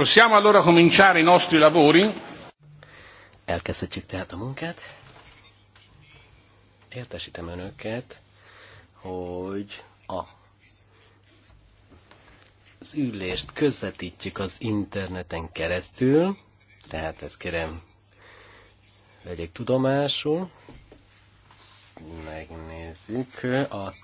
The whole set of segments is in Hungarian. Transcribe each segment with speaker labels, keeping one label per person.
Speaker 1: Possiamo allora cominciare i nostri lavori? Elkezdhetjük tehát a munkát. Értesítem önöket, hogy a az ülést közvetítjük az interneten keresztül, tehát ezt kérem vegyék tudomásul. Megnézzük a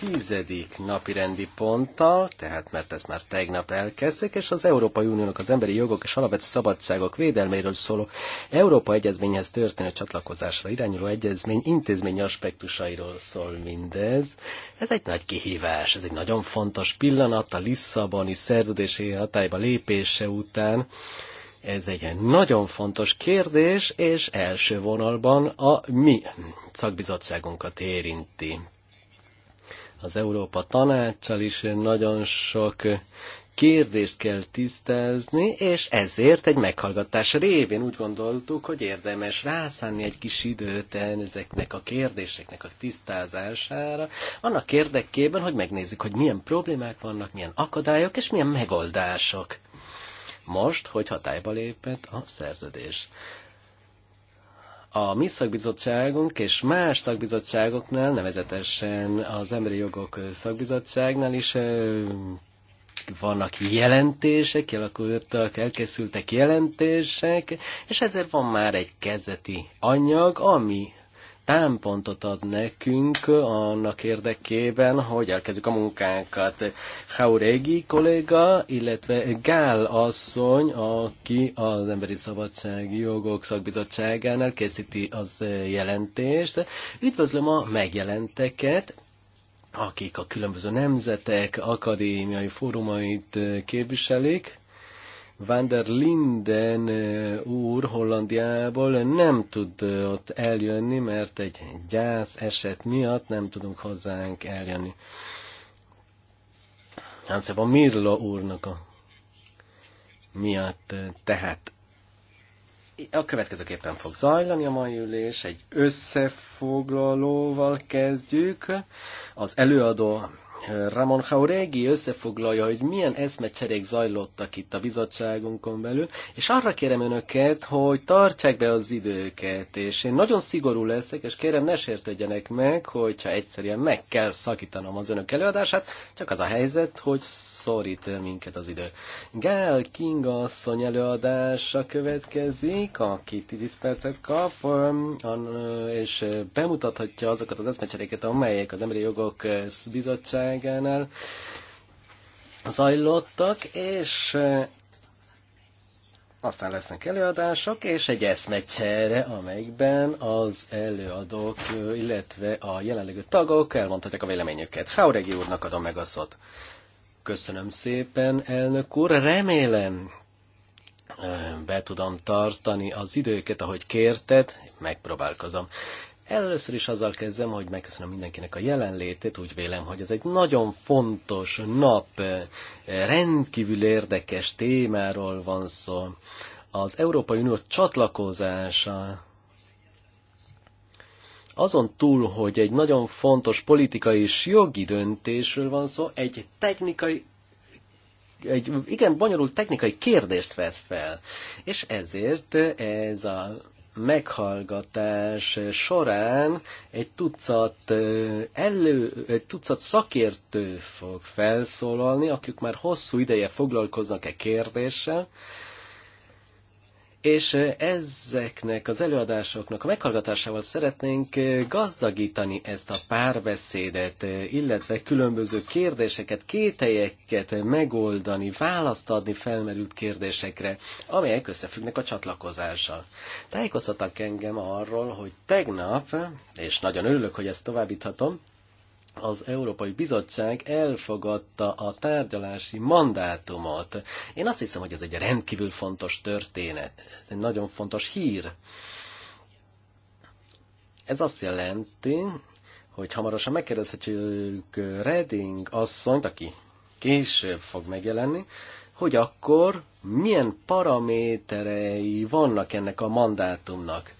Speaker 1: tizedik napirendi ponttal, tehát mert ezt már tegnap elkezdték, és az Európai Uniónak az emberi jogok és alapvető szabadságok védelméről szóló Európa Egyezményhez történő csatlakozásra irányuló egyezmény intézményi aspektusairól szól mindez. Ez egy nagy kihívás, ez egy nagyon fontos pillanat a Lisszaboni szerződési hatályba lépése után. Ez egy nagyon fontos kérdés, és első vonalban a mi szakbizottságunkat érinti az Európa Tanácssal is nagyon sok kérdést kell tisztázni, és ezért egy meghallgatás révén úgy gondoltuk, hogy érdemes rászánni egy kis időt ezeknek a kérdéseknek a tisztázására, annak érdekében, hogy megnézzük, hogy milyen problémák vannak, milyen akadályok és milyen megoldások. Most, hogy hatályba lépett a szerződés a mi szakbizottságunk és más szakbizottságoknál, nevezetesen az Emberi Jogok Szakbizottságnál is vannak jelentések, kialakultak, elkészültek jelentések, és ezért van már egy kezdeti anyag, ami támpontot ad nekünk annak érdekében, hogy elkezdjük a munkánkat. Hauregi kolléga, illetve Gál asszony, aki az Emberi Szabadsági Jogok Szakbizottságánál készíti az jelentést. Üdvözlöm a megjelenteket, akik a különböző nemzetek akadémiai fórumait képviselik. Van der Linden úr Hollandiából nem tudott eljönni, mert egy gyász eset miatt nem tudunk hozzánk eljönni. Hansze hát van Mirlo úrnak a miatt. Tehát a következőképpen fog zajlani a mai ülés, egy összefoglalóval kezdjük. Az előadó Ramon Jauregi összefoglalja, hogy milyen eszmecserék zajlottak itt a bizottságunkon belül, és arra kérem önöket, hogy tartsák be az időket, és én nagyon szigorú leszek, és kérem ne sértődjenek meg, hogyha egyszerűen meg kell szakítanom az önök előadását, csak az a helyzet, hogy szorít minket az idő. Gál Kinga asszony előadása következik, aki 10 percet kap, um, uh, és bemutathatja azokat az eszmecseréket, amelyek az Emberi Jogok uh, Bizottság Bizottságánál zajlottak, és eh, aztán lesznek előadások, és egy eszmecsere, amelyikben az előadók, eh, illetve a jelenlegű tagok elmondhatják a véleményüket. Hauregi úrnak adom meg a szót. Köszönöm szépen, elnök úr. Remélem, eh, be tudom tartani az időket, ahogy kérted, megpróbálkozom. Először is azzal kezdem, hogy megköszönöm mindenkinek a jelenlétét. Úgy vélem, hogy ez egy nagyon fontos nap, rendkívül érdekes témáról van szó. Az Európai Unió csatlakozása azon túl, hogy egy nagyon fontos politikai és jogi döntésről van szó, egy technikai egy igen bonyolult technikai kérdést vet fel. És ezért ez a meghallgatás során egy tucat, elő, egy tucat szakértő fog felszólalni, akik már hosszú ideje foglalkoznak e kérdéssel, és ezeknek az előadásoknak a meghallgatásával szeretnénk gazdagítani ezt a párbeszédet, illetve különböző kérdéseket, kételyeket megoldani, választ adni felmerült kérdésekre, amelyek összefüggnek a csatlakozással. Tájékoztattak engem arról, hogy tegnap, és nagyon örülök, hogy ezt továbbíthatom, az Európai Bizottság elfogadta a tárgyalási mandátumot. Én azt hiszem, hogy ez egy rendkívül fontos történet, ez egy nagyon fontos hír. Ez azt jelenti, hogy hamarosan megkérdezhetjük Reding asszonyt, aki később fog megjelenni, hogy akkor milyen paraméterei vannak ennek a mandátumnak.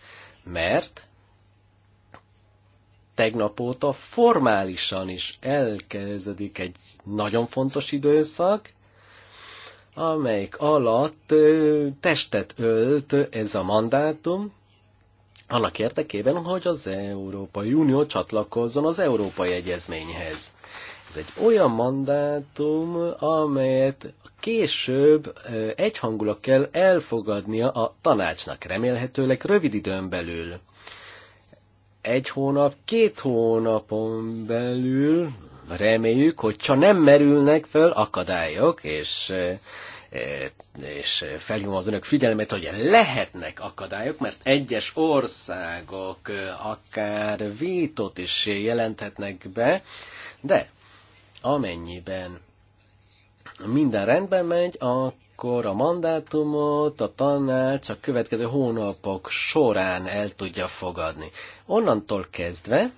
Speaker 1: Mert tegnap óta formálisan is elkezdődik egy nagyon fontos időszak, amelyik alatt testet ölt ez a mandátum, annak érdekében, hogy az Európai Unió csatlakozzon az Európai Egyezményhez. Ez egy olyan mandátum, amelyet később egyhangulag kell elfogadnia a tanácsnak, remélhetőleg rövid időn belül egy hónap, két hónapon belül reméljük, hogyha nem merülnek föl akadályok, és eh, eh, és felhívom az önök figyelmet, hogy lehetnek akadályok, mert egyes országok eh, akár vétot is jelenthetnek be, de amennyiben minden rendben megy, akkor akkor a mandátumot a tanács a következő hónapok során el tudja fogadni. Onnantól kezdve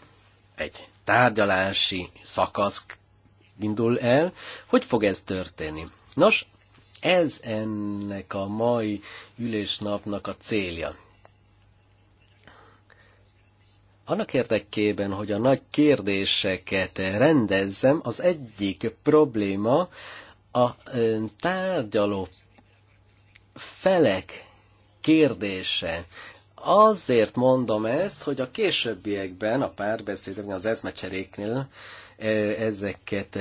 Speaker 1: egy tárgyalási szakasz indul el. Hogy fog ez történni? Nos, ez ennek a mai ülésnapnak a célja. Annak érdekében, hogy a nagy kérdéseket rendezzem, az egyik probléma a tárgyaló felek kérdése. Azért mondom ezt, hogy a későbbiekben, a párbeszédeknél, az ezmecseréknél ezeket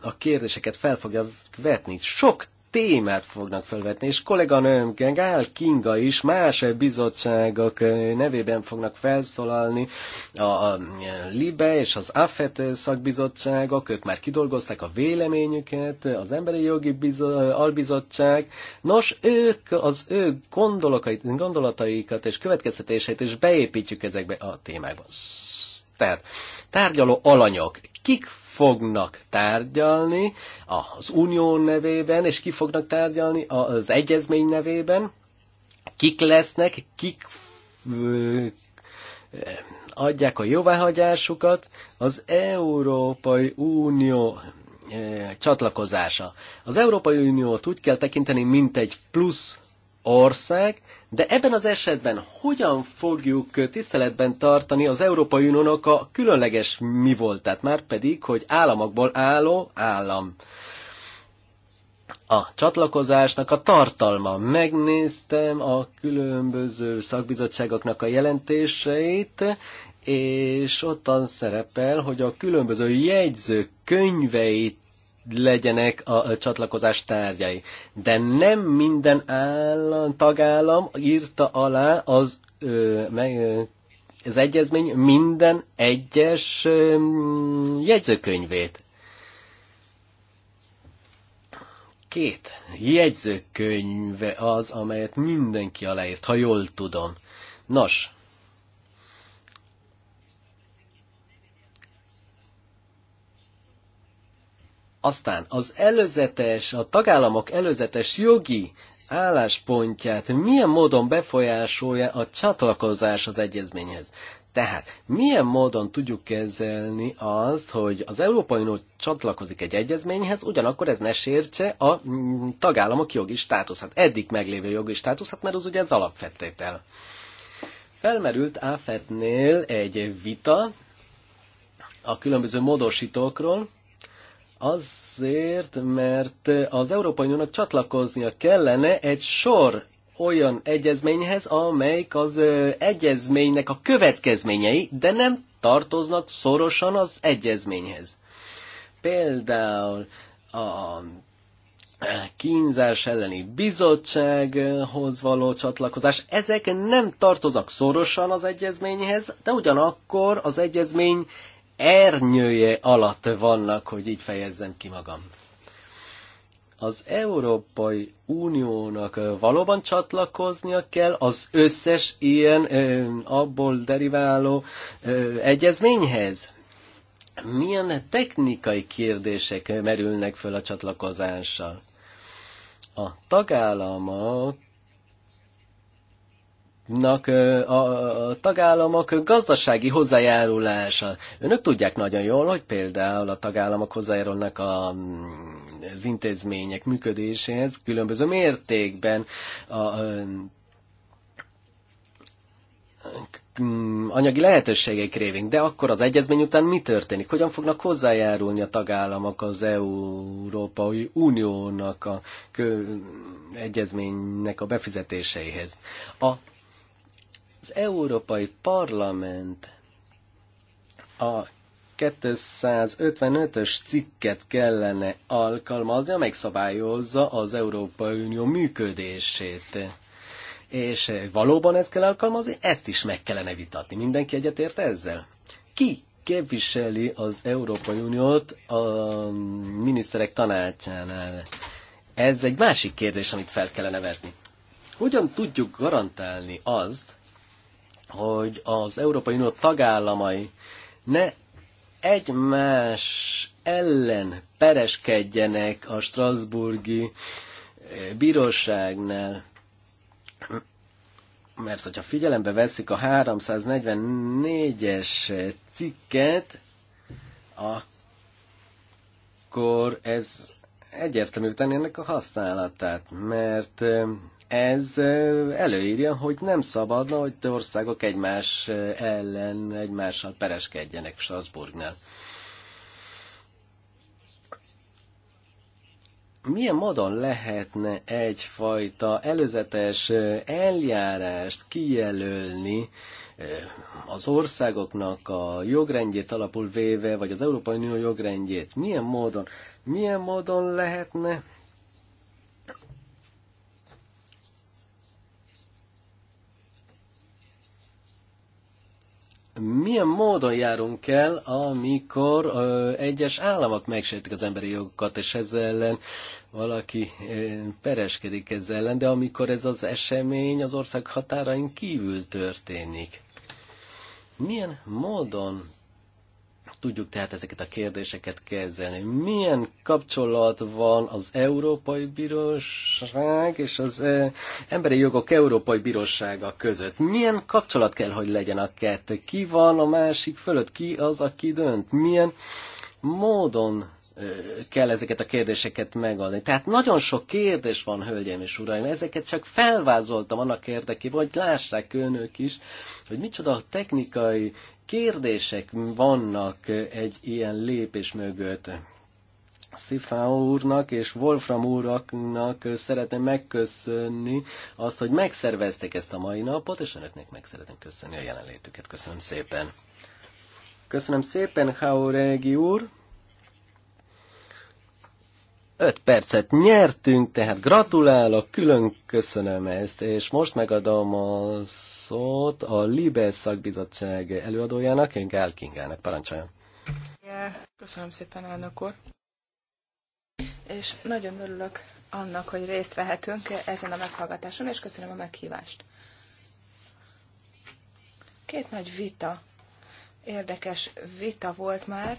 Speaker 1: a kérdéseket fel fogja vetni. Sok témát fognak felvetni, és kolléganőm Gál Kinga is más bizottságok nevében fognak felszólalni, a LIBE és az AFET szakbizottságok, ők már kidolgozták a véleményüket, az Emberi Jogi Bizo- Albizottság, nos, ők az ő gondolataikat és következtetéseit is beépítjük ezekbe a témákba. Tehát tárgyaló alanyok, kik fognak tárgyalni az unió nevében, és ki fognak tárgyalni az egyezmény nevében, kik lesznek, kik adják a jóváhagyásukat, az Európai Unió csatlakozása. Az Európai Uniót úgy kell tekinteni, mint egy plusz ország, de ebben az esetben hogyan fogjuk tiszteletben tartani az Európai Uniónak a különleges mi voltát, már pedig, hogy államokból álló állam? a csatlakozásnak a tartalma. Megnéztem a különböző szakbizottságoknak a jelentéseit, és ottan szerepel, hogy a különböző jegyzőkönyveit legyenek a csatlakozás tárgyai. De nem minden állam, tagállam írta alá az, ö, meg, ö, az egyezmény minden egyes ö, jegyzőkönyvét. Két jegyzőkönyve az, amelyet mindenki aláírt, ha jól tudom. Nos, Aztán az előzetes, a tagállamok előzetes jogi álláspontját milyen módon befolyásolja a csatlakozás az egyezményhez. Tehát milyen módon tudjuk kezelni azt, hogy az Európai Unió csatlakozik egy egyezményhez, ugyanakkor ez ne sértse a mm, tagállamok jogi státuszát, eddig meglévő jogi státuszát, mert az ugye az alapfettétel. Felmerült AFET-nél egy vita a különböző módosítókról, Azért, mert az Európai Uniónak csatlakoznia kellene egy sor olyan egyezményhez, amelyik az egyezménynek a következményei, de nem tartoznak szorosan az egyezményhez. Például a kínzás elleni bizottsághoz való csatlakozás, ezek nem tartoznak szorosan az egyezményhez, de ugyanakkor az egyezmény ernyője alatt vannak, hogy így fejezzem ki magam. Az Európai Uniónak valóban csatlakoznia kell az összes ilyen abból deriváló egyezményhez? Milyen technikai kérdések merülnek föl a csatlakozással? A tagállamok nak a tagállamok gazdasági hozzájárulása. Önök tudják nagyon jól, hogy például a tagállamok hozzájárulnak a, mm, az intézmények működéséhez különböző mértékben a, a mm, anyagi lehetőségek révén, de akkor az egyezmény után mi történik? Hogyan fognak hozzájárulni a tagállamok az Európai Uniónak a egyezménynek a befizetéseihez? A az Európai Parlament a 255-ös cikket kellene alkalmazni, amely szabályozza az Európai Unió működését. És valóban ezt kell alkalmazni, ezt is meg kellene vitatni. Mindenki egyetért ezzel? Ki képviseli az Európai Uniót a miniszterek tanácsánál? Ez egy másik kérdés, amit fel kellene vetni. Hogyan tudjuk garantálni azt, hogy az Európai Unió tagállamai ne egymás ellen pereskedjenek a Strasburgi eh, bíróságnál. Mert hogyha figyelembe veszik a 344-es cikket, akkor ez egyértelmű tenni ennek a használatát, mert eh, ez előírja, hogy nem szabadna, hogy országok egymás ellen, egymással pereskedjenek Strasbourgnál. milyen módon lehetne egyfajta előzetes eljárást kijelölni az országoknak a jogrendjét alapul véve, vagy az Európai Unió jogrendjét? Milyen módon? Milyen módon lehetne milyen módon járunk el, amikor ö, egyes államok megsértik az emberi jogokat, és ezzel ellen valaki ö, pereskedik ezzel ellen, de amikor ez az esemény az ország határain kívül történik. Milyen módon tudjuk tehát ezeket a kérdéseket kezelni. Milyen kapcsolat van az Európai Bíróság és az eh, Emberi Jogok Európai Bírósága között? Milyen kapcsolat kell, hogy legyen a kettő? Ki van a másik fölött? Ki az, aki dönt? Milyen módon kell ezeket a kérdéseket megadni. Tehát nagyon sok kérdés van, hölgyeim és uraim, ezeket csak felvázoltam annak érdekében, hogy lássák önök is, hogy micsoda technikai kérdések vannak egy ilyen lépés mögött. Szifá úrnak és Wolfram úraknak szeretném megköszönni azt, hogy megszerveztek ezt a mai napot, és önöknek meg szeretném köszönni a jelenlétüket. Köszönöm szépen. Köszönöm szépen, Hauregi úr. 5 percet nyertünk, tehát gratulálok, külön köszönöm ezt, és most megadom a szót a Libe szakbizottság előadójának, én Gál Kingának, parancsoljon.
Speaker 2: Köszönöm szépen, elnök úr. És nagyon örülök annak, hogy részt vehetünk ezen a meghallgatáson, és köszönöm a meghívást. Két nagy vita érdekes vita volt már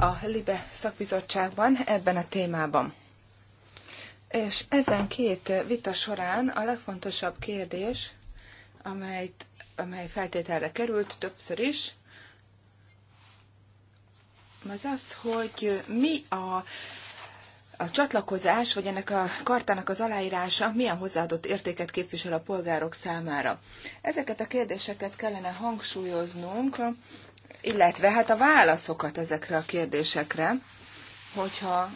Speaker 2: a LIBE szakbizottságban ebben a témában. És ezen két vita során a legfontosabb kérdés, amelyet, amely feltételre került többször is, az az, hogy mi a, a csatlakozás, vagy ennek a kartának az aláírása milyen hozzáadott értéket képvisel a polgárok számára. Ezeket a kérdéseket kellene hangsúlyoznunk illetve hát a válaszokat ezekre a kérdésekre, hogyha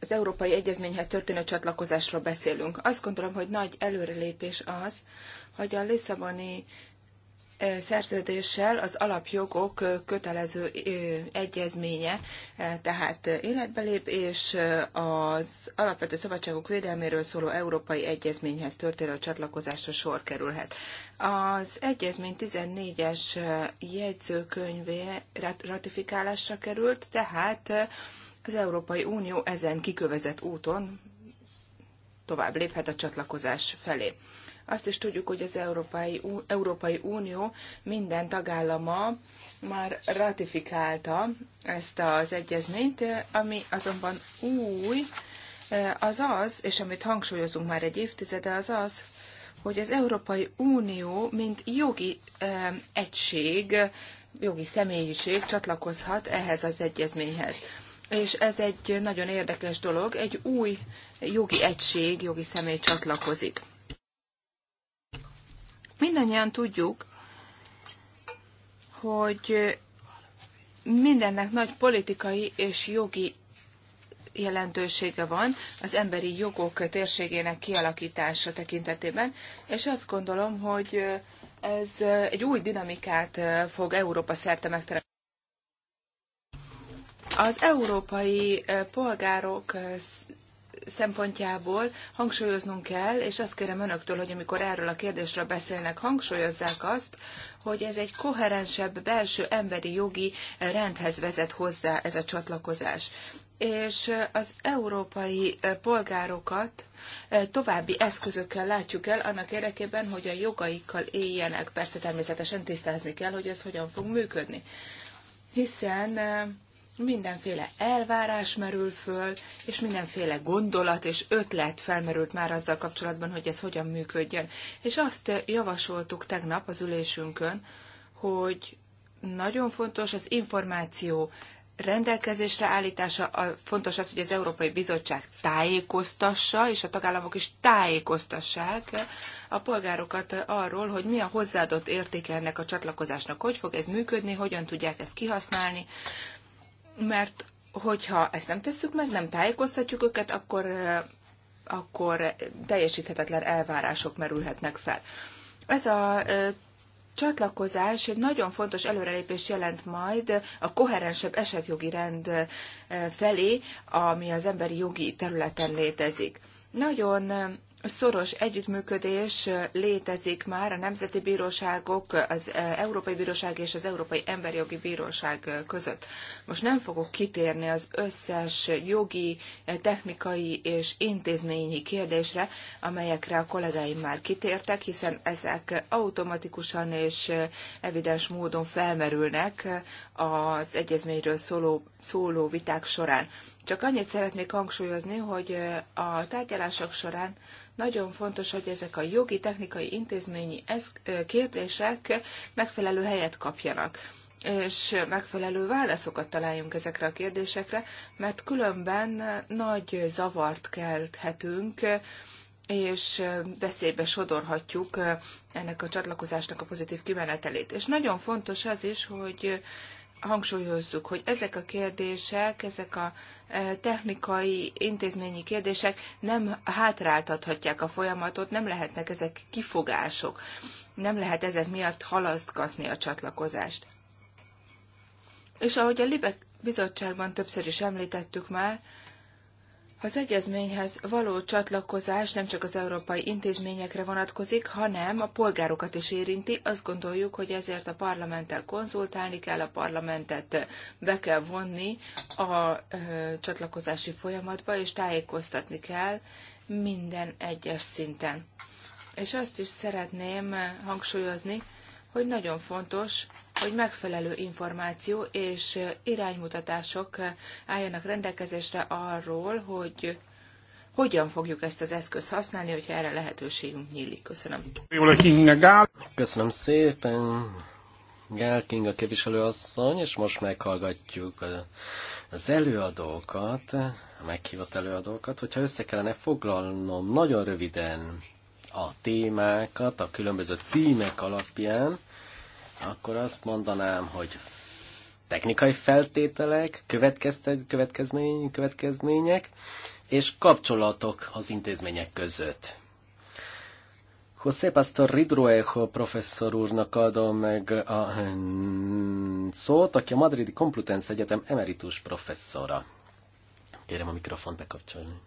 Speaker 2: az Európai Egyezményhez történő csatlakozásról beszélünk. Azt gondolom, hogy nagy előrelépés az, hogy a Lisszaboni szerződéssel az alapjogok kötelező egyezménye, tehát életbe lép, és az alapvető szabadságok védelméről szóló Európai Egyezményhez történő csatlakozásra sor kerülhet. Az egyezmény 14-es jegyzőkönyvé ratifikálásra került, tehát az Európai Unió ezen kikövezett úton tovább léphet a csatlakozás felé. Azt is tudjuk, hogy az Európai, Európai Unió minden tagállama már ratifikálta ezt az egyezményt, ami azonban új, e, az az, és amit hangsúlyozunk már egy évtizede, az az, hogy az Európai Unió, mint jogi e, egység, jogi személyiség csatlakozhat ehhez az egyezményhez. És ez egy nagyon érdekes dolog, egy új jogi egység, jogi személy csatlakozik. Mindannyian tudjuk, hogy mindennek nagy politikai és jogi jelentősége van az emberi jogok térségének kialakítása tekintetében, és azt gondolom, hogy ez egy új dinamikát fog Európa szerte megteremteni. Az európai polgárok szempontjából hangsúlyoznunk kell, és azt kérem önöktől, hogy amikor erről a kérdésről beszélnek, hangsúlyozzák azt, hogy ez egy koherensebb belső emberi jogi rendhez vezet hozzá ez a csatlakozás és az európai polgárokat további eszközökkel látjuk el annak érdekében, hogy a jogaikkal éljenek. Persze természetesen tisztázni kell, hogy ez hogyan fog működni. Hiszen mindenféle elvárás merül föl, és mindenféle gondolat és ötlet felmerült már azzal kapcsolatban, hogy ez hogyan működjön. És azt eh, javasoltuk tegnap az ülésünkön, hogy nagyon fontos az információ rendelkezésre állítása, a, fontos az, hogy az Európai Bizottság tájékoztassa, és a tagállamok is tájékoztassák a polgárokat arról, hogy mi a hozzáadott értéke ennek a csatlakozásnak, hogy fog ez működni, hogyan tudják ezt kihasználni, mert hogyha ezt nem tesszük meg, nem tájékoztatjuk őket, akkor, akkor teljesíthetetlen elvárások merülhetnek fel. Ez a csatlakozás egy nagyon fontos előrelépés jelent majd a koherensebb esetjogi rend felé, ami az emberi jogi területen létezik. Nagyon szoros együttműködés létezik már a nemzeti bíróságok, az Európai Bíróság és az Európai emberi jogi Bíróság között. Most nem fogok kitérni az összes jogi, technikai és intézményi kérdésre, amelyekre a kollégáim már kitértek, hiszen ezek automatikusan és evidens módon felmerülnek az egyezményről szóló, szóló viták során. Csak annyit szeretnék hangsúlyozni, hogy a tárgyalások során nagyon fontos, hogy ezek a jogi, technikai, intézményi kérdések megfelelő helyet kapjanak és megfelelő válaszokat találjunk ezekre a kérdésekre, mert különben nagy zavart kelthetünk, és veszélybe sodorhatjuk ennek a csatlakozásnak a pozitív kimenetelét. És nagyon fontos az is, hogy hangsúlyozzuk, hogy ezek a kérdések, ezek a technikai, intézményi kérdések nem hátráltathatják a folyamatot, nem lehetnek ezek kifogások, nem lehet ezek miatt halasztgatni a csatlakozást. És ahogy a Libek bizottságban többször is említettük már, az egyezményhez való csatlakozás nem csak az európai intézményekre vonatkozik, hanem a polgárokat is érinti. Azt gondoljuk, hogy ezért a parlamenttel konzultálni kell, a parlamentet be kell vonni a csatlakozási folyamatba, és tájékoztatni kell minden egyes szinten. És azt is szeretném hangsúlyozni, hogy nagyon fontos, hogy megfelelő információ és iránymutatások álljanak rendelkezésre arról, hogy hogyan fogjuk ezt az eszközt használni, hogyha erre lehetőségünk nyílik. Köszönöm.
Speaker 1: Köszönöm szépen. Gál Kinga képviselőasszony, és most meghallgatjuk az előadókat, a meghívott előadókat, hogyha össze kellene foglalnom nagyon röviden a témákat a különböző címek alapján, akkor azt mondanám, hogy technikai feltételek, következmény, következmények és kapcsolatok az intézmények között. José Pastor Ridruejo professzor úrnak adom meg a hm, szót, aki a Madridi Complutense Egyetem emeritus professzora. Kérem a mikrofont bekapcsolni.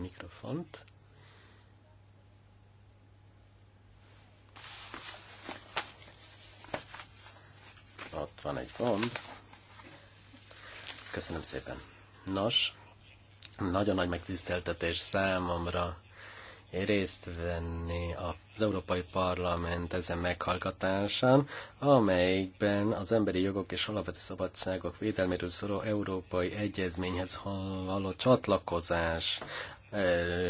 Speaker 1: Mikrofont. van egy gond. Köszönöm szépen. Nos, nagyon nagy megtiszteltetés számomra részt venni az Európai Parlament ezen meghallgatásán, amelyikben az emberi jogok és alapvető szabadságok védelméről szóló Európai Egyezményhez való csatlakozás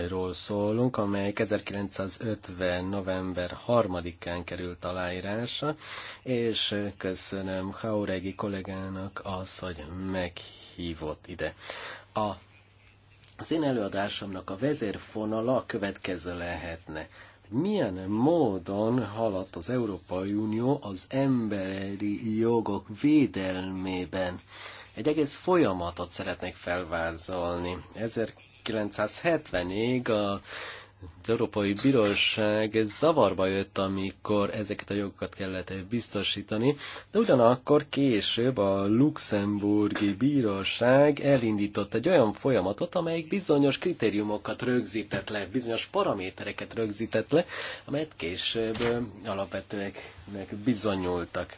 Speaker 1: ról szólunk, amely 1950. november 3-án került aláírásra, és köszönöm Hauregi kollégának az, hogy meghívott ide. A az én előadásomnak a vezérfonala a következő lehetne. Milyen módon haladt az Európai Unió az emberi jogok védelmében? Egy egész folyamatot szeretnék felvázolni. Ezért 1970-ig a az Európai Bíróság zavarba jött, amikor ezeket a jogokat kellett biztosítani, de ugyanakkor később a Luxemburgi Bíróság elindított egy olyan folyamatot, amelyik bizonyos kritériumokat rögzített le, bizonyos paramétereket rögzített le, amelyet később alapvetőnek bizonyultak.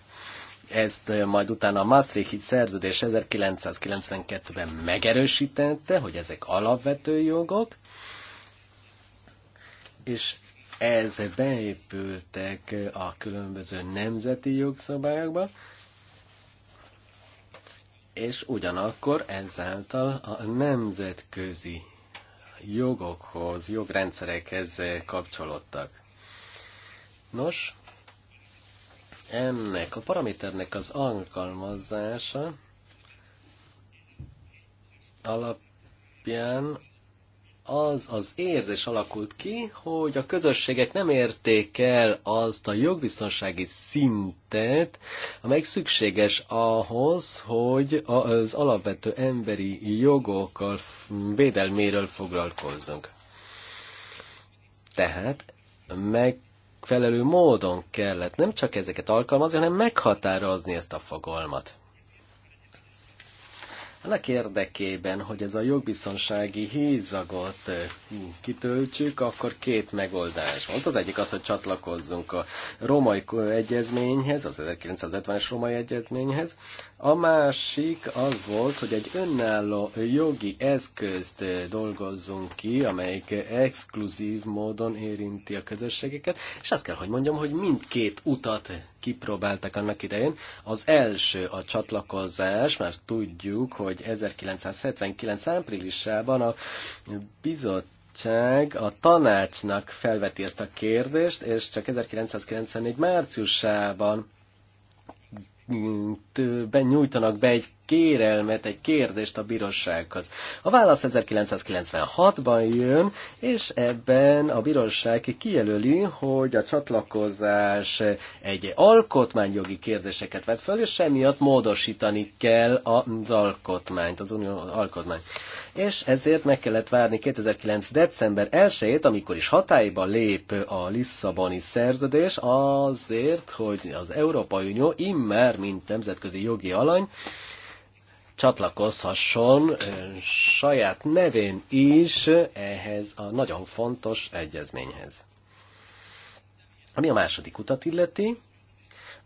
Speaker 1: Ezt majd utána a Maastrichti szerződés 1992-ben megerősítette, hogy ezek alapvető jogok, és ez beépültek a különböző nemzeti jogszabályokba, és ugyanakkor ezáltal a nemzetközi jogokhoz, jogrendszerekhez kapcsolódtak. Nos, ennek a paraméternek az alkalmazása alapján az az érzés alakult ki, hogy a közösségek nem érték el azt a jogbiztonsági szintet, amely szükséges ahhoz, hogy az alapvető emberi jogokkal védelméről foglalkozzunk. Tehát meg megfelelő módon kellett nem csak ezeket alkalmazni, hanem meghatározni ezt a fogalmat. Annak érdekében, hogy ez a jogbiztonsági hízagot eh, kitöltsük, akkor két megoldás volt. Az egyik az, hogy csatlakozzunk a romai egyezményhez, az 1950-es romai egyezményhez. A másik az volt, hogy egy önálló jogi eszközt eh, dolgozzunk ki, amelyik exkluzív módon érinti a közösségeket, és azt kell, hogy mondjam, hogy mindkét utat kipróbáltak annak idején. Az első a csatlakozás, már tudjuk, hogy 1979. áprilisában a bizott bizottság a tanácsnak felveti ezt a kérdést, és csak 1994 márciusában mm, nyújtanak be egy kérelmet, egy kérdést a bírósághoz. A válasz 1996-ban jön, és ebben a bíróság kijelöli, hogy a csatlakozás egy alkotmányjogi kérdéseket vett föl, és emiatt módosítani kell az alkotmányt, az unió alkotmányt. És ezért meg kellett várni 2009. december 1-ét, amikor is hatályba lép a Lisszaboni szerződés, azért, hogy az Európai Unió immár, mint nemzetközi jogi alany, csatlakozhasson saját nevén is ehhez a nagyon fontos egyezményhez. Ami a második utat illeti,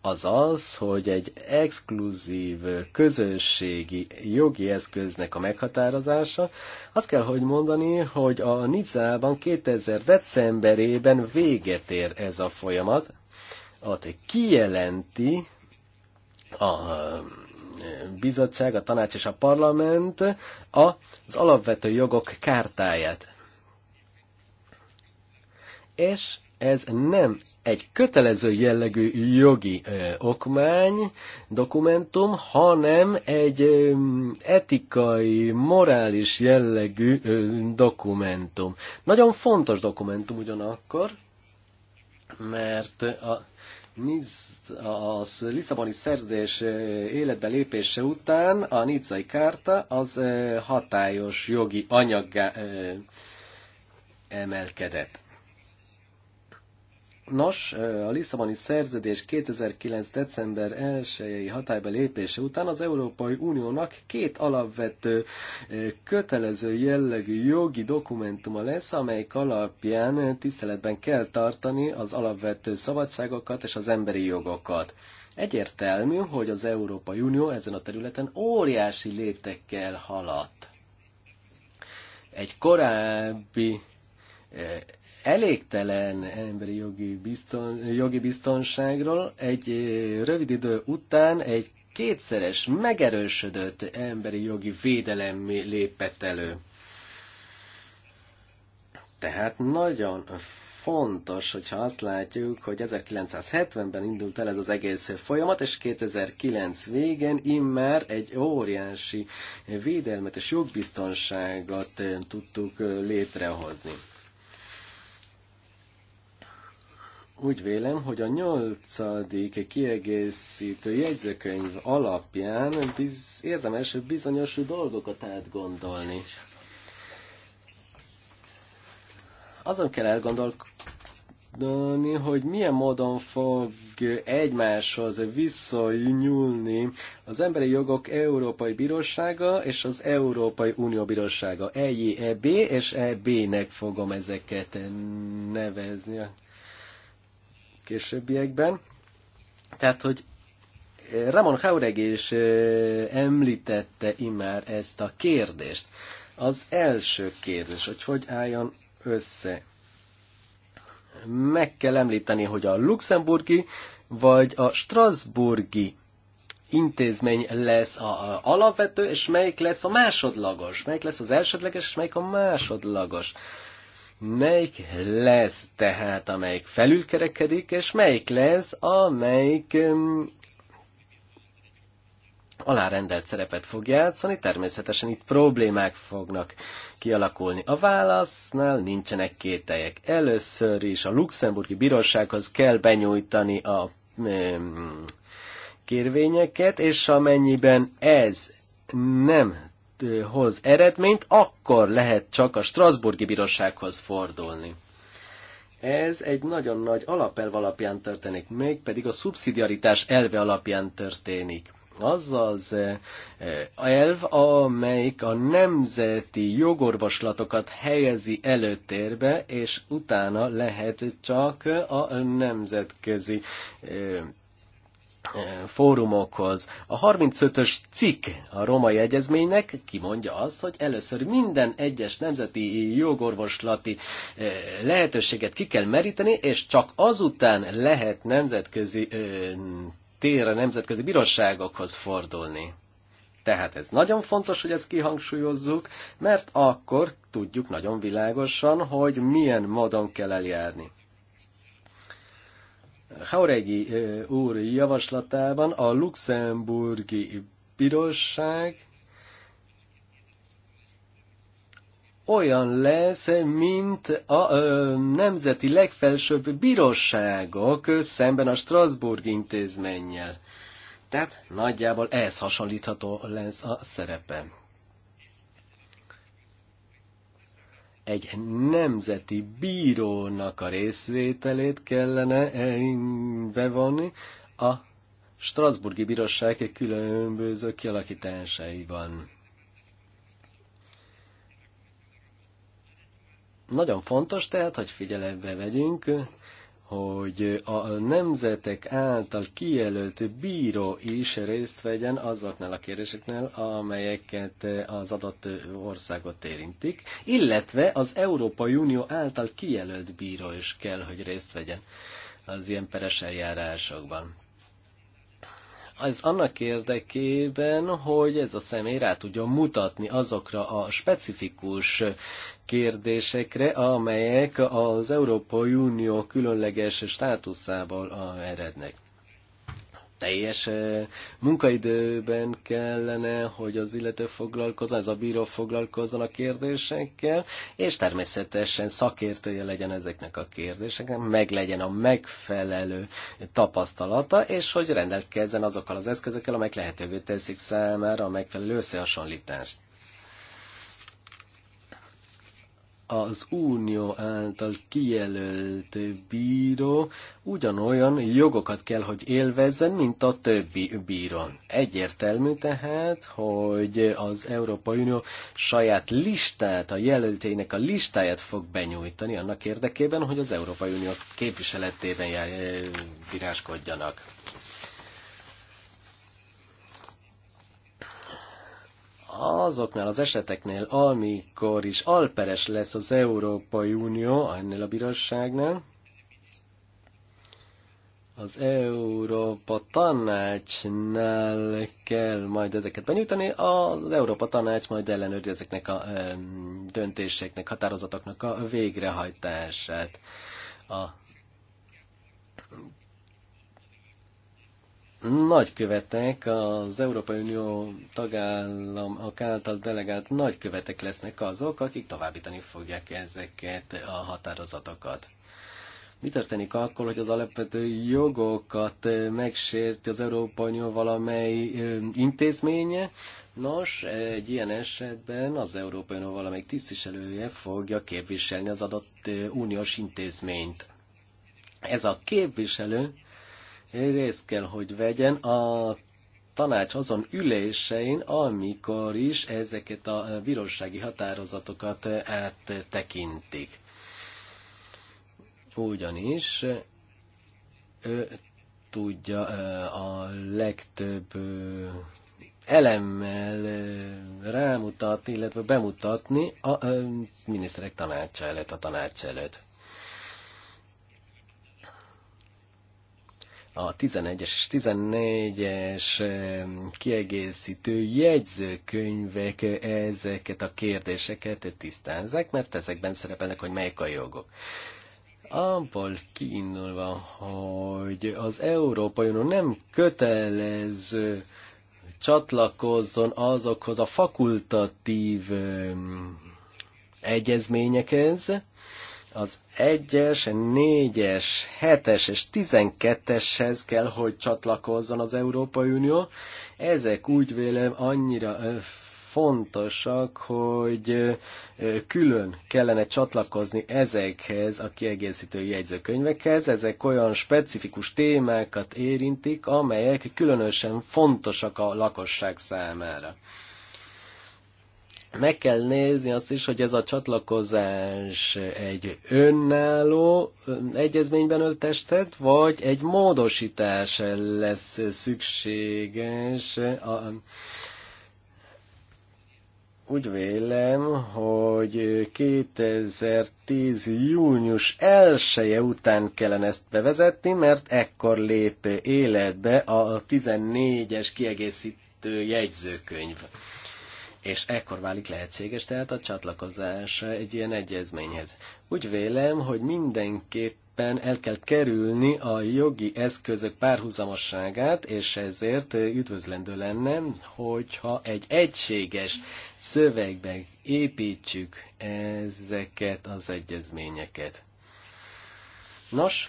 Speaker 1: az az, hogy egy exkluzív közösségi jogi eszköznek a meghatározása. Azt kell, hogy mondani, hogy a Nizában 2000 decemberében véget ér ez a folyamat. Ott kijelenti a bizottság, a tanács és a parlament az alapvető jogok kártáját. És ez nem egy kötelező jellegű jogi ö, okmány, dokumentum, hanem egy ö, etikai, morális jellegű ö, dokumentum. Nagyon fontos dokumentum ugyanakkor, mert a NIZ a Lisszaboni szerződés életbe lépése után a Nizzai Kárta az hatályos jogi anyaggá emelkedett. Nos, a Lisszaboni szerződés 2009. december 1-i hatályba lépése után az Európai Uniónak két alapvető kötelező jellegű jogi dokumentuma lesz, amelyik alapján tiszteletben kell tartani az alapvető szabadságokat és az emberi jogokat. Egyértelmű, hogy az Európai Unió ezen a területen óriási léptekkel haladt. Egy korábbi elégtelen emberi jogi, bizton, jogi biztonságról egy rövid idő után egy kétszeres, megerősödött emberi jogi védelem lépett elő. Tehát nagyon fontos, hogyha azt látjuk, hogy 1970-ben indult el ez az egész folyamat, és 2009 végén immár egy óriási védelmet és jogbiztonságot tudtuk létrehozni. úgy vélem, hogy a nyolcadik kiegészítő jegyzőkönyv alapján biz, érdemes bizonyos dolgokat átgondolni. Azon kell elgondolni, hogy milyen módon fog egymáshoz visszanyúlni az Emberi Jogok Európai Bírósága és az Európai Unió Bírósága. EJEB és EB-nek fogom ezeket nevezni későbbiekben. Tehát, hogy eh, Ramon Haureg is eh, említette immár ezt a kérdést. Az első kérdés, hogy hogy álljon össze. Meg kell említeni, hogy a luxemburgi vagy a strasburgi intézmény lesz a, a alapvető, és melyik lesz a másodlagos, melyik lesz az elsődleges, és melyik a másodlagos. Melyik lesz tehát, amelyik felülkerekedik, és melyik lesz, amelyik um, alárendelt szerepet fog játszani, természetesen itt problémák fognak kialakulni. A válasznál nincsenek kételjek. Először is a luxemburgi bírósághoz kell benyújtani a um, kérvényeket, és amennyiben ez nem hoz eredményt, akkor lehet csak a Strasburgi Bírósághoz fordulni. Ez egy nagyon nagy alapelv alapján történik, mégpedig a szubszidiaritás elve alapján történik. Az az elv, amelyik a nemzeti jogorvoslatokat helyezi előtérbe, és utána lehet csak a nemzetközi fórumokhoz. A 35-ös cikk a romai egyezménynek kimondja azt, hogy először minden egyes nemzeti jogorvoslati lehetőséget ki kell meríteni, és csak azután lehet nemzetközi térre nemzetközi bíróságokhoz fordulni. Tehát ez nagyon fontos, hogy ezt kihangsúlyozzuk, mert akkor tudjuk nagyon világosan, hogy milyen módon kell eljárni. Hauregi úr javaslatában a luxemburgi bíróság olyan lesz, mint a ö, nemzeti legfelsőbb bíróságok szemben a Strasbourg intézménnyel. Tehát nagyjából ehhez hasonlítható lesz a szerepe. egy nemzeti bírónak a részvételét kellene bevonni a Strasburgi Bíróság különböző kialakításaiban. Nagyon fontos tehát, hogy figyelembe vegyünk hogy a nemzetek által kijelölt bíró is részt vegyen azoknál a kérdéseknél, amelyeket az adott országot érintik, illetve az Európai Unió által kijelölt bíró is kell, hogy részt vegyen az ilyen peres eljárásokban. Ez annak érdekében, hogy ez a személy rá tudja mutatni azokra a specifikus kérdésekre, amelyek az Európai Unió különleges státuszából erednek. Teljes eh, munkaidőben kellene, hogy az illető foglalkozzon, ez a bíró foglalkozzon a kérdésekkel, és természetesen szakértője legyen ezeknek a kérdéseknek, meg legyen a megfelelő tapasztalata, és hogy rendelkezzen azokkal az eszközökkel, amelyek lehetővé teszik számára a megfelelő összehasonlítást az unió által kijelölt bíró ugyanolyan jogokat kell, hogy élvezzen, mint a többi bírón. Egyértelmű tehát, hogy az Európai Unió saját listát, a jelöltének a listáját fog benyújtani annak érdekében, hogy az Európai Unió képviseletében jár, eh, bíráskodjanak. azoknál az eseteknél, amikor is alperes lesz az Európai Unió ennél a bíróságnál, az Európa Tanácsnál kell majd ezeket benyújtani, az Európa Tanács majd ellenőrzi ezeknek a döntéseknek, határozatoknak a végrehajtását. A nagykövetek, az Európai Unió tagállamok által delegált nagykövetek lesznek azok, akik továbbítani fogják ezeket a határozatokat. Mi történik akkor, hogy az alapvető jogokat megsérti az Európai Unió valamely intézménye? Nos, egy ilyen esetben az Európai Unió valamelyik tisztviselője fogja képviselni az adott uniós intézményt. Ez a képviselő részt kell, hogy vegyen a tanács azon ülésein, amikor is ezeket a bírósági határozatokat áttekintik. Ugyanis ő tudja a legtöbb elemmel rámutatni, illetve bemutatni a miniszterek tanácsa előtt, a tanács előtt. a 11-es és 14-es eh, kiegészítő jegyzőkönyvek ezeket a kérdéseket tisztázzák, mert ezekben szerepelnek, hogy melyek a jogok abból kiindulva, hogy az Európai Unió nem kötelező csatlakozzon azokhoz a fakultatív eh, egyezményekhez, az 1-es, 4-es, 7-es és 12-eshez kell, hogy csatlakozzon az Európai Unió. Ezek úgy vélem annyira fontosak, hogy külön kellene csatlakozni ezekhez a kiegészítő jegyzőkönyvekhez. Ezek olyan specifikus témákat érintik, amelyek különösen fontosak a lakosság számára meg kell nézni azt is, hogy ez a csatlakozás egy önálló egyezményben öltestet, vagy egy módosítás lesz szükséges. A, úgy vélem, hogy 2010. június 1 -e után kellene ezt bevezetni, mert ekkor lép életbe a 14-es kiegészítő jegyzőkönyv és ekkor válik lehetséges tehát a csatlakozás egy ilyen egyezményhez. Úgy vélem, hogy mindenképpen el kell kerülni a jogi eszközök párhuzamosságát, és ezért üdvözlendő lenne, hogyha egy egységes szövegbe építsük ezeket az egyezményeket. Nos,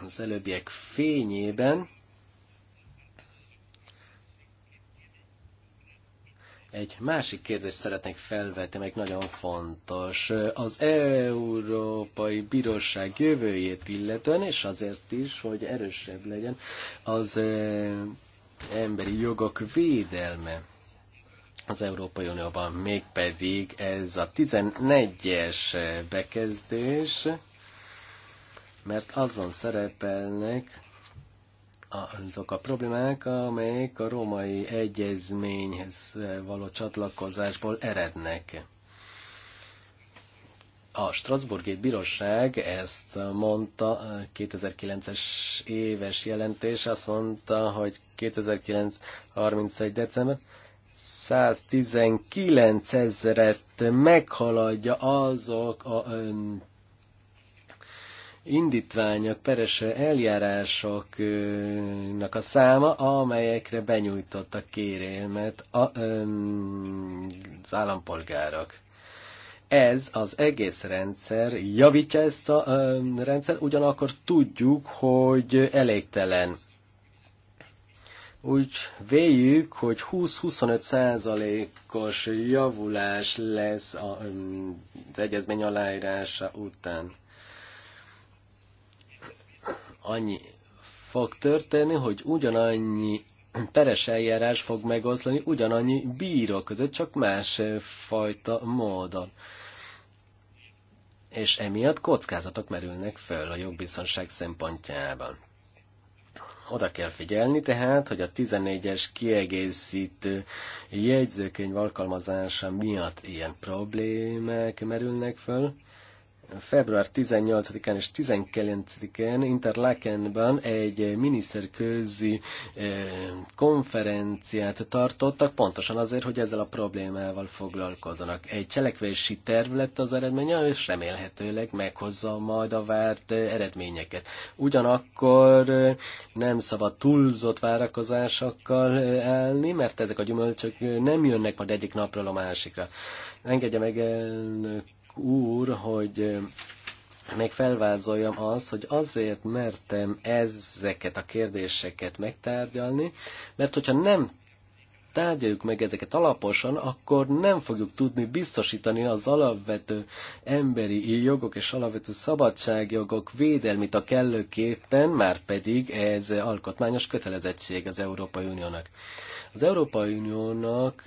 Speaker 1: az előbbiek fényében Egy másik kérdést szeretnék felvetni, meg nagyon fontos. Az Európai Bíróság jövőjét illetően, és azért is, hogy erősebb legyen az eh, emberi jogok védelme az Európai Unióban, mégpedig ez a 14-es bekezdés, mert azon szerepelnek azok a problémák, amelyek a római egyezményhez való csatlakozásból erednek. A Strasburgi Bíróság ezt mondta, 2009-es éves jelentés azt mondta, hogy 2009. 31. december 119 ezeret meghaladja azok a indítványok, peres eljárásoknak a száma, amelyekre benyújtottak kérelmet a, az állampolgárok. Ez az egész rendszer javítja ezt a rendszer, ugyanakkor tudjuk, hogy elégtelen úgy véljük, hogy 20-25 százalékos javulás lesz az egyezmény aláírása után annyi fog történni, hogy ugyanannyi peres eljárás fog megoszlani ugyanannyi bíró között, csak más fajta módon. És emiatt kockázatok merülnek föl a jogbiztonság szempontjában. Oda kell figyelni tehát, hogy a 14-es kiegészítő jegyzőkönyv alkalmazása miatt ilyen problémák merülnek föl, február 18-án és 19-én Interlakenben egy miniszterközi eh, konferenciát tartottak, pontosan azért, hogy ezzel a problémával foglalkozzanak. Egy cselekvési terv lett az eredménye, és remélhetőleg meghozza majd a várt eh, eredményeket. Ugyanakkor eh, nem szabad túlzott várakozásokkal állni, mert ezek a gyümölcsök nem jönnek majd egyik napról a másikra. Engedje meg elnök úr, hogy még felvázoljam azt, hogy azért mertem ezeket a kérdéseket megtárgyalni, mert hogyha nem tárgyaljuk meg ezeket alaposan, akkor nem fogjuk tudni biztosítani az alapvető emberi jogok és alapvető szabadságjogok védelmét a kellőképpen, már pedig ez alkotmányos kötelezettség az Európai Uniónak. Az Európai Uniónak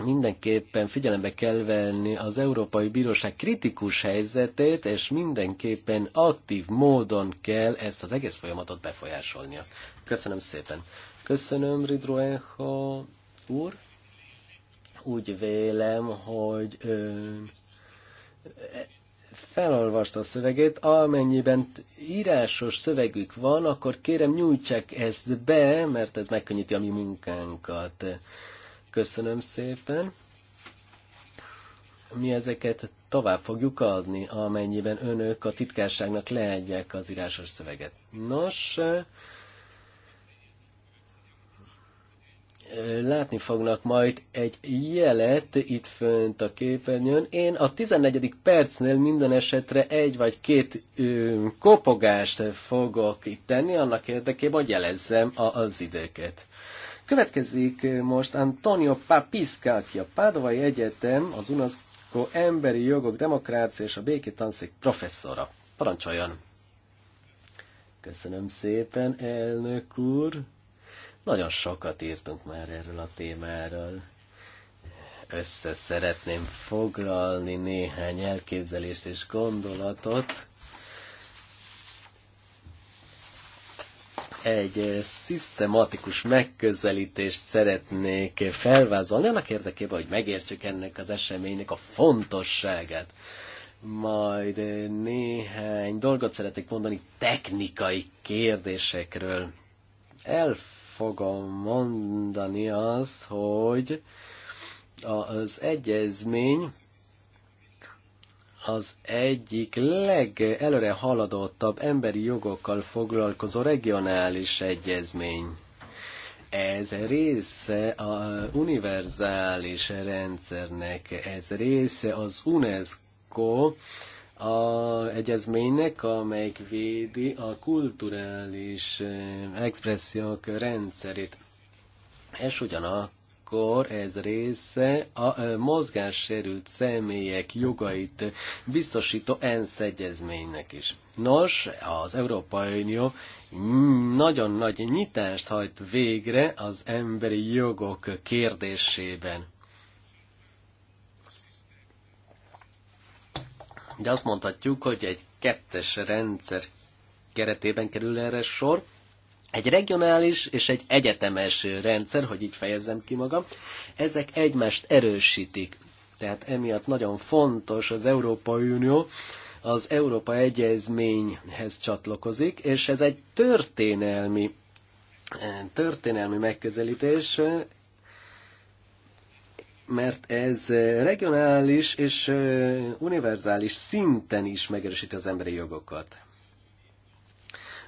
Speaker 1: mindenképpen figyelembe kell venni az Európai Bíróság kritikus helyzetét, és mindenképpen aktív módon kell ezt az egész folyamatot befolyásolnia. Köszönöm szépen. Köszönöm, Ridroenho úr. Úgy vélem, hogy ö, felolvasta a szöveget, amennyiben írásos szövegük van, akkor kérem nyújtsák ezt be, mert ez megkönnyíti a mi munkánkat. Köszönöm szépen. Mi ezeket tovább fogjuk adni, amennyiben önök a titkárságnak leadják az írásos szöveget. Nos, eh, látni fognak majd egy jelet itt fönt a képernyőn. Én a 14. percnél minden esetre egy vagy két ö, kopogást fogok itt tenni, annak érdekében, hogy jelezzem a, az időket. Következik eh, most Antonio Papisca, aki a Pádovai Egyetem, az UNESCO Emberi Jogok, Demokrácia és a Békétanszék professzora. Parancsoljon! Köszönöm szépen, elnök úr! Nagyon sokat írtunk már erről a témáról. Össze szeretném foglalni néhány elképzelést és gondolatot egy szisztematikus megközelítést szeretnék felvázolni, annak érdekében, hogy megértsük ennek az eseménynek a fontosságát. Majd néhány dolgot szeretnék mondani technikai kérdésekről. El fogom mondani azt, hogy az egyezmény az egyik legelőre haladottabb emberi jogokkal foglalkozó regionális egyezmény. Ez része a univerzális rendszernek, ez része az UNESCO a egyezménynek, amelyik védi a kulturális eh, expressziók rendszerét. És ugyanak akkor ez része a mozgássérült személyek jogait biztosító ENSZ egyezménynek is. Nos, az Európai Unió nagyon nagy nyitást hajt végre az emberi jogok kérdésében. De azt mondhatjuk, hogy egy kettes rendszer keretében kerül erre sor, egy regionális és egy egyetemes rendszer, hogy így fejezzem ki magam, ezek egymást erősítik. Tehát emiatt nagyon fontos az Európai Unió, az Európa Egyezményhez csatlakozik, és ez egy történelmi, történelmi megközelítés, mert ez regionális és univerzális szinten is megerősíti az emberi jogokat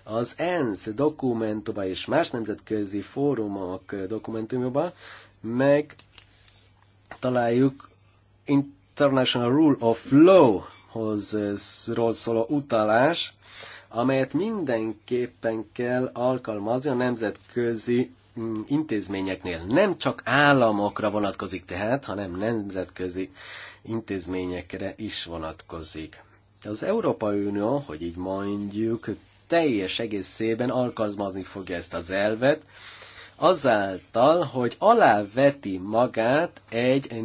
Speaker 1: az ENSZ dokumentuma és más nemzetközi fórumok dokumentumjában meg találjuk International Rule of Law-hoz eh, szóló utalás, amelyet mindenképpen kell alkalmazni a nemzetközi mm, intézményeknél. Nem csak államokra vonatkozik tehát, hanem nemzetközi intézményekre is vonatkozik. Az Európa Unió, hogy így mondjuk, teljes egészében alkalmazni fogja ezt az elvet, azáltal, hogy aláveti magát egy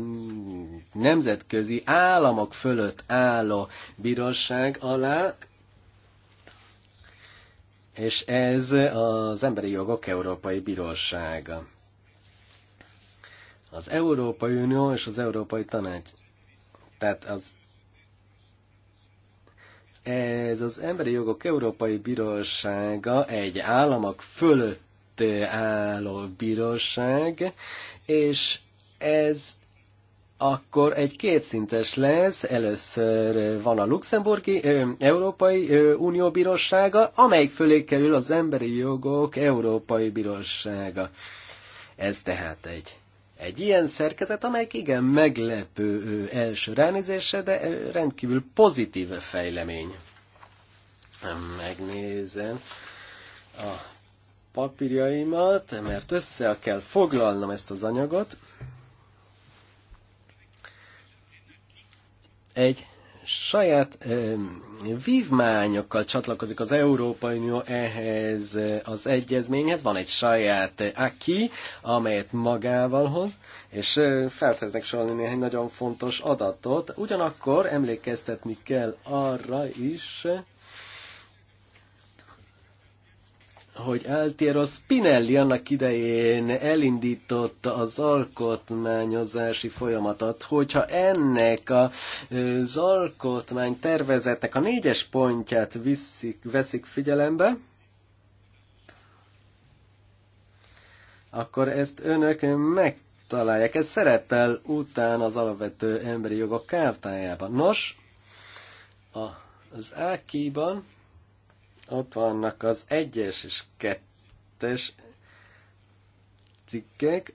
Speaker 1: nemzetközi államok fölött álló bíróság alá, és ez az Emberi Jogok Európai Bírósága. Az Európai Unió és az Európai Tanács. Tehát az ez az Emberi Jogok Európai Bírósága egy államok fölött álló bíróság, és ez akkor egy kétszintes lesz. Először van a Luxemburgi ö, Európai ö, Unió Bírósága, amelyik fölé kerül az Emberi Jogok Európai Bírósága. Ez tehát egy egy ilyen szerkezet, amely igen meglepő első ránézése, de rendkívül pozitív fejlemény. Megnézem a papírjaimat, mert össze kell foglalnom ezt az anyagot. Egy saját ö, vívmányokkal csatlakozik az Európai Unió ehhez az egyezményhez. Van egy saját aki, amelyet magával hoz, és ö, felszeretnek sorolni néhány nagyon fontos adatot. Ugyanakkor emlékeztetni kell arra is, hogy Altiero Spinelli annak idején elindította az alkotmányozási folyamatot, hogyha ennek a, az alkotmány tervezetnek a négyes pontját viszik, veszik figyelembe, akkor ezt önök megtalálják. Ez szerepel után az alapvető emberi jogok kártájában. Nos, a, az Ákiban ott vannak az egyes és kettes cikkek,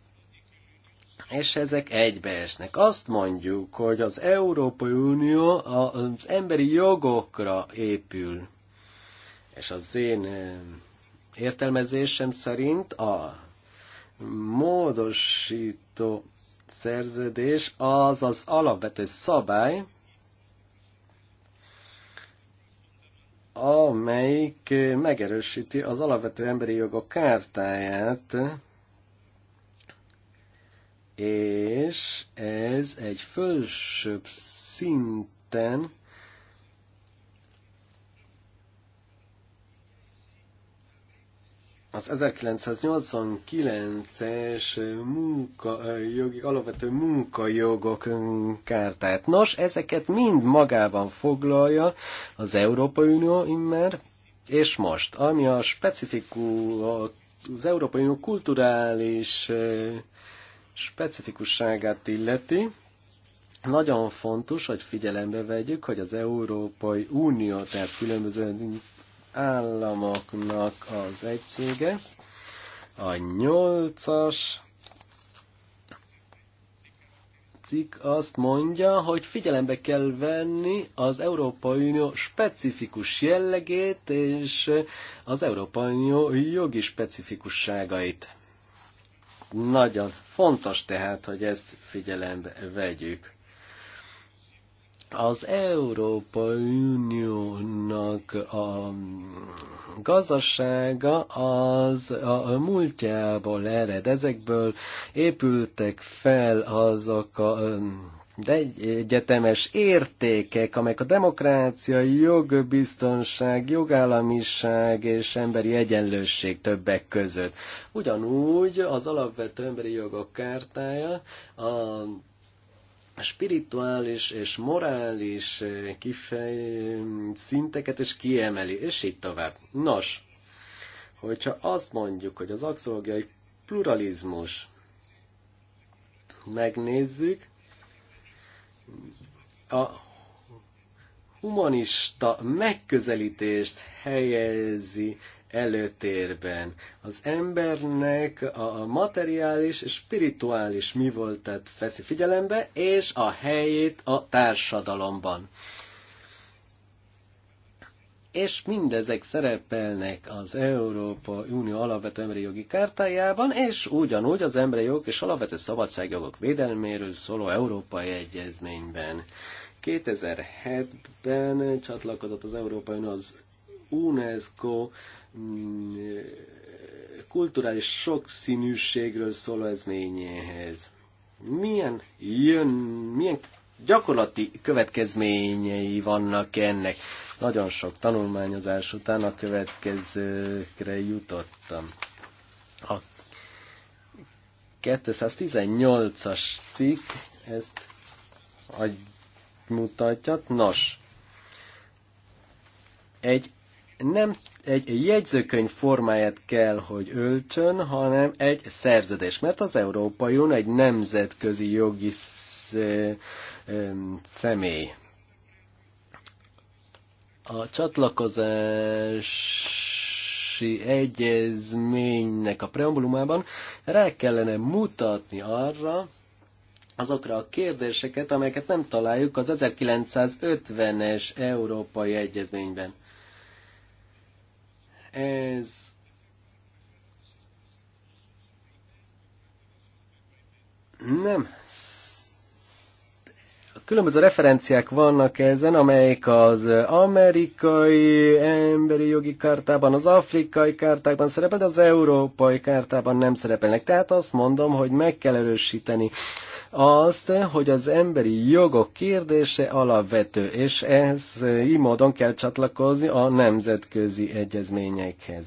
Speaker 1: és ezek egybeesnek. Azt mondjuk, hogy az Európai Unió az emberi jogokra épül. És az én értelmezésem szerint a módosító szerződés az az alapvető szabály, amelyik eh, megerősíti az alapvető emberi jogok kártáját, és ez egy fölsőbb szinten az 1989-es munkajogi, alapvető munkajogok kártát. Nos, ezeket mind magában foglalja az Európai Unió immár, és most, ami a specifikus az Európai Unió kulturális specifikusságát illeti, nagyon fontos, hogy figyelembe vegyük, hogy az Európai Unió, tehát különböző államoknak az egysége. A nyolcas cikk azt mondja, hogy figyelembe kell venni az Európai Unió specifikus jellegét és az Európai Unió jogi specifikusságait. Nagyon fontos tehát, hogy ezt figyelembe vegyük. Az Európai Uniónak a gazdasága az a múltjából ered. Ezekből épültek fel azok a de egyetemes értékek, amelyek a demokrácia, jogbiztonság, jogállamiság és emberi egyenlőség többek között. Ugyanúgy az alapvető emberi jogok kártája, a spirituális és morális eh, kifej szinteket is kiemeli, és így tovább. Nos, hogyha azt mondjuk, hogy az axológiai pluralizmus megnézzük, a humanista megközelítést helyezi előtérben. Az embernek a materiális, spirituális mi voltat feszi figyelembe, és a helyét a társadalomban. És mindezek szerepelnek az Európa Unió alapvető emberi jogi kártájában, és ugyanúgy az emberi jog és alapvető szabadságjogok védelméről szóló Európai Egyezményben. 2007-ben csatlakozott az Európai Unió az UNESCO kulturális sokszínűségről szóló ezményéhez. Milyen, jön, milyen gyakorlati következményei vannak ennek? Nagyon sok tanulmányozás után a következőkre jutottam. A 218-as cikk ezt mutatja. Nos, egy nem egy jegyzőkönyv formáját kell, hogy öltsön, hanem egy szerződés, mert az Európai Unió egy nemzetközi jogi személy. A csatlakozási egyezménynek a preambulumában rá kellene mutatni arra, azokra a kérdéseket, amelyeket nem találjuk az 1950-es Európai Egyezményben ez nem különböző referenciák vannak ezen, amelyik az amerikai emberi jogi kártában, az afrikai kártában szerepel, de az európai kártában nem szerepelnek. Tehát azt mondom, hogy meg kell erősíteni azt, hogy az emberi jogok kérdése alapvető, és ehhez így módon kell csatlakozni a nemzetközi egyezményekhez.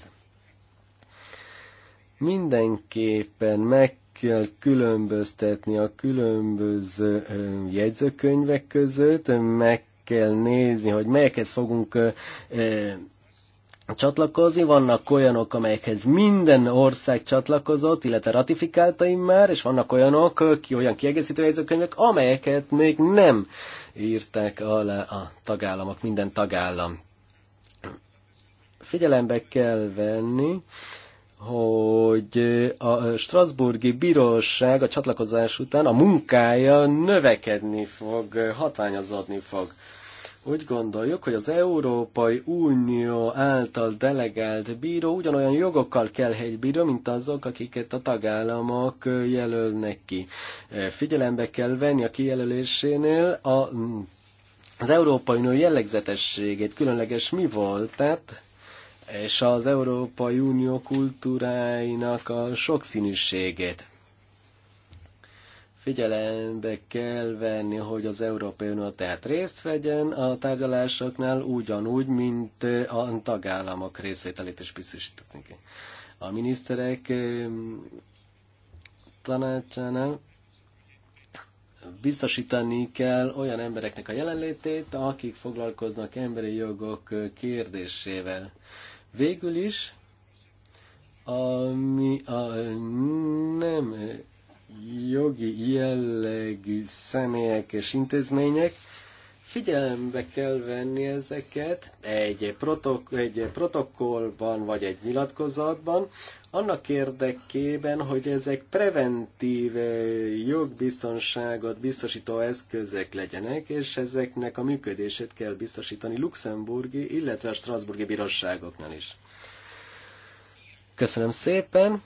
Speaker 1: Mindenképpen meg kell különböztetni a különböző jegyzőkönyvek között, meg kell nézni, hogy melyekhez fogunk csatlakozni, vannak olyanok, amelyekhez minden ország csatlakozott, illetve ratifikálta már, és vannak olyanok, ki olyan kiegészítő jegyzőkönyvek, amelyeket még nem írták alá a tagállamok, minden tagállam. Figyelembe kell venni, hogy a Strasburgi Bíróság a csatlakozás után a munkája növekedni fog, hatványozódni fog. Úgy gondoljuk, hogy az Európai Unió által delegált bíró ugyanolyan jogokkal kell egy bíró, mint azok, akiket a tagállamok jelölnek ki. E, figyelembe kell venni a kijelölésénél a, az Európai Unió jellegzetességét, különleges mi volt, tehát és az Európai Unió kultúráinak a sokszínűségét figyelembe kell venni, hogy az Európai Unió tehát részt vegyen a tárgyalásoknál ugyanúgy, mint a tagállamok részvételét is biztosítani. A miniszterek tanácsánál biztosítani kell olyan embereknek a jelenlétét, akik foglalkoznak emberi jogok kérdésével. Végül is, ami a nem jogi jellegű személyek és intézmények, figyelembe kell venni ezeket egy, protok- egy protokollban vagy egy nyilatkozatban, annak érdekében, hogy ezek preventív eh, jogbiztonságot biztosító eszközek legyenek, és ezeknek a működését kell biztosítani luxemburgi, illetve a strasburgi bíróságoknál is. Köszönöm szépen!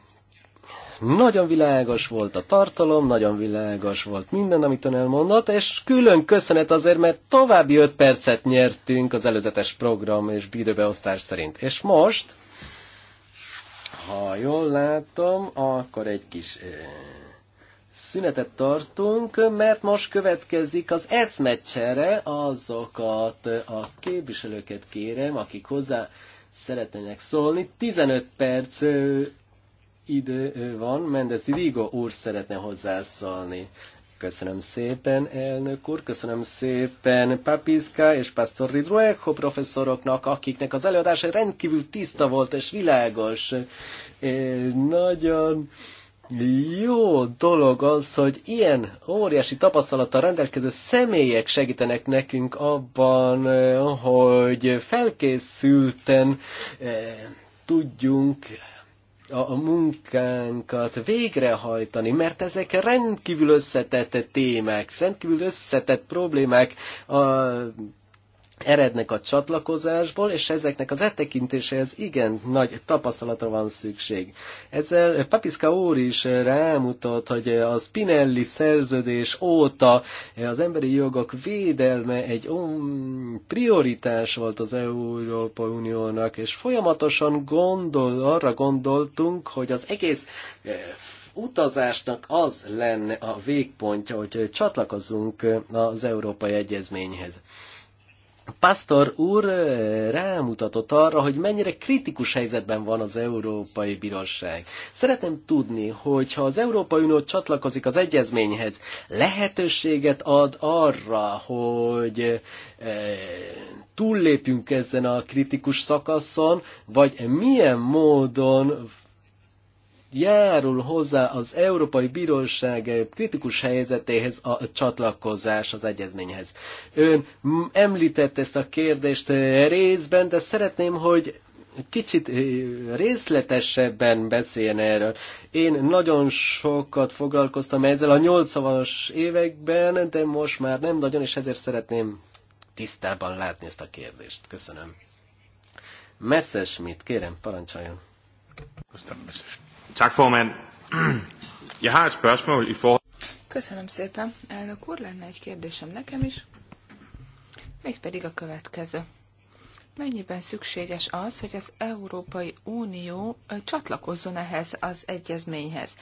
Speaker 1: Nagyon világos volt a tartalom, nagyon világos volt minden, amit ön elmondott, és külön köszönet azért, mert további 5 percet nyertünk az előzetes program és időbeosztás szerint. És most, ha jól látom, akkor egy kis szünetet tartunk, mert most következik az eszmecsere, azokat a képviselőket kérem, akik hozzá szeretnének szólni. 15 perc idő van, Mendez Rigo úr szeretne hozzászólni. Köszönöm szépen, elnök úr, köszönöm szépen Papiszka és Pastor Ridruejo professzoroknak, akiknek az előadása rendkívül tiszta volt és világos. Nagyon jó dolog az, hogy ilyen óriási tapasztalattal rendelkező személyek segítenek nekünk abban, hogy felkészülten tudjunk a munkánkat végrehajtani, mert ezek rendkívül összetett témák, rendkívül összetett problémák, a erednek a csatlakozásból, és ezeknek az áttekintéséhez igen nagy tapasztalatra van szükség. Ezzel Papiszka úr is rámutat, hogy a Spinelli szerződés óta az emberi jogok védelme egy prioritás volt az Európai Uniónak, és folyamatosan gondol, arra gondoltunk, hogy az egész eh, utazásnak az lenne a végpontja, hogy csatlakozzunk az Európai Egyezményhez. Pastor úr rámutatott arra, hogy mennyire kritikus helyzetben van az Európai Bíróság. Szeretném tudni, hogy ha az Európai Unió csatlakozik az egyezményhez, lehetőséget ad arra, hogy túllépjünk ezen a kritikus szakaszon, vagy milyen módon járul hozzá az Európai Bíróság kritikus helyzetéhez a csatlakozás az egyezményhez. Ön említett ezt a kérdést e, részben, de szeretném, hogy kicsit e, részletesebben beszéljen erről. Én nagyon sokat foglalkoztam ezzel a 80-as években, de most már nem nagyon, és ezért szeretném tisztában látni ezt a kérdést. Köszönöm. Messerschmidt, kérem, parancsoljon. Köszönöm, Messerschmidt. Tak, formand. Jeg har et spørgsmål i forhold...
Speaker 2: Köszönöm szépen. Elnök úr, lenne egy kérdésem nekem is. Mégpedig a következő. Mennyiben szükséges az, hogy az Európai Unió csatlakozzon ehhez az egyezményhez?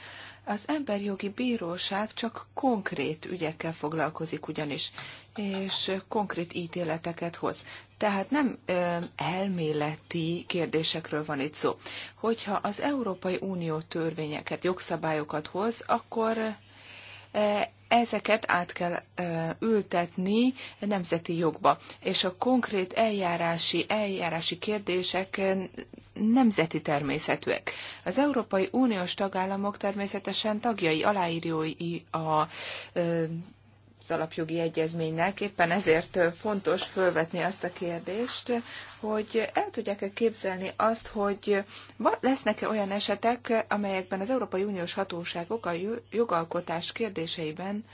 Speaker 2: Az Emberjogi Bíróság csak konkrét ügyekkel foglalkozik ugyanis, és konkrét ítéleteket hoz. Tehát nem ö, elméleti kérdésekről van itt szó. Hogyha az Európai Unió törvényeket, jogszabályokat hoz, akkor ezeket át kell ültetni nemzeti jogba, és a konkrét eljárási, eljárási kérdések nemzeti természetűek. Az Európai Uniós tagállamok természetesen tagjai, aláírói a az alapjogi egyezménynek. Éppen ezért fontos fölvetni azt a kérdést, hogy el tudják-e képzelni azt, hogy lesznek-e olyan esetek, amelyekben az Európai Uniós hatóságok a jogalkotás kérdéseiben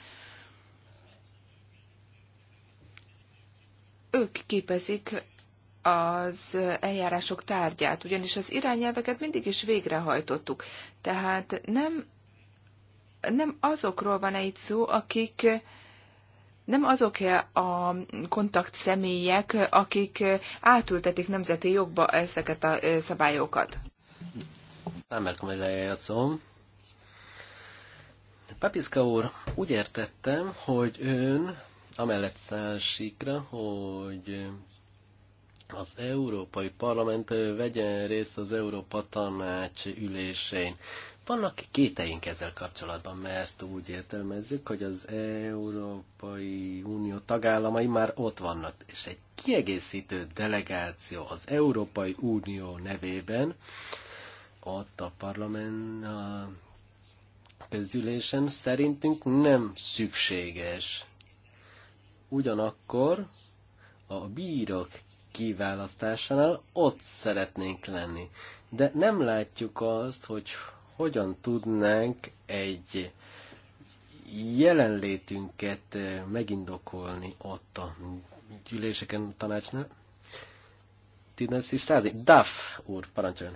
Speaker 2: ők képezik az eljárások tárgyát, ugyanis az irányelveket mindig is végrehajtottuk. Tehát nem, nem azokról van -e itt szó, akik nem azok a kontakt személyek, akik átültetik nemzeti jogba ezeket a szabályokat.
Speaker 1: Rámerkom, hogy lejátszom. Papiszka úr, úgy értettem, hogy ön amellett száll hogy az Európai Parlament vegyen részt az Európa Tanács ülésén. Vannak kéteink ezzel kapcsolatban, mert úgy értelmezzük, hogy az Európai Unió tagállamai már ott vannak, és egy kiegészítő delegáció az Európai Unió nevében ott a parlament a közülésen szerintünk nem szükséges. Ugyanakkor a bírok kiválasztásánál ott szeretnénk lenni. De nem látjuk azt, hogy hogyan tudnánk egy jelenlétünket eh, megindokolni ott a gyűléseken, a tanácsnál. Tudnál tisztázni? Duff úr, parancsoljon!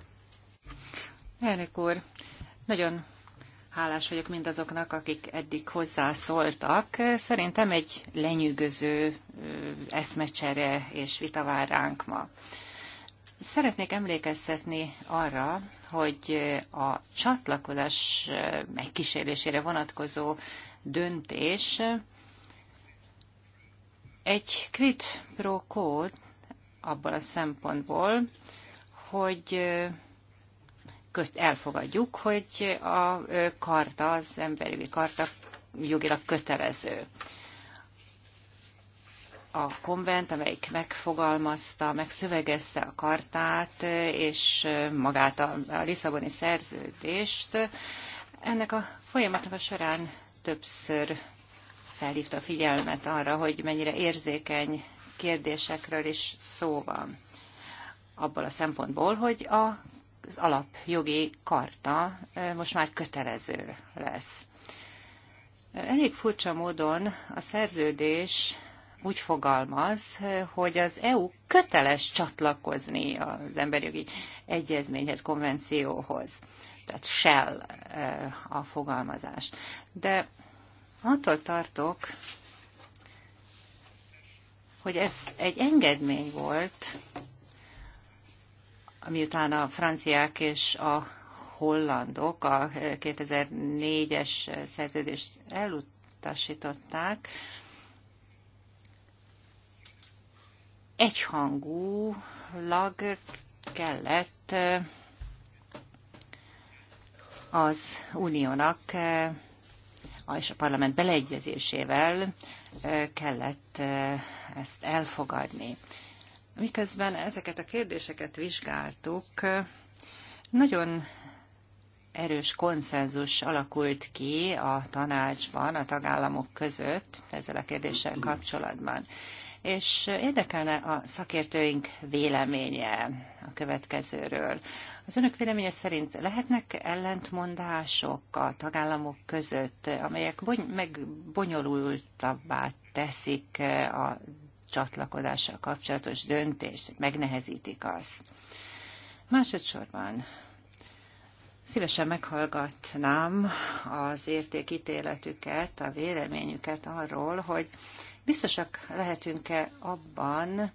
Speaker 3: Elnök úr, nagyon hálás vagyok mindazoknak, akik eddig hozzászóltak. Szerintem egy lenyűgöző eh, eszmecsere és vita vár ránk ma. Szeretnék emlékeztetni arra, hogy a csatlakozás megkísérésére vonatkozó döntés egy quid pro quo abból a szempontból, hogy elfogadjuk, hogy a karta, az emberi karta jogilag kötelező a konvent, amelyik megfogalmazta, megszövegezte a kartát és magát a, a Lisszaboni szerződést, ennek a folyamatnak a során többször felhívta a figyelmet arra, hogy mennyire érzékeny kérdésekről is szó van. Abból a szempontból, hogy a, az alapjogi karta most már kötelező lesz. Elég furcsa módon a szerződés úgy fogalmaz, hogy az EU köteles csatlakozni az emberjogi egyezményhez, konvencióhoz. Tehát shell eh, a fogalmazás. De attól tartok, hogy ez egy engedmény volt, miután a franciák és a hollandok a 2004-es eh, szerződést elutasították, egyhangúlag kellett eh, az uniónak eh, és a parlament beleegyezésével eh, kellett ezt elfogadni. Miközben ezeket a kérdéseket vizsgáltuk, nagyon erős konszenzus alakult ki a tanácsban, a tagállamok között ezzel a kérdéssel kapcsolatban és érdekelne a szakértőink véleménye a következőről. Az önök véleménye szerint lehetnek ellentmondások a tagállamok között, amelyek bony- megbonyolultabbá teszik a csatlakozással kapcsolatos döntést, megnehezítik azt. Másodszorban Szívesen meghallgatnám az értékítéletüket, a véleményüket arról, hogy Biztosak lehetünk-e abban,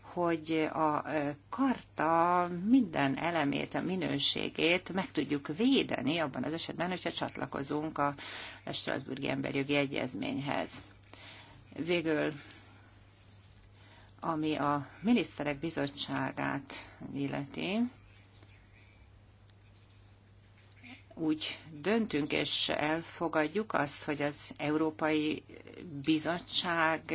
Speaker 3: hogy a karta minden elemét, a minőségét meg tudjuk védeni abban az esetben, hogyha csatlakozunk a Strasburgi Emberjogi Egyezményhez. Végül, ami a miniszterek bizottságát illeti, úgy döntünk és elfogadjuk azt, hogy az Európai Bizottság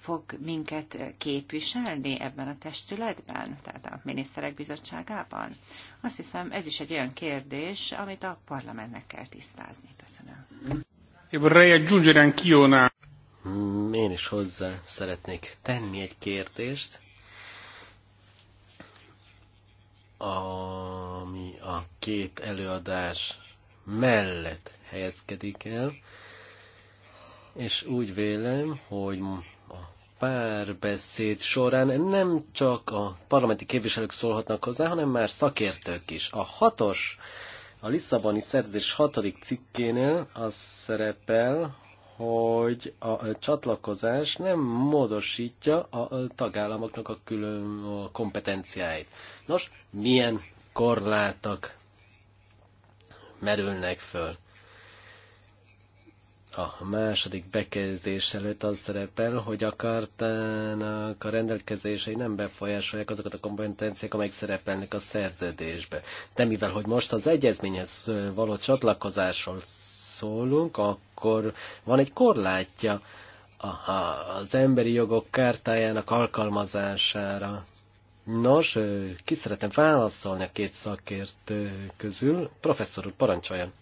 Speaker 3: fog minket képviselni ebben a testületben, tehát a miniszterek bizottságában? Azt hiszem, ez is egy olyan kérdés, amit a parlamentnek kell tisztázni. Köszönöm.
Speaker 1: Én mm, is hozzá szeretnék tenni egy kérdést. A a két előadás mellett helyezkedik el, és úgy vélem, hogy a párbeszéd során nem csak a parlamenti képviselők szólhatnak hozzá, hanem már szakértők is. A hatos, a Lisszaboni szerződés hatodik cikkénél az szerepel, hogy a csatlakozás nem módosítja a tagállamoknak a külön kompetenciáit. Nos, milyen korlátok merülnek föl. A második bekezdés előtt az szerepel, hogy a kartának a rendelkezései nem befolyásolják azokat a kompetenciák, amelyek szerepelnek a szerződésbe. De mivel, hogy most az egyezményhez való csatlakozásról szólunk, akkor van egy korlátja az emberi jogok kártájának alkalmazására. Nos, ki szeretem válaszolni a két szakértő közül? Professzor úr, parancsoljon!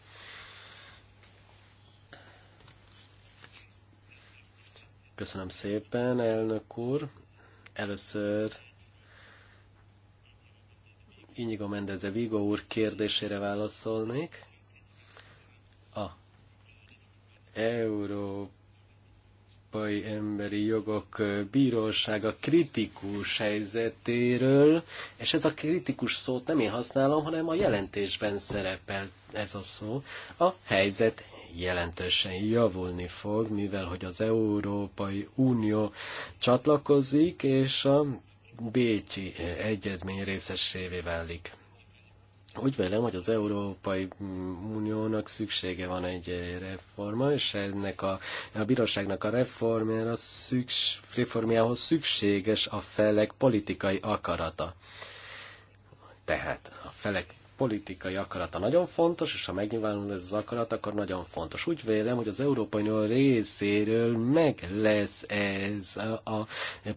Speaker 1: Köszönöm szépen, elnök úr. Először Inigo Mendeze Vigo úr kérdésére válaszolnék. A Európa Európai Emberi Jogok Bírósága kritikus helyzetéről, és ez a kritikus szót nem én használom, hanem a jelentésben szerepel ez a szó. A helyzet jelentősen javulni fog, mivel hogy az Európai Unió csatlakozik, és a Bécsi Egyezmény részessévé válik. Úgy vélem, hogy az Európai Uniónak szüksége van egy reforma, és ennek a, a bíróságnak a reformjára szüks, reformjához szükséges a felek politikai akarata. Tehát a felek politikai akarata nagyon fontos, és ha megnyilvánul ez az akarat, akkor nagyon fontos. Úgy vélem, hogy az Európai Unió részéről meg lesz ez a, a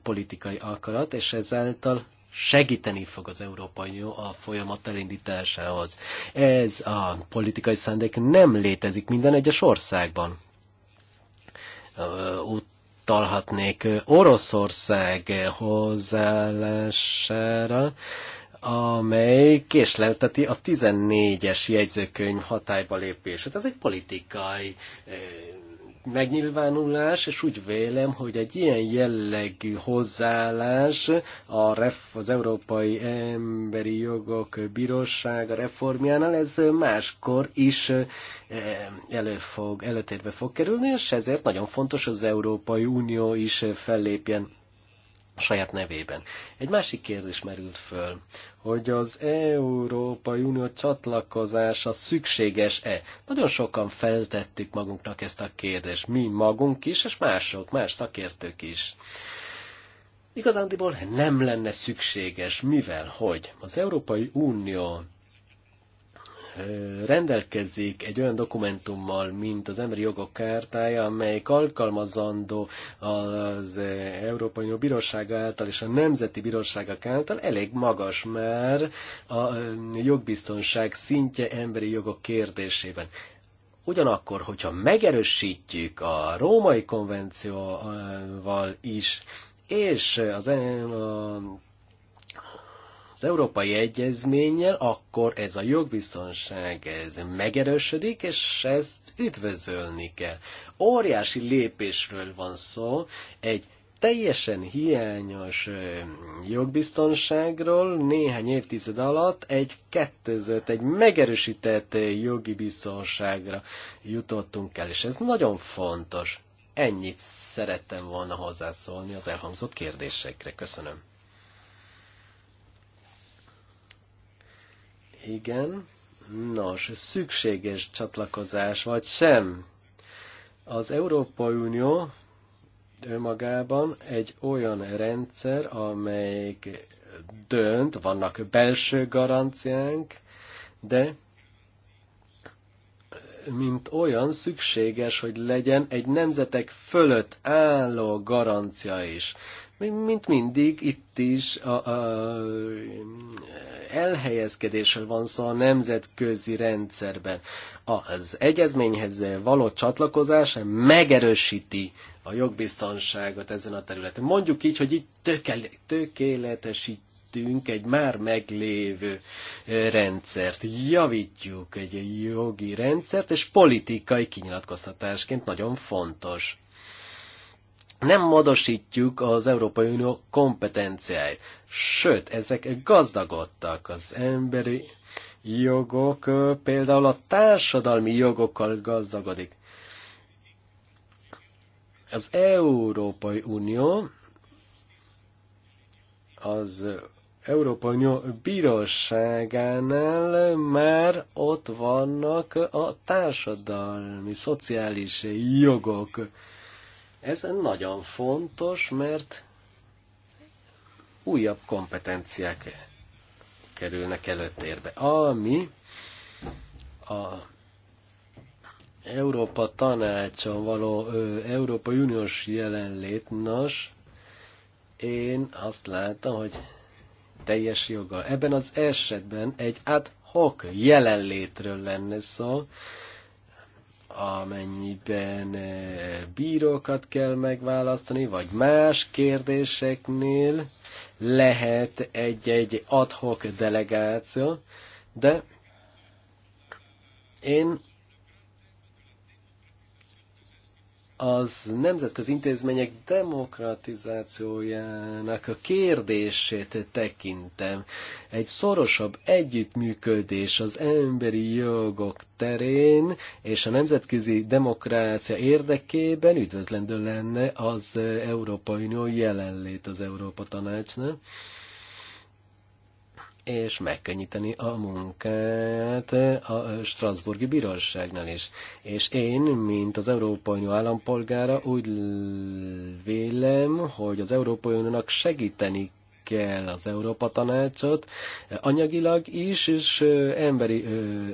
Speaker 1: politikai akarat, és ezáltal segíteni fog az Európai Unió a folyamat elindításához. Ez a politikai szándék nem létezik minden egyes országban. talhatnék Oroszország hozzáállására, amely késlelteti a 14-es jegyzőkönyv hatályba lépését. Ez egy politikai megnyilvánulás, és úgy vélem, hogy egy ilyen jellegű hozzáállás a ref, az Európai Emberi Jogok Bírósága reformjánál, ez máskor is eh, elő fog, előtérbe fog kerülni, és ezért nagyon fontos, hogy az Európai Unió is fellépjen saját nevében. Egy másik kérdés merült föl, hogy az Európai Unió csatlakozása szükséges-e? Nagyon sokan feltettük magunknak ezt a kérdést, mi magunk is, és mások, más szakértők is. Igazándiból nem lenne szükséges, mivel hogy az Európai Unió rendelkezik egy olyan dokumentummal, mint az emberi jogok kártája, amelyik alkalmazandó az Európai Unió Bírósága által és a Nemzeti Bíróságok által elég magas már a jogbiztonság szintje emberi jogok kérdésében. Ugyanakkor, hogyha megerősítjük a római konvencióval is, és az a az európai egyezménnyel, akkor ez a jogbiztonság ez megerősödik, és ezt üdvözölni kell. Óriási lépésről van szó, egy teljesen hiányos jogbiztonságról néhány évtized alatt egy kettőzött, egy megerősített jogi biztonságra jutottunk el, és ez nagyon fontos. Ennyit szerettem volna hozzászólni az elhangzott kérdésekre. Köszönöm. Igen. Nos, szükséges csatlakozás, vagy sem? Az Európai Unió önmagában egy olyan rendszer, amelyik dönt, vannak belső garanciánk, de mint olyan szükséges, hogy legyen egy nemzetek fölött álló garancia is mint mindig itt is a, a elhelyezkedésről van szó a nemzetközi rendszerben. Az egyezményhez való csatlakozás megerősíti a jogbiztonságot ezen a területen. Mondjuk így, hogy így tökéle, tökéletesítjük egy már meglévő rendszert, javítjuk egy jogi rendszert, és politikai kinyilatkoztatásként nagyon fontos nem modosítjuk az Európai Unió kompetenciáit. Sőt, ezek gazdagodtak az emberi jogok, például a társadalmi jogokkal gazdagodik. Az Európai Unió az Európai Unió bíróságánál már ott vannak a társadalmi, szociális jogok ez nagyon fontos, mert újabb kompetenciák kerülnek előtérbe, ami a Európa tanácson való ö, Európa Uniós jelenlét, nos, én azt látom, hogy teljes joggal. Ebben az esetben egy ad hoc jelenlétről lenne szó, amennyiben eh, bírókat kell megválasztani, vagy más kérdéseknél lehet egy-egy adhok delegáció, de én az nemzetközi intézmények demokratizációjának a kérdését tekintem. Egy szorosabb együttműködés az emberi jogok terén és a nemzetközi demokrácia érdekében üdvözlendő lenne az Európai Unió jelenlét az Európa Tanácsnál és megkönnyíteni a munkát a Strasburgi Bíróságnál is. És én, mint az Európai Unió állampolgára úgy vélem, hogy az Európai Uniónak segíteni kell az Európa Tanácsot, anyagilag is, és emberi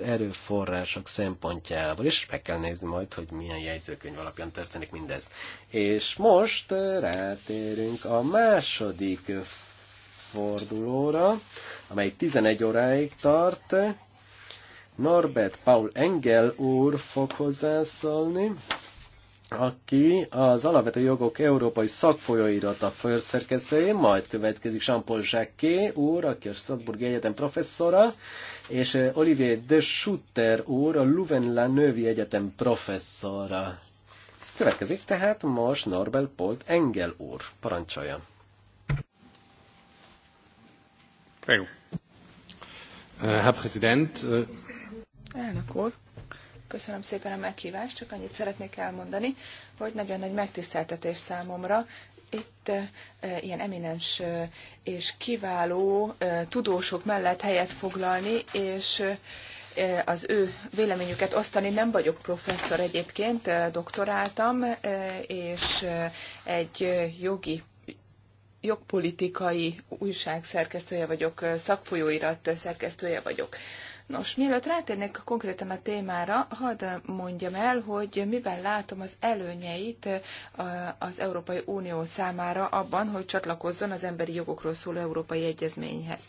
Speaker 1: erőforrások szempontjából, és meg kell nézni majd, hogy milyen jegyzőkönyv alapján történik mindez. És most rátérünk a második fordulóra, amely 11 óráig tart. Norbert Paul Engel úr fog hozzászólni, aki az Alapvető Jogok Európai Szakfolyóirata főszerkesztője, majd következik Jean-Paul Jacquet úr, aki a Strasbourg Egyetem professzora, és eh, Olivier de Schutter úr, a Louvain-la-Neuvi Egyetem professzora. Következik tehát most Norbert Paul Engel úr. Parancsolja. Jó. Eh, Herr Präsident. Eh,
Speaker 2: Elnök úr, köszönöm szépen a meghívást, csak annyit szeretnék elmondani, hogy nagyon nagy megtiszteltetés számomra itt eh, ilyen eminens és kiváló tudósok mellett helyet foglalni, és az ő véleményüket osztani. Nem vagyok professzor egyébként, doktoráltam, és egy jogi jogpolitikai újság szerkesztője vagyok, szakfolyóirat szerkesztője vagyok. Nos, mielőtt rátérnék konkrétan a témára, hadd mondjam el, hogy mivel látom az előnyeit az Európai Unió számára abban, hogy csatlakozzon az emberi jogokról szóló Európai Egyezményhez.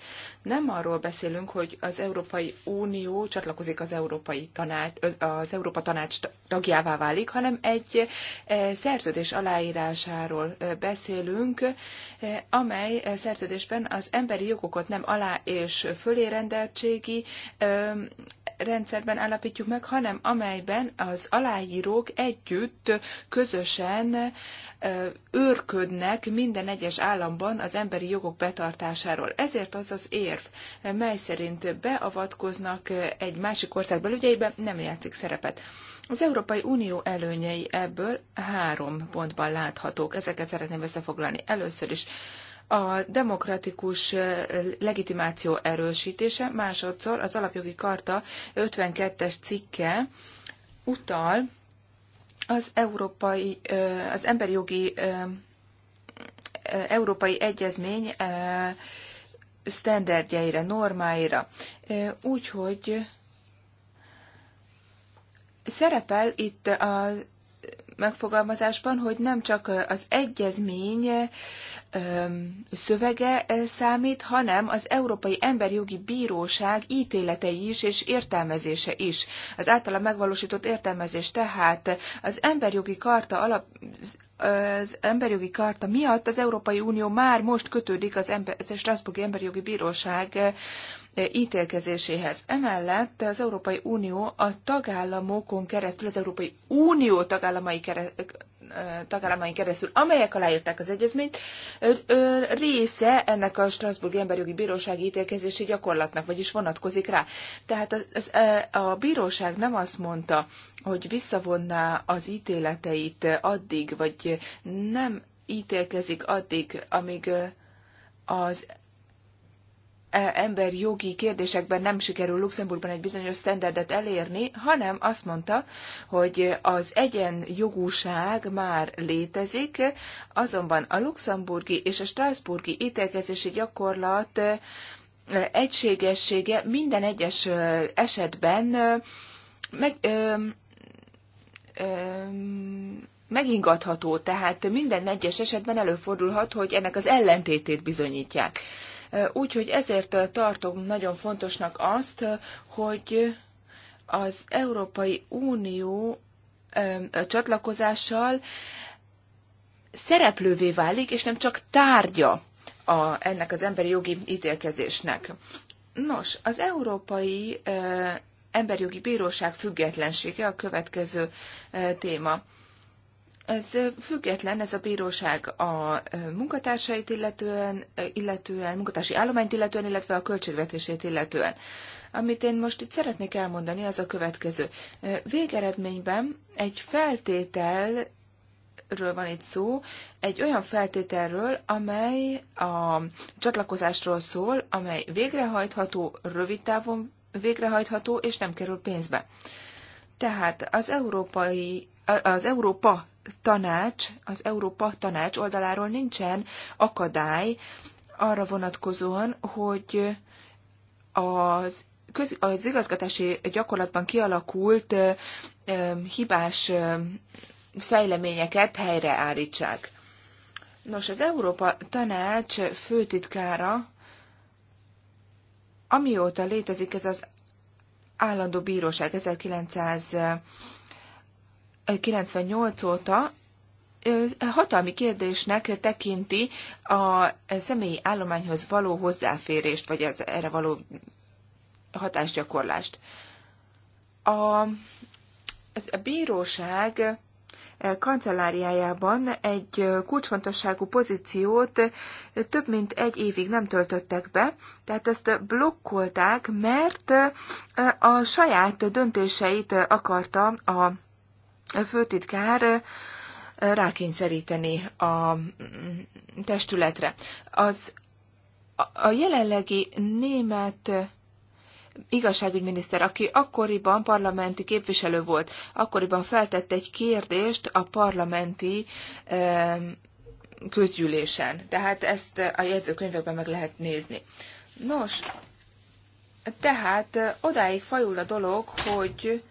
Speaker 2: Nem arról beszélünk, hogy az Európai Unió csatlakozik az Európai Tanács, az Európa Tanács tagjává válik, hanem egy szerződés aláírásáról beszélünk, amely szerződésben az emberi jogokat nem alá és fölérendeltségi rendszerben állapítjuk meg, hanem amelyben az aláírók együtt, közösen őrködnek minden egyes államban az emberi jogok betartásáról. Ezért az az érv, mely szerint beavatkoznak egy másik ország belügyeibe, nem játszik szerepet. Az Európai Unió előnyei ebből három pontban láthatók. Ezeket szeretném összefoglalni. Először is a demokratikus legitimáció erősítése, másodszor az alapjogi karta 52-es cikke utal az európai, az emberi jogi európai egyezmény standardjaira, normáira. Úgyhogy szerepel itt a megfogalmazásban, hogy nem csak az egyezmény szövege számít, hanem az Európai Emberjogi Bíróság ítéletei is és értelmezése is. Az általa megvalósított értelmezés tehát az emberjogi karta alap az emberjogi karta miatt az Európai Unió már most kötődik az, ember, az Strasbourg Emberjogi Bíróság E, ítélkezéséhez. Emellett az Európai Unió a tagállamokon keresztül, az Európai Unió tagállamai keresztül, e, e, tagállamain keresztül, amelyek aláírták az egyezményt, része ennek a Strasburgi Emberjogi Bírósági ítélkezési gyakorlatnak, vagyis vonatkozik rá. Tehát az, a bíróság nem azt mondta, hogy visszavonná az ítéleteit addig, vagy nem ítélkezik addig, amíg az jogi kérdésekben nem sikerül Luxemburgban egy bizonyos standardet elérni, hanem azt mondta, hogy az egyenjogúság már létezik, azonban a luxemburgi és a strasburgi ítélkezési gyakorlat egységessége minden egyes esetben meg, megingatható, tehát minden egyes esetben előfordulhat, hogy ennek az ellentétét bizonyítják. Úgyhogy ezért tartom nagyon fontosnak azt, hogy az Európai Unió csatlakozással szereplővé válik, és nem csak tárgya a, ennek az emberi jogi ítélkezésnek. Nos, az Európai Emberi Jogi Bíróság függetlensége a következő téma. Ez független, ez a bíróság a munkatársait illetően, illetően, munkatársi állományt illetően, illetve a költségvetését illetően. Amit én most itt szeretnék elmondani, az a következő. Végeredményben egy feltétel ről van itt szó, egy olyan feltételről, amely a csatlakozásról szól, amely végrehajtható, rövid távon végrehajtható, és nem kerül pénzbe. Tehát az európai az Európa tanács, az Európa tanács oldaláról nincsen akadály arra vonatkozóan, hogy az köz, az igazgatási gyakorlatban kialakult hibás fejleményeket helyreállítsák. Nos, az Európa Tanács főtitkára, amióta létezik ez az állandó bíróság 1900 98 óta hatalmi kérdésnek tekinti a személyi állományhoz való hozzáférést, vagy az erre való hatásgyakorlást. A, ez a bíróság kancelláriájában egy kulcsfontosságú pozíciót több mint egy évig nem töltöttek be, tehát ezt blokkolták, mert a saját döntéseit akarta a főtitkár rákényszeríteni a mm, testületre. Az a jelenlegi német igazságügyminiszter, aki akkoriban parlamenti képviselő volt, akkoriban feltett egy kérdést a parlamenti közgyűlésen. Tehát ezt a jegyzőkönyvekben meg lehet nézni. Nos, tehát odáig fajul a dolog, hogy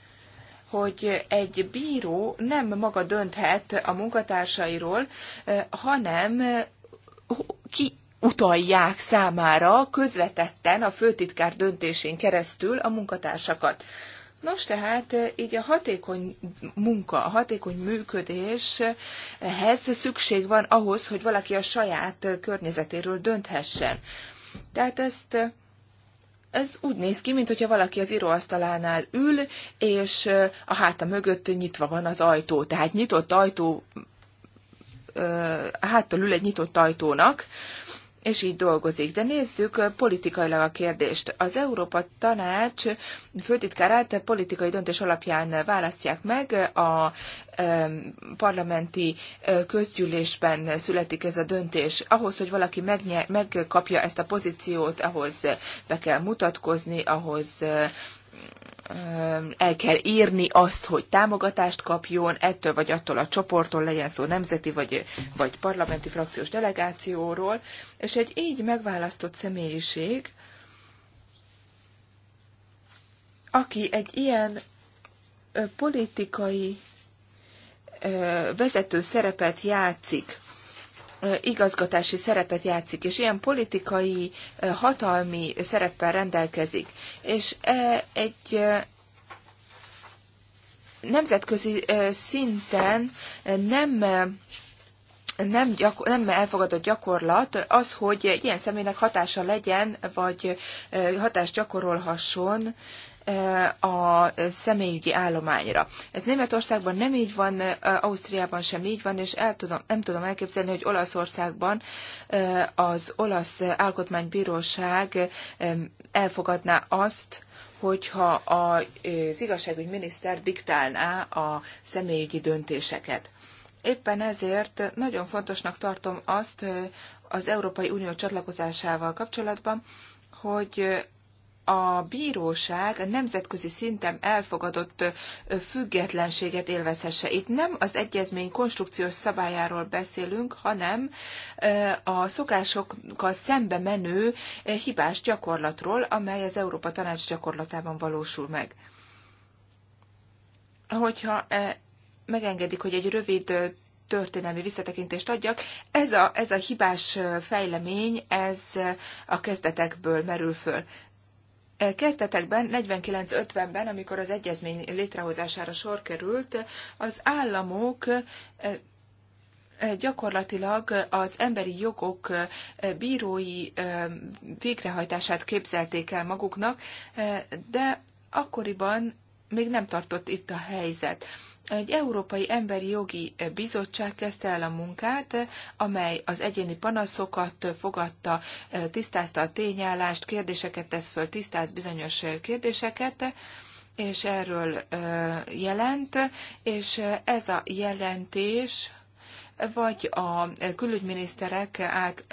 Speaker 2: hogy egy bíró nem maga dönthet a munkatársairól, hanem ki utalják számára közvetetten a főtitkár döntésén keresztül a munkatársakat. Nos, tehát így a hatékony munka, a hatékony működéshez szükség van ahhoz, hogy valaki a saját környezetéről dönthessen. Tehát ezt ez úgy néz ki, mintha valaki az íróasztalánál ül, és a háta mögött nyitva van az ajtó. Tehát nyitott ajtó, háttal ül egy nyitott ajtónak, és így dolgozik. De nézzük politikailag a kérdést. Az Európa Tanács főtitkárát politikai döntés alapján választják meg, a parlamenti közgyűlésben születik ez a döntés. Ahhoz, hogy valaki megkapja ezt a pozíciót, ahhoz be kell mutatkozni, ahhoz el kell írni azt, hogy támogatást kapjon ettől vagy attól a csoporttól, legyen szó nemzeti vagy, vagy parlamenti frakciós delegációról, és egy így megválasztott személyiség, aki egy ilyen politikai vezető szerepet játszik, igazgatási szerepet játszik, és ilyen politikai, hatalmi szereppel rendelkezik. És egy nemzetközi szinten nem nem, gyakor- nem elfogadott gyakorlat az, hogy egy ilyen személynek hatása legyen, vagy hatást gyakorolhasson a személyügyi állományra. Ez Németországban nem így van, Ausztriában sem így van, és el tudom, nem tudom elképzelni, hogy Olaszországban az olasz alkotmánybíróság elfogadná azt, hogyha az igazságügy miniszter diktálná a személyügyi döntéseket. Éppen ezért nagyon fontosnak tartom azt az Európai Unió csatlakozásával kapcsolatban, hogy a bíróság a nemzetközi szinten elfogadott függetlenséget élvezhesse. Itt nem az egyezmény konstrukciós szabályáról beszélünk, hanem a szokásokkal szembe menő hibás gyakorlatról, amely az Európa Tanács gyakorlatában valósul meg. Hogyha megengedik, hogy egy rövid történelmi visszatekintést adjak. Ez a, ez a hibás fejlemény, ez a kezdetekből merül föl. Kezdetekben, 49-50-ben, amikor az egyezmény létrehozására sor került, az államok eh, eh, gyakorlatilag az emberi jogok eh, bírói végrehajtását képzelték el maguknak, de akkoriban még nem tartott itt a helyzet. Egy Európai Emberi Jogi Bizottság kezdte el a munkát, amely az egyéni panaszokat fogadta, tisztázta a tényállást, kérdéseket tesz föl, tisztáz bizonyos kérdéseket, és erről jelent, és ez a jelentés vagy a külügyminiszterek át,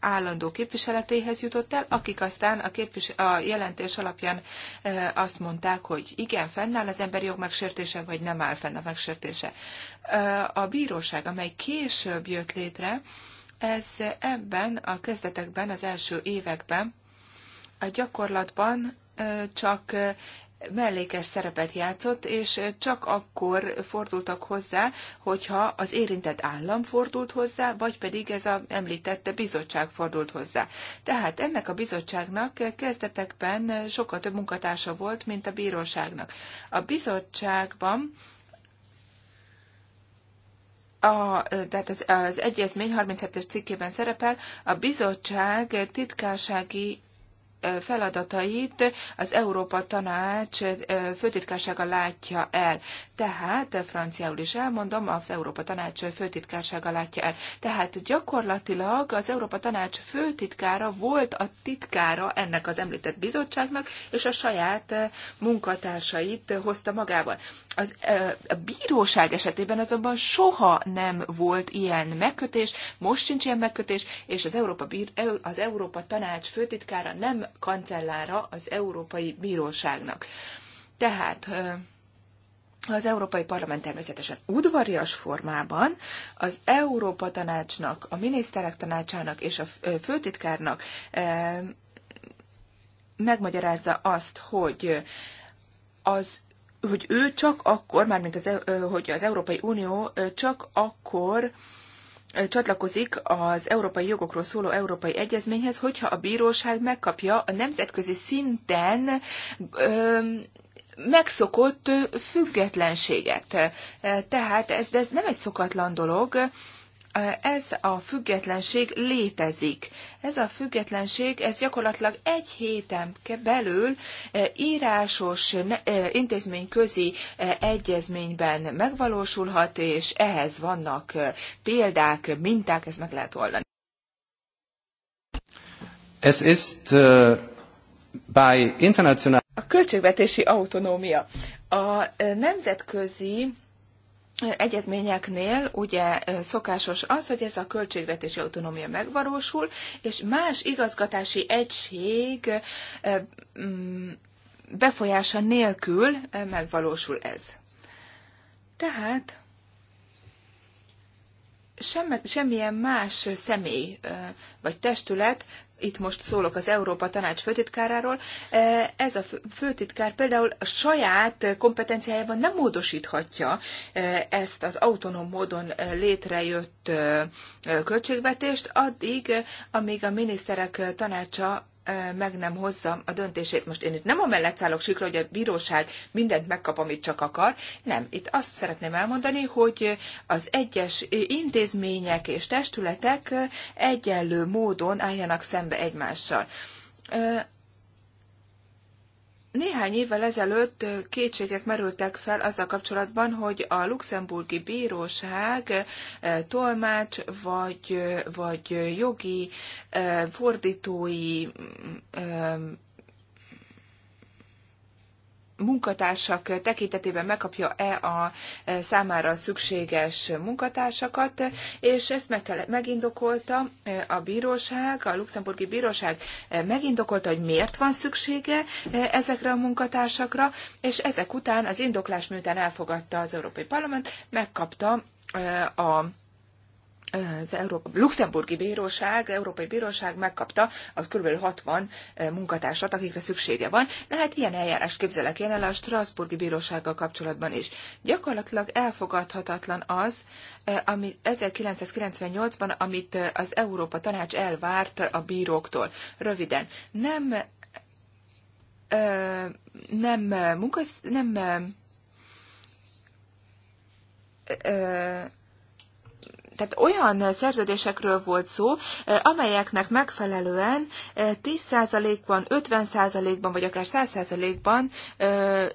Speaker 2: állandó képviseletéhez jutott el, akik aztán a, képvis, a jelentés alapján azt mondták, hogy igen, fennáll az emberi jog megsértése, vagy nem áll fenn a megsértése. A bíróság, amely később jött létre, ez ebben a kezdetekben, az első években a gyakorlatban csak mellékes szerepet játszott, és csak akkor fordultak hozzá, hogyha az érintett állam fordult hozzá, vagy pedig ez a említette bizottság fordult hozzá. Tehát ennek a bizottságnak kezdetekben sokkal több munkatársa volt, mint a bíróságnak. A bizottságban a, tehát az, az egyezmény 37-es cikkében szerepel, a bizottság titkársági feladatait az Európa Tanács főtitkársága látja el. Tehát, franciául is elmondom, az Európa Tanács főtitkársága látja el. Tehát gyakorlatilag az Európa Tanács főtitkára volt a titkára ennek az említett bizottságnak, és a saját munkatársait hozta magával. Az, a bíróság esetében azonban soha nem volt ilyen megkötés, most sincs ilyen megkötés, és az Európa, Bír, az Európa Tanács főtitkára nem kancellára az Európai Bíróságnak. Tehát az Európai Parlament természetesen udvarias formában az Európa Tanácsnak, a miniszterek tanácsának és a főtitkárnak megmagyarázza azt, hogy az hogy ő csak akkor, mármint az, e- hogy az Európai Unió csak akkor csatlakozik az európai jogokról szóló európai egyezményhez, hogyha a bíróság megkapja a nemzetközi szinten megszokott függetlenséget. Tehát ez, ez nem egy szokatlan dolog, ez a függetlenség létezik. Ez a függetlenség, ez gyakorlatilag egy héten belül eh, írásos eh, intézményközi eh, egyezményben megvalósulhat, és ehhez vannak példák, minták, ezt meg lehet oldani.
Speaker 1: Es ist uh, by international... A
Speaker 2: költségvetési autonómia. A nemzetközi egyezményeknél ugye szokásos az, hogy ez a költségvetési autonómia megvalósul, és más igazgatási egység mm, befolyása nélkül megvalósul ez. Tehát semmilyen más személy vagy testület itt most szólok az Európa Tanács főtitkáráról, eh, ez a főtitkár például a saját kompetenciájában nem módosíthatja eh, ezt az autonóm módon eh, létrejött költségvetést, addig, amíg a miniszterek tanácsa meg nem hozza a döntését. Most én itt nem mellett szállok sikra, hogy a bíróság mindent megkap, amit csak akar. Nem, itt azt szeretném elmondani, hogy az egyes intézmények és testületek egyenlő módon álljanak szembe egymással néhány évvel ezelőtt kétségek merültek fel azzal kapcsolatban, hogy a luxemburgi bíróság eh, tolmács vagy, eh, vagy jogi eh, fordítói mm, munkatársak tekintetében megkapja-e a e, számára szükséges munkatársakat, és ezt meg kell, megindokolta e, a bíróság, a luxemburgi bíróság e, megindokolta, hogy miért van szüksége ezekre a munkatársakra, és ezek után az indoklás miután elfogadta az Európai Parlament, megkapta a az Európa, Luxemburgi Bíróság, Európai Bíróság megkapta az kb. 60 munkatársat, akikre szüksége van. Na hát ilyen eljárást képzelek én el a Strasburgi Bírósággal kapcsolatban is. Gyakorlatilag elfogadhatatlan az, ami 1998-ban, amit az Európa Tanács elvárt a bíróktól. Röviden, nem nem munkasz, nem tehát olyan szerződésekről volt szó, eh, amelyeknek megfelelően 10%-ban, eh, 50%-ban, vagy akár 100%-ban eh,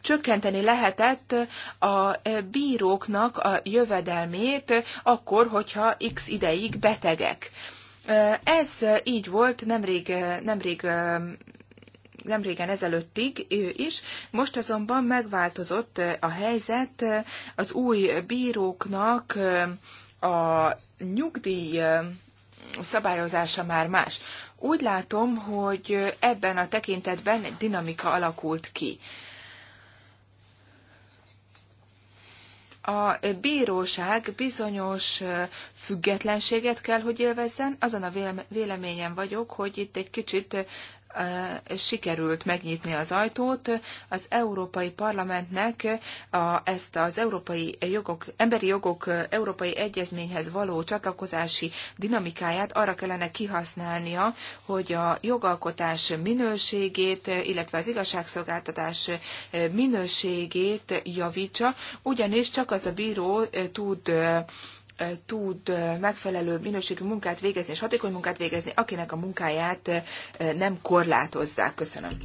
Speaker 2: csökkenteni lehetett a bíróknak a jövedelmét, akkor, hogyha x ideig betegek. Ez így volt nemrég, nemrég nem régen ezelőttig is, most azonban megváltozott a helyzet az új bíróknak a nyugdíj szabályozása már más. Úgy látom, hogy ebben a tekintetben egy dinamika alakult ki. A bíróság bizonyos függetlenséget kell, hogy élvezzen. Azon a véleményen vagyok, hogy itt egy kicsit sikerült megnyitni az ajtót. Az Európai Parlamentnek a, ezt az Európai Jogok, Emberi Jogok Európai Egyezményhez való csatlakozási dinamikáját arra kellene kihasználnia, hogy a jogalkotás minőségét, illetve az igazságszolgáltatás minőségét javítsa, ugyanis csak az a bíró tud tud megfelelő minőségű munkát végezni és hatékony munkát végezni, akinek a munkáját eh, nem
Speaker 1: korlátozzák. Köszönöm.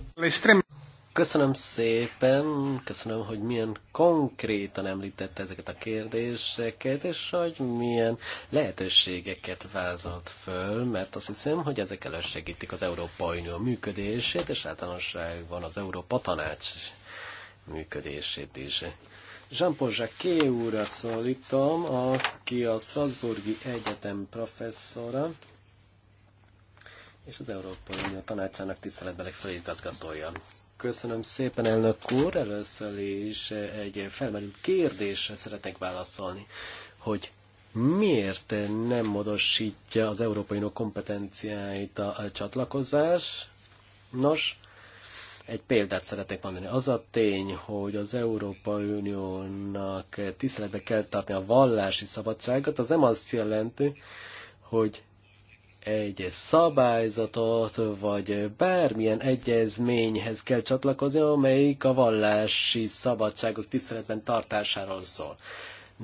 Speaker 1: Köszönöm szépen, köszönöm, hogy milyen konkrétan említette ezeket a kérdéseket, és hogy milyen lehetőségeket vázolt föl, mert azt hiszem, hogy ezek elősegítik az Európai Unió működését, és általánosságban az Európa Tanács működését is. Jean-Paul Jacquet úrat szólítom, aki a Strasburgi Egyetem professzora, és az Európai Unió Tanácsának tiszteletbeli főigazgatója. Köszönöm szépen, elnök úr! Először is egy felmerült kérdésre szeretnék válaszolni, hogy miért nem módosítja az Európai Unió kompetenciáit a, a csatlakozás? Nos, egy példát szeretek mondani. Az a tény, hogy az Európai Uniónak tiszteletbe kell tartani a vallási szabadságot, az nem azt jelenti, hogy egy szabályzatot, vagy bármilyen egyezményhez kell csatlakozni, amelyik a vallási szabadságok tiszteletben tartásáról szól.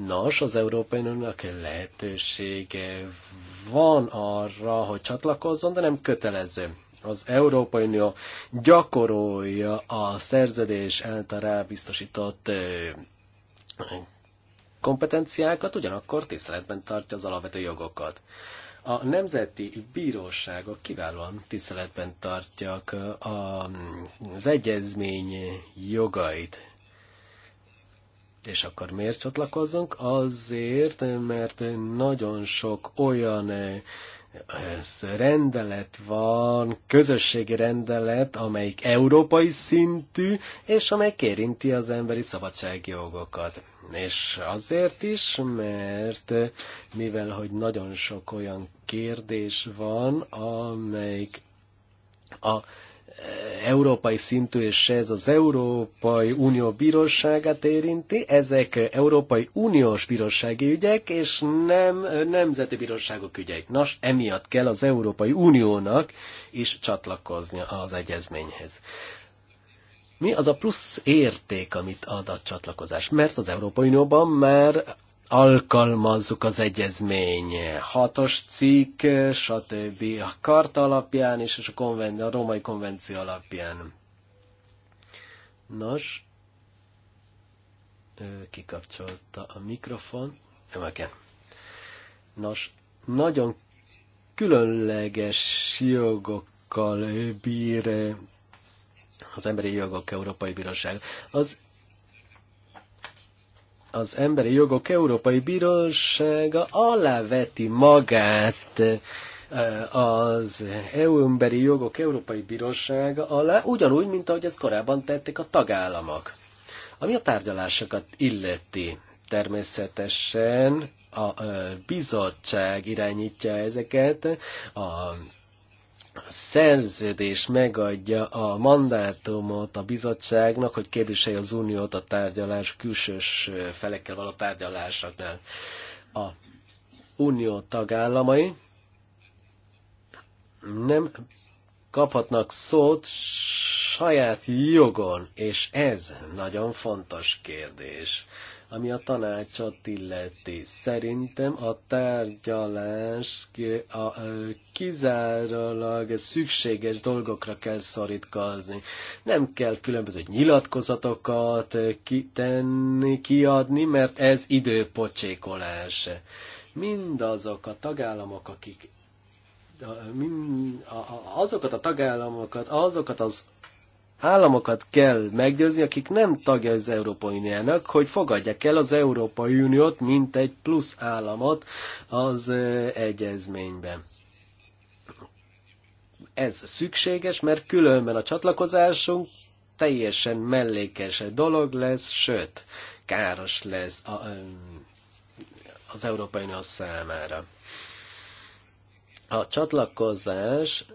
Speaker 1: Nos, az Európai Uniónak lehetősége van arra, hogy csatlakozzon, de nem kötelező az Európai Unió gyakorolja a szerződés által rábiztosított kompetenciákat, ugyanakkor tiszteletben tartja az alapvető jogokat. A nemzeti bíróságok kiválóan tiszteletben tartják az egyezmény jogait. És akkor miért csatlakozzunk? Azért, mert nagyon sok olyan ez rendelet van, közösségi rendelet, amelyik európai szintű, és amely érinti az emberi szabadságjogokat. És azért is, mert mivel hogy nagyon sok olyan kérdés van, amelyik a európai szintű, és ez az Európai Unió Bíróságát érinti. Ezek Európai Uniós Bírósági ügyek, és nem nemzeti bíróságok ügyek. Nos, emiatt kell az Európai Uniónak is csatlakoznia az egyezményhez. Mi az a plusz érték, amit ad a csatlakozás? Mert az Európai Unióban már alkalmazzuk az egyezmény hatos cikk, stb. a karta alapján és a, konven- a római konvenció alapján. Nos, ő kikapcsolta a mikrofon. Emeken. Nos, nagyon különleges jogokkal bír az Emberi Jogok Európai Bíróság. Az az Emberi Jogok Európai Bírósága aláveti magát eh, az EU Emberi Jogok Európai Bírósága alá, ugyanúgy, mint ahogy ezt korábban tették a tagállamok. Ami a tárgyalásokat illeti, természetesen a eh, bizottság irányítja ezeket, a szerződés megadja a mandátumot a bizottságnak, hogy kérdései az uniót a tárgyalás külsős felekkel való tárgyalásoknál. A unió tagállamai nem kaphatnak szót saját jogon, és ez nagyon fontos kérdés. Ami a tanácsot illeti, szerintem a tárgyalás a kizárólag szükséges dolgokra kell szorítkozni. Nem kell különböző nyilatkozatokat kitenni, kiadni, mert ez időpocsékolás. Mindazok a tagállamok, akik azokat a tagállamokat, azokat az államokat kell meggyőzni, akik nem tagja az Európai Uniónak, hogy fogadják el az Európai Uniót, mint egy plusz államot az egyezményben. Ez szükséges, mert különben a csatlakozásunk teljesen mellékes dolog lesz, sőt, káros lesz a, az Európai Unió számára. A csatlakozás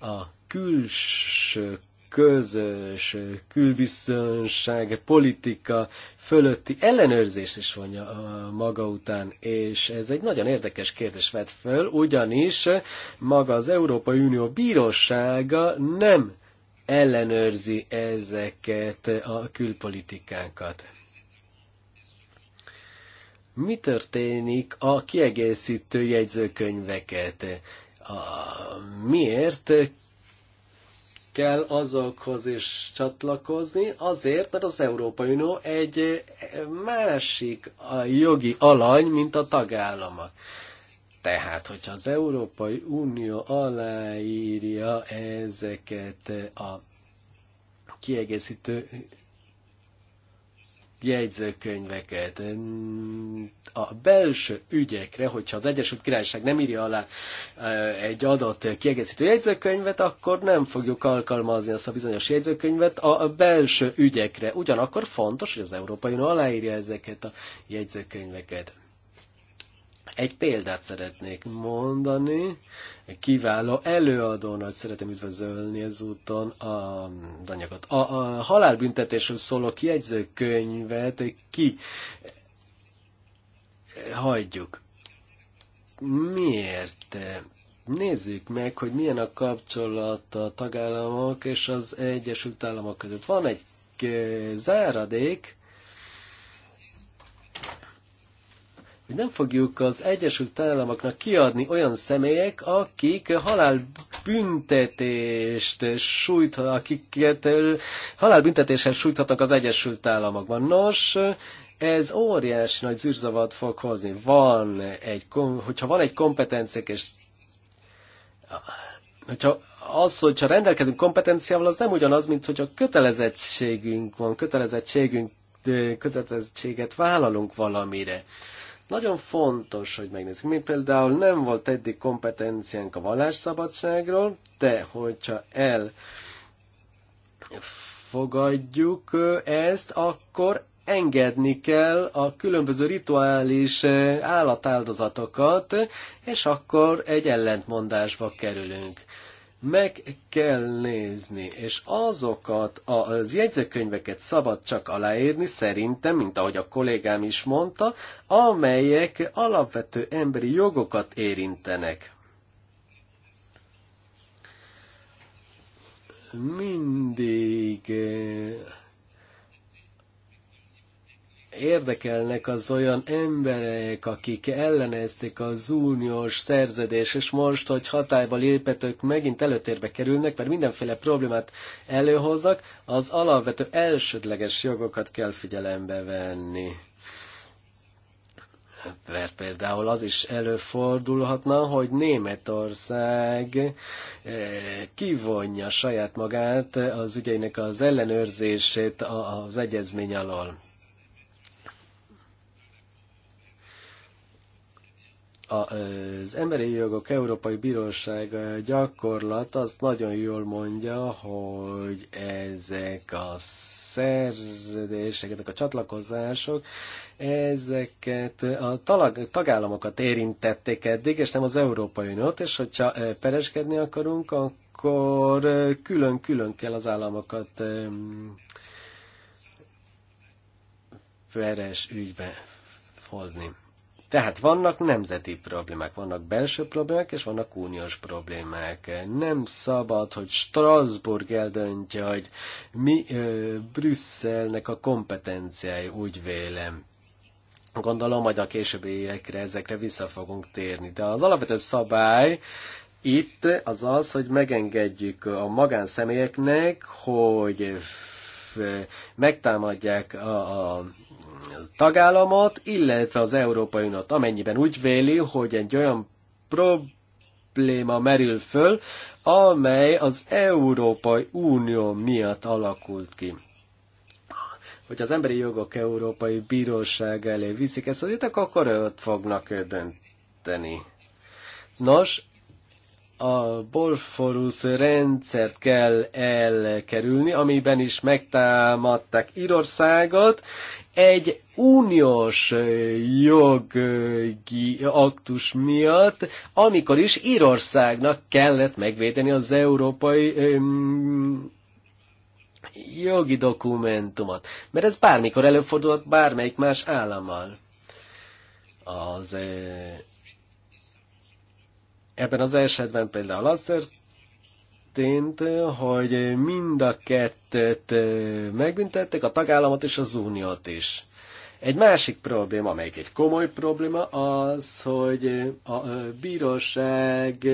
Speaker 1: a külső közös külbiztonság politika fölötti ellenőrzés is vonja maga után, és ez egy nagyon érdekes kérdés vett föl, ugyanis maga az Európai Unió bírósága nem ellenőrzi ezeket a külpolitikánkat. Mi történik a kiegészítő jegyzőkönyveket? A, miért kell azokhoz is csatlakozni, azért, mert az Európai Unió egy másik a jogi alany, mint a tagállamok. Tehát, hogyha az Európai Unió aláírja ezeket a kiegészítő jegyzőkönyveket. A belső ügyekre, hogyha az Egyesült Királyság nem írja alá egy adott kiegészítő jegyzőkönyvet, akkor nem fogjuk alkalmazni azt a bizonyos jegyzőkönyvet a belső ügyekre. Ugyanakkor fontos, hogy az Európai Unió aláírja ezeket a jegyzőkönyveket. Egy példát szeretnék mondani. Egy kiváló előadónak szeretem üdvözölni ezúton a danyagot. A, a halálbüntetésről szóló kiegyzőkönyvet ki hagyjuk. Miért? Nézzük meg, hogy milyen a kapcsolat a tagállamok és az Egyesült Államok között. Van egy záradék, hogy nem fogjuk az Egyesült Államoknak kiadni olyan személyek, akik halálbüntetést sújt, akiket halálbüntetéssel sújthatnak az Egyesült Államokban. Nos, ez óriási nagy zűrzavat fog hozni. Van egy, hogyha van egy kompetenciák, és hogyha az, hogyha rendelkezünk kompetenciával, az nem ugyanaz, mint hogyha kötelezettségünk van, kötelezettségünk, kötelezettséget vállalunk valamire. Nagyon fontos, hogy megnézzük. Mi például nem volt eddig kompetenciánk a vallásszabadságról, de hogyha el fogadjuk ezt, akkor engedni kell a különböző rituális állatáldozatokat, és akkor egy ellentmondásba kerülünk meg kell nézni, és azokat az jegyzőkönyveket szabad csak aláírni, szerintem, mint ahogy a kollégám is mondta, amelyek alapvető emberi jogokat érintenek. Mindig eh, érdekelnek az olyan emberek, akik ellenezték az uniós szerződést, és most, hogy hatályba lépetők megint előtérbe kerülnek, mert mindenféle problémát előhoznak, az alapvető elsődleges jogokat kell figyelembe venni. Mert például az is előfordulhatna, hogy Németország eh, kivonja saját magát az ügyeinek az ellenőrzését az egyezmény alól az Emberi Jogok Európai Bírósága gyakorlat azt nagyon jól mondja, hogy ezek a szerződések, ezek a csatlakozások, ezeket a tagállamokat érintették eddig, és nem az Európai Uniót, és hogyha pereskedni akarunk, akkor külön-külön kell az államokat peres ügybe hozni tehát vannak nemzeti problémák, vannak belső problémák, és vannak uniós problémák. Nem szabad, hogy Strasbourg eldöntje, hogy mi ö, Brüsszelnek a kompetenciái, úgy vélem. Gondolom, majd a későbbi évekre ezekre vissza fogunk térni. De az alapvető szabály itt az az, hogy megengedjük a magánszemélyeknek, hogy megtámadják a, a tagállamot, illetve az Európai Uniót, amennyiben úgy véli, hogy egy olyan probléma merül föl, amely az Európai Unió miatt alakult ki hogy az Emberi Jogok Európai Bíróság elé viszik ezt az ütök, akkor ott fognak dönteni. Nos, a Bolforus rendszert kell elkerülni, amiben is megtámadták Írországot, egy uniós jogi aktus miatt, amikor is Írországnak kellett megvédeni az európai öm, jogi dokumentumot. Mert ez bármikor előfordulhat bármelyik más állammal. Az, eh, ebben az esetben például azt történt, hogy mind a kettőt megbüntettek, a tagállamot és az uniót is. Egy másik probléma, amelyik egy komoly probléma, az, hogy a bíróság,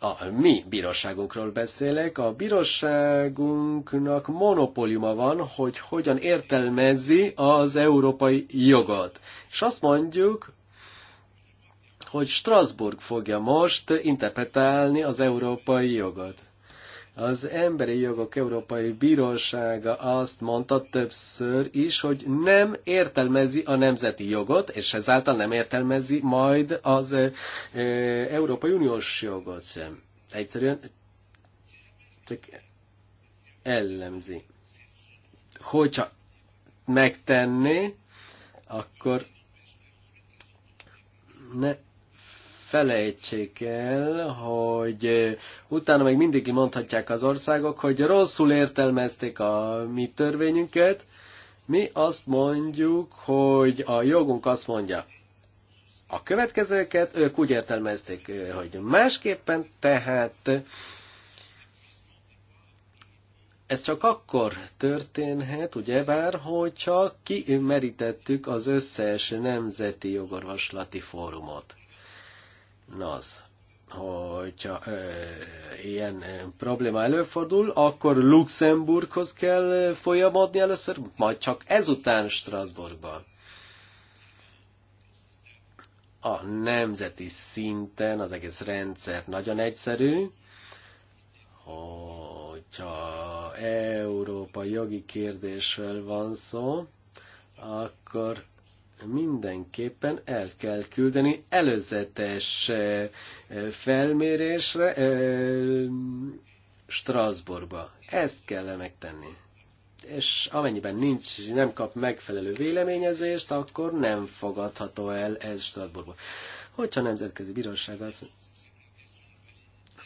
Speaker 1: a mi bíróságunkról beszélek, a bíróságunknak monopóliuma van, hogy hogyan értelmezi az európai jogot. És azt mondjuk, hogy Strasbourg fogja most interpretálni az európai jogot. Az Emberi Jogok Európai Bírósága azt mondta többször is, hogy nem értelmezi a nemzeti jogot, és ezáltal nem értelmezi majd az e, e, Európai Uniós jogot sem. Egyszerűen csak ellemzi. Hogyha megtenné, akkor ne felejtsék el, hogy utána még mindig mondhatják az országok, hogy rosszul értelmezték a mi törvényünket. Mi azt mondjuk, hogy a jogunk azt mondja, a következőket ők úgy értelmezték, hogy másképpen, tehát ez csak akkor történhet, ugye bár, hogyha kimerítettük az összes nemzeti jogorvoslati fórumot az, hogyha ö, ilyen ö, probléma előfordul, akkor Luxemburghoz kell folyamodni először, majd csak ezután Strasbourgba. A nemzeti szinten az egész rendszer nagyon egyszerű, hogyha európai jogi kérdésről van szó, akkor mindenképpen el kell küldeni előzetes eh, felmérésre eh, Strasbourgba. Ezt kell megtenni. És amennyiben nincs, nem kap megfelelő véleményezést, akkor nem fogadható el ez Strasbourgba. Hogyha a Nemzetközi Bíróság az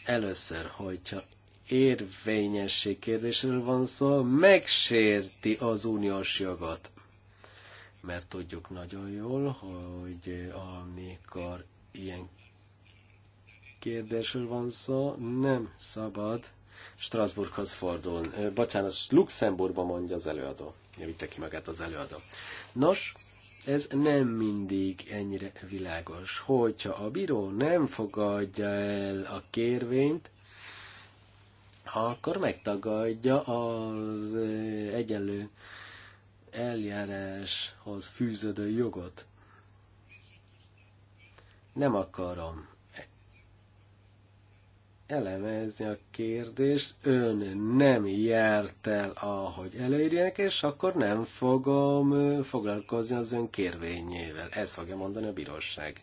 Speaker 1: először, hogyha érvényesség kérdésről van szó, megsérti az uniós jogot mert tudjuk nagyon jól, hogy amikor ilyen kérdésről van szó, nem szabad Strasbourghoz fordulni. Bocsánat, Luxemburgba mondja az előadó. Javítja ki magát az előadó. Nos, ez nem mindig ennyire világos. Hogyha a bíró nem fogadja el a kérvényt, akkor megtagadja az egyenlő eljáráshoz fűződő jogot. Nem akarom elemezni a kérdést, ön nem járt el, ahogy előírják, és akkor nem fogom foglalkozni az ön kérvényével. Ezt fogja mondani a bíróság.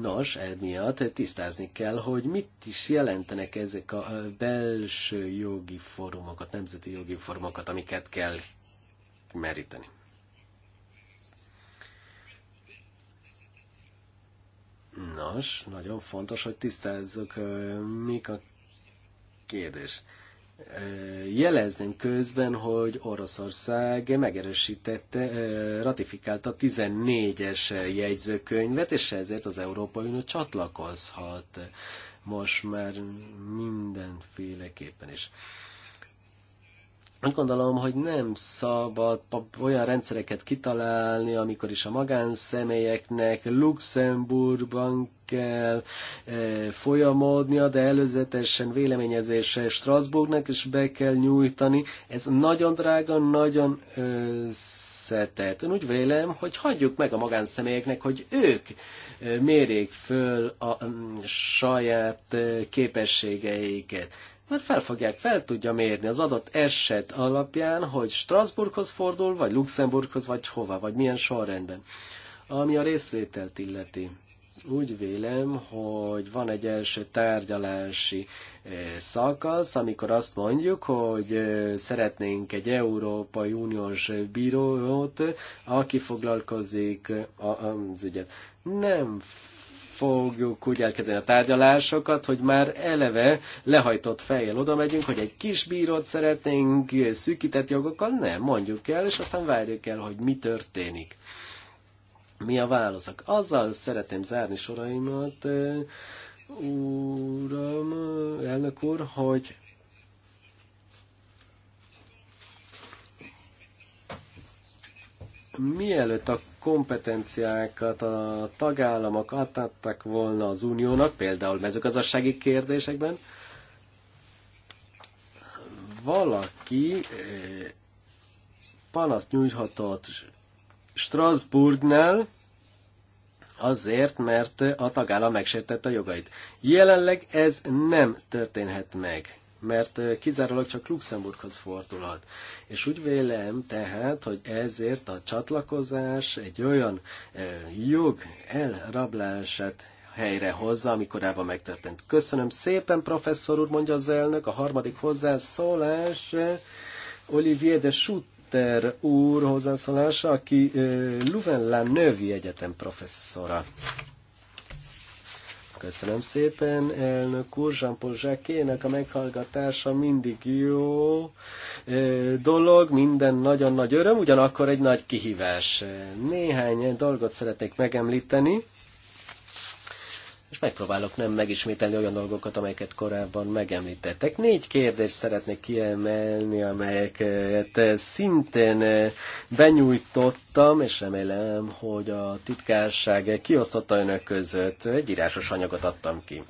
Speaker 1: Nos, emiatt tisztázni kell, hogy mit is jelentenek ezek a belső jogi fórumokat, nemzeti jogi fórumokat, amiket kell meríteni. Nos, nagyon fontos, hogy tisztázzuk, mik a kérdés jelezném közben, hogy Oroszország megerősítette, ratifikálta 14-es jegyzőkönyvet, és ezért az Európai Unió csatlakozhat most már mindenféleképpen is. Úgy gondolom, hogy nem szabad olyan rendszereket kitalálni, amikor is a magánszemélyeknek Luxemburgban kell e, folyamodnia, de előzetesen véleményezése Strasbourgnak is be kell nyújtani. Ez nagyon drága, nagyon összetett. Én úgy vélem, hogy hagyjuk meg a magánszemélyeknek, hogy ők eh, mérjék föl a, a mm, saját eh, képességeiket mert hát fel fogják, fel tudja mérni az adott eset alapján, hogy Strasbourghoz fordul, vagy Luxemburghoz, vagy hova, vagy milyen sorrendben. Ami a részvételt illeti úgy vélem, hogy van egy első tárgyalási eh, szakasz, amikor azt mondjuk, hogy eh, szeretnénk egy Európai Uniós bírót, eh, aki foglalkozik az ügyet. Nem fogjuk úgy elkezdeni a tárgyalásokat, hogy már eleve lehajtott fejjel oda megyünk, hogy egy kis bírót szeretnénk, szűkített jogokkal, nem, mondjuk el, és aztán várjuk el, hogy mi történik. Mi a válaszok? Azzal szeretném zárni soraimat, Uram, elnök úr, hogy mielőtt a kompetenciákat a tagállamok adtak volna az uniónak, például mezőgazdasági kérdésekben, valaki eh, panaszt nyújthatott Strasbourgnál, azért, mert a tagállam megsértette a jogait. Jelenleg ez nem történhet meg mert kizárólag csak Luxemburghoz fordulhat. És úgy vélem tehát, hogy ezért a csatlakozás egy olyan jog elrablását helyre hozza, ami korábban megtörtént. Köszönöm szépen, professzor úr, mondja az elnök. A harmadik hozzászólás Olivier de Schutter úr hozzászólása, aki Louvain-la Növi Egyetem professzora. Köszönöm szépen, elnök úr, jean a meghallgatása mindig jó dolog, minden nagyon nagy öröm, ugyanakkor egy nagy kihívás. Néhány dolgot szeretnék megemlíteni és megpróbálok nem megismételni olyan dolgokat, amelyeket korábban megemlítettek. Négy kérdést szeretnék kiemelni, amelyeket eh, szintén eh, benyújtottam, és remélem, hogy a titkárság kiosztotta önök között. Egy írásos anyagot adtam ki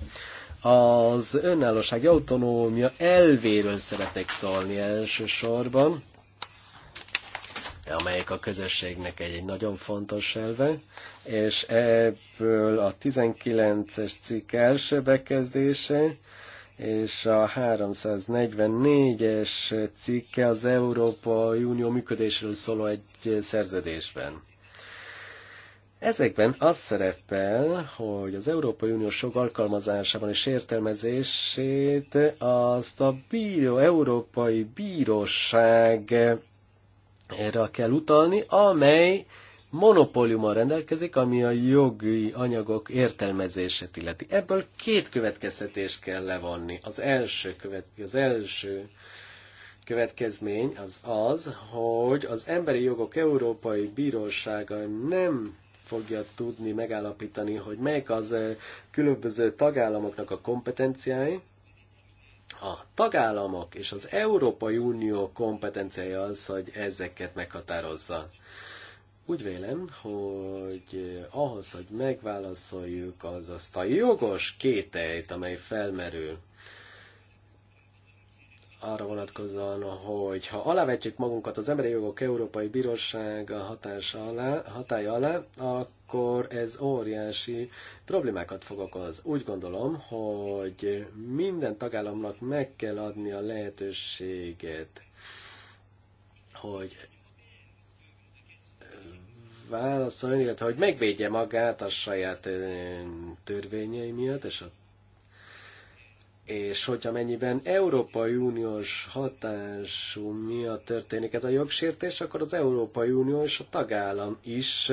Speaker 1: az önállóság autonómia elvéről szeretnék szólni elsősorban amelyek a közösségnek egy, egy nagyon fontos elve, és ebből a 19-es cikk első bekezdése, és a 344-es cikke az Európai Unió működésről szóló egy szerződésben. Ezekben az szerepel, hogy az Európai Unió sok alkalmazásában és értelmezését azt a bíró, Európai Bíróság erre kell utalni, amely monopóliummal rendelkezik, ami a jogi anyagok értelmezését illeti. Ebből két következtetés kell levonni. Az első, követ, az első következmény az az, hogy az Emberi Jogok Európai Bírósága nem fogja tudni megállapítani, hogy melyik az eh, különböző tagállamoknak a kompetenciái, a tagállamok és az Európai Unió kompetenciája az, hogy ezeket meghatározza. Úgy vélem, hogy ahhoz, hogy megválaszoljuk az azt a jogos kételyt, amely felmerül, arra vonatkozóan, hogy ha alávetjük magunkat az Emberi Jogok Európai Bíróság hatása alá, hatája alá, akkor ez óriási problémákat fog okoz. Úgy gondolom, hogy minden tagállamnak meg kell adni a lehetőséget, hogy válaszoljon, illetve hogy megvédje magát a saját törvényei miatt és a és hogyha mennyiben Európai Uniós hatású miatt történik ez a jogsértés, akkor az Európai Unió és a tagállam is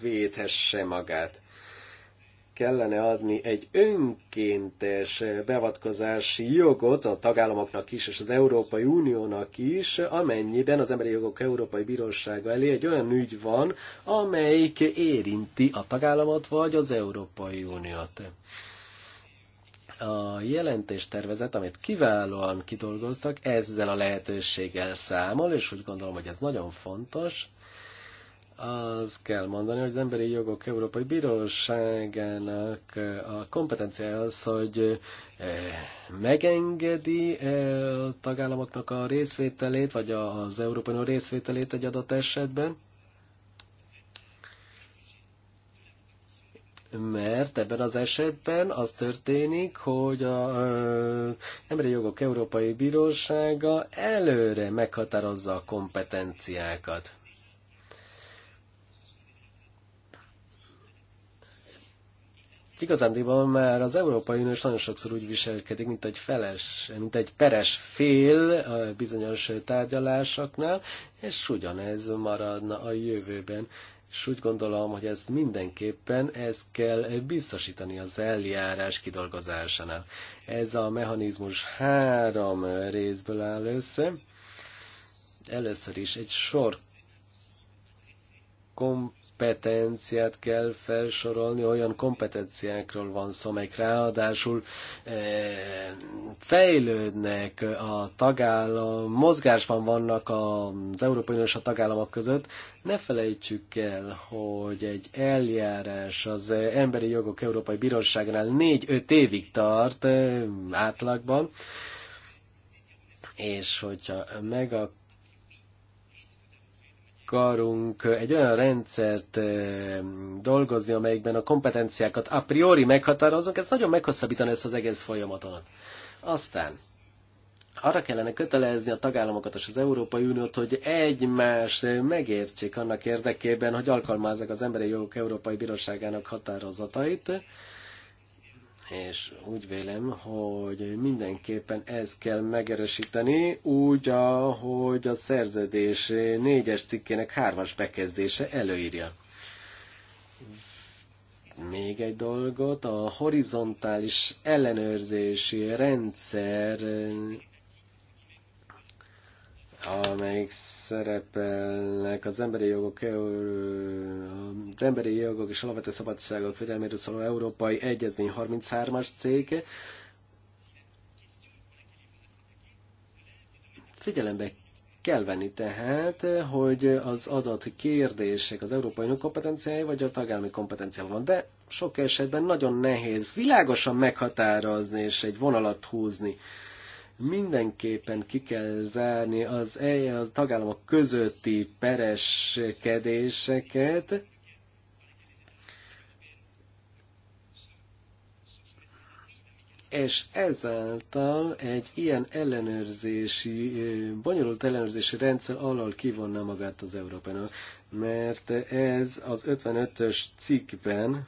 Speaker 1: védhesse magát. Kellene adni egy önkéntes beavatkozási jogot a tagállamoknak is, és az Európai Uniónak is, amennyiben az Emberi Jogok Európai Bírósága elé egy olyan ügy van, amelyik érinti a tagállamot vagy az Európai Uniót a jelentéstervezet, amit kiválóan kidolgoztak, ezzel a lehetőséggel számol, és úgy gondolom, hogy ez nagyon fontos. Az kell mondani, hogy az Emberi Jogok Európai Bíróságának a kompetenciája az, hogy eh, megengedi eh, a tagállamoknak a részvételét, vagy az Európai Unió részvételét egy adott esetben, mert ebben az esetben az történik, hogy a Emberi Jogok Európai Bírósága előre meghatározza a kompetenciákat. Igazándiban már az Európai Unió nagyon sokszor úgy viselkedik, mint egy feles, mint egy peres fél bizonyos tárgyalásoknál, és ugyanez maradna a jövőben és úgy gondolom, hogy ezt mindenképpen ez kell biztosítani az eljárás kidolgozásánál. Ez a mechanizmus három részből áll össze. Először is egy sor kom kompetenciát kell felsorolni, olyan kompetenciákról van szó, amelyek ráadásul eh, fejlődnek a tagállam, mozgásban vannak az Európai Uniós a tagállamok között. Ne felejtsük el, hogy egy eljárás az Emberi Jogok Európai Bíróságnál 4-5 évig tart eh, átlagban, és hogyha meg a akarunk egy olyan rendszert dolgozni, amelyikben a kompetenciákat a priori meghatározunk, ez nagyon meghosszabbítaná ezt az egész folyamatot. Aztán arra kellene kötelezni a tagállamokat és az Európai Uniót, hogy egymást megértsék annak érdekében, hogy alkalmazzák az Emberi Jogok Európai Bíróságának határozatait, és úgy vélem, hogy mindenképpen ez kell megerősíteni, úgy, ahogy a szerződés négyes cikkének hármas bekezdése előírja. Még egy dolgot, a horizontális ellenőrzési rendszer amelyik szerepelnek az emberi jogok, az emberi jogok és alapvető szabadságok védelméről szóló Európai Egyezmény 33-as cég. Figyelembe kell venni tehát, hogy az adott kérdések az Európai Unió vagy a tagállami kompetencia van, de sok esetben nagyon nehéz világosan meghatározni és egy vonalat húzni mindenképpen ki kell zárni az, e, az tagállamok közötti pereskedéseket, és ezáltal egy ilyen ellenőrzési, bonyolult ellenőrzési rendszer alól kivonna magát az Európának. Mert ez az 55-ös cikkben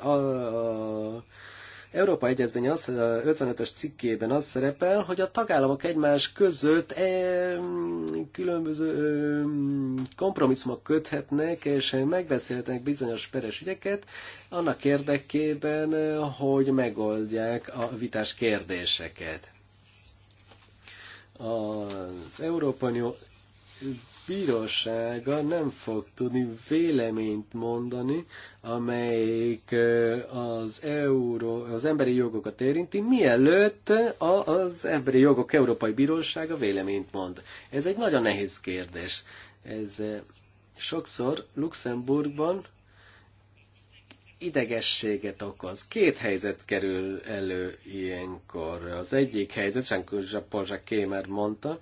Speaker 1: a, Európa Egyezmény az, 55-ös cikkében az szerepel, hogy a tagállamok egymás között e, különböző e, kompromisszumok köthetnek, és megbeszélhetnek bizonyos peres ügyeket, annak érdekében, hogy megoldják a vitás kérdéseket. Az Európai Unió bírósága nem fog tudni véleményt mondani, amelyik az, euró, az emberi jogokat érinti, mielőtt az emberi jogok Európai Bírósága véleményt mond. Ez egy nagyon nehéz kérdés. Ez sokszor Luxemburgban idegességet okoz. Két helyzet kerül elő ilyenkor. Az egyik helyzet, Jean-Paul Jacquet már mondta,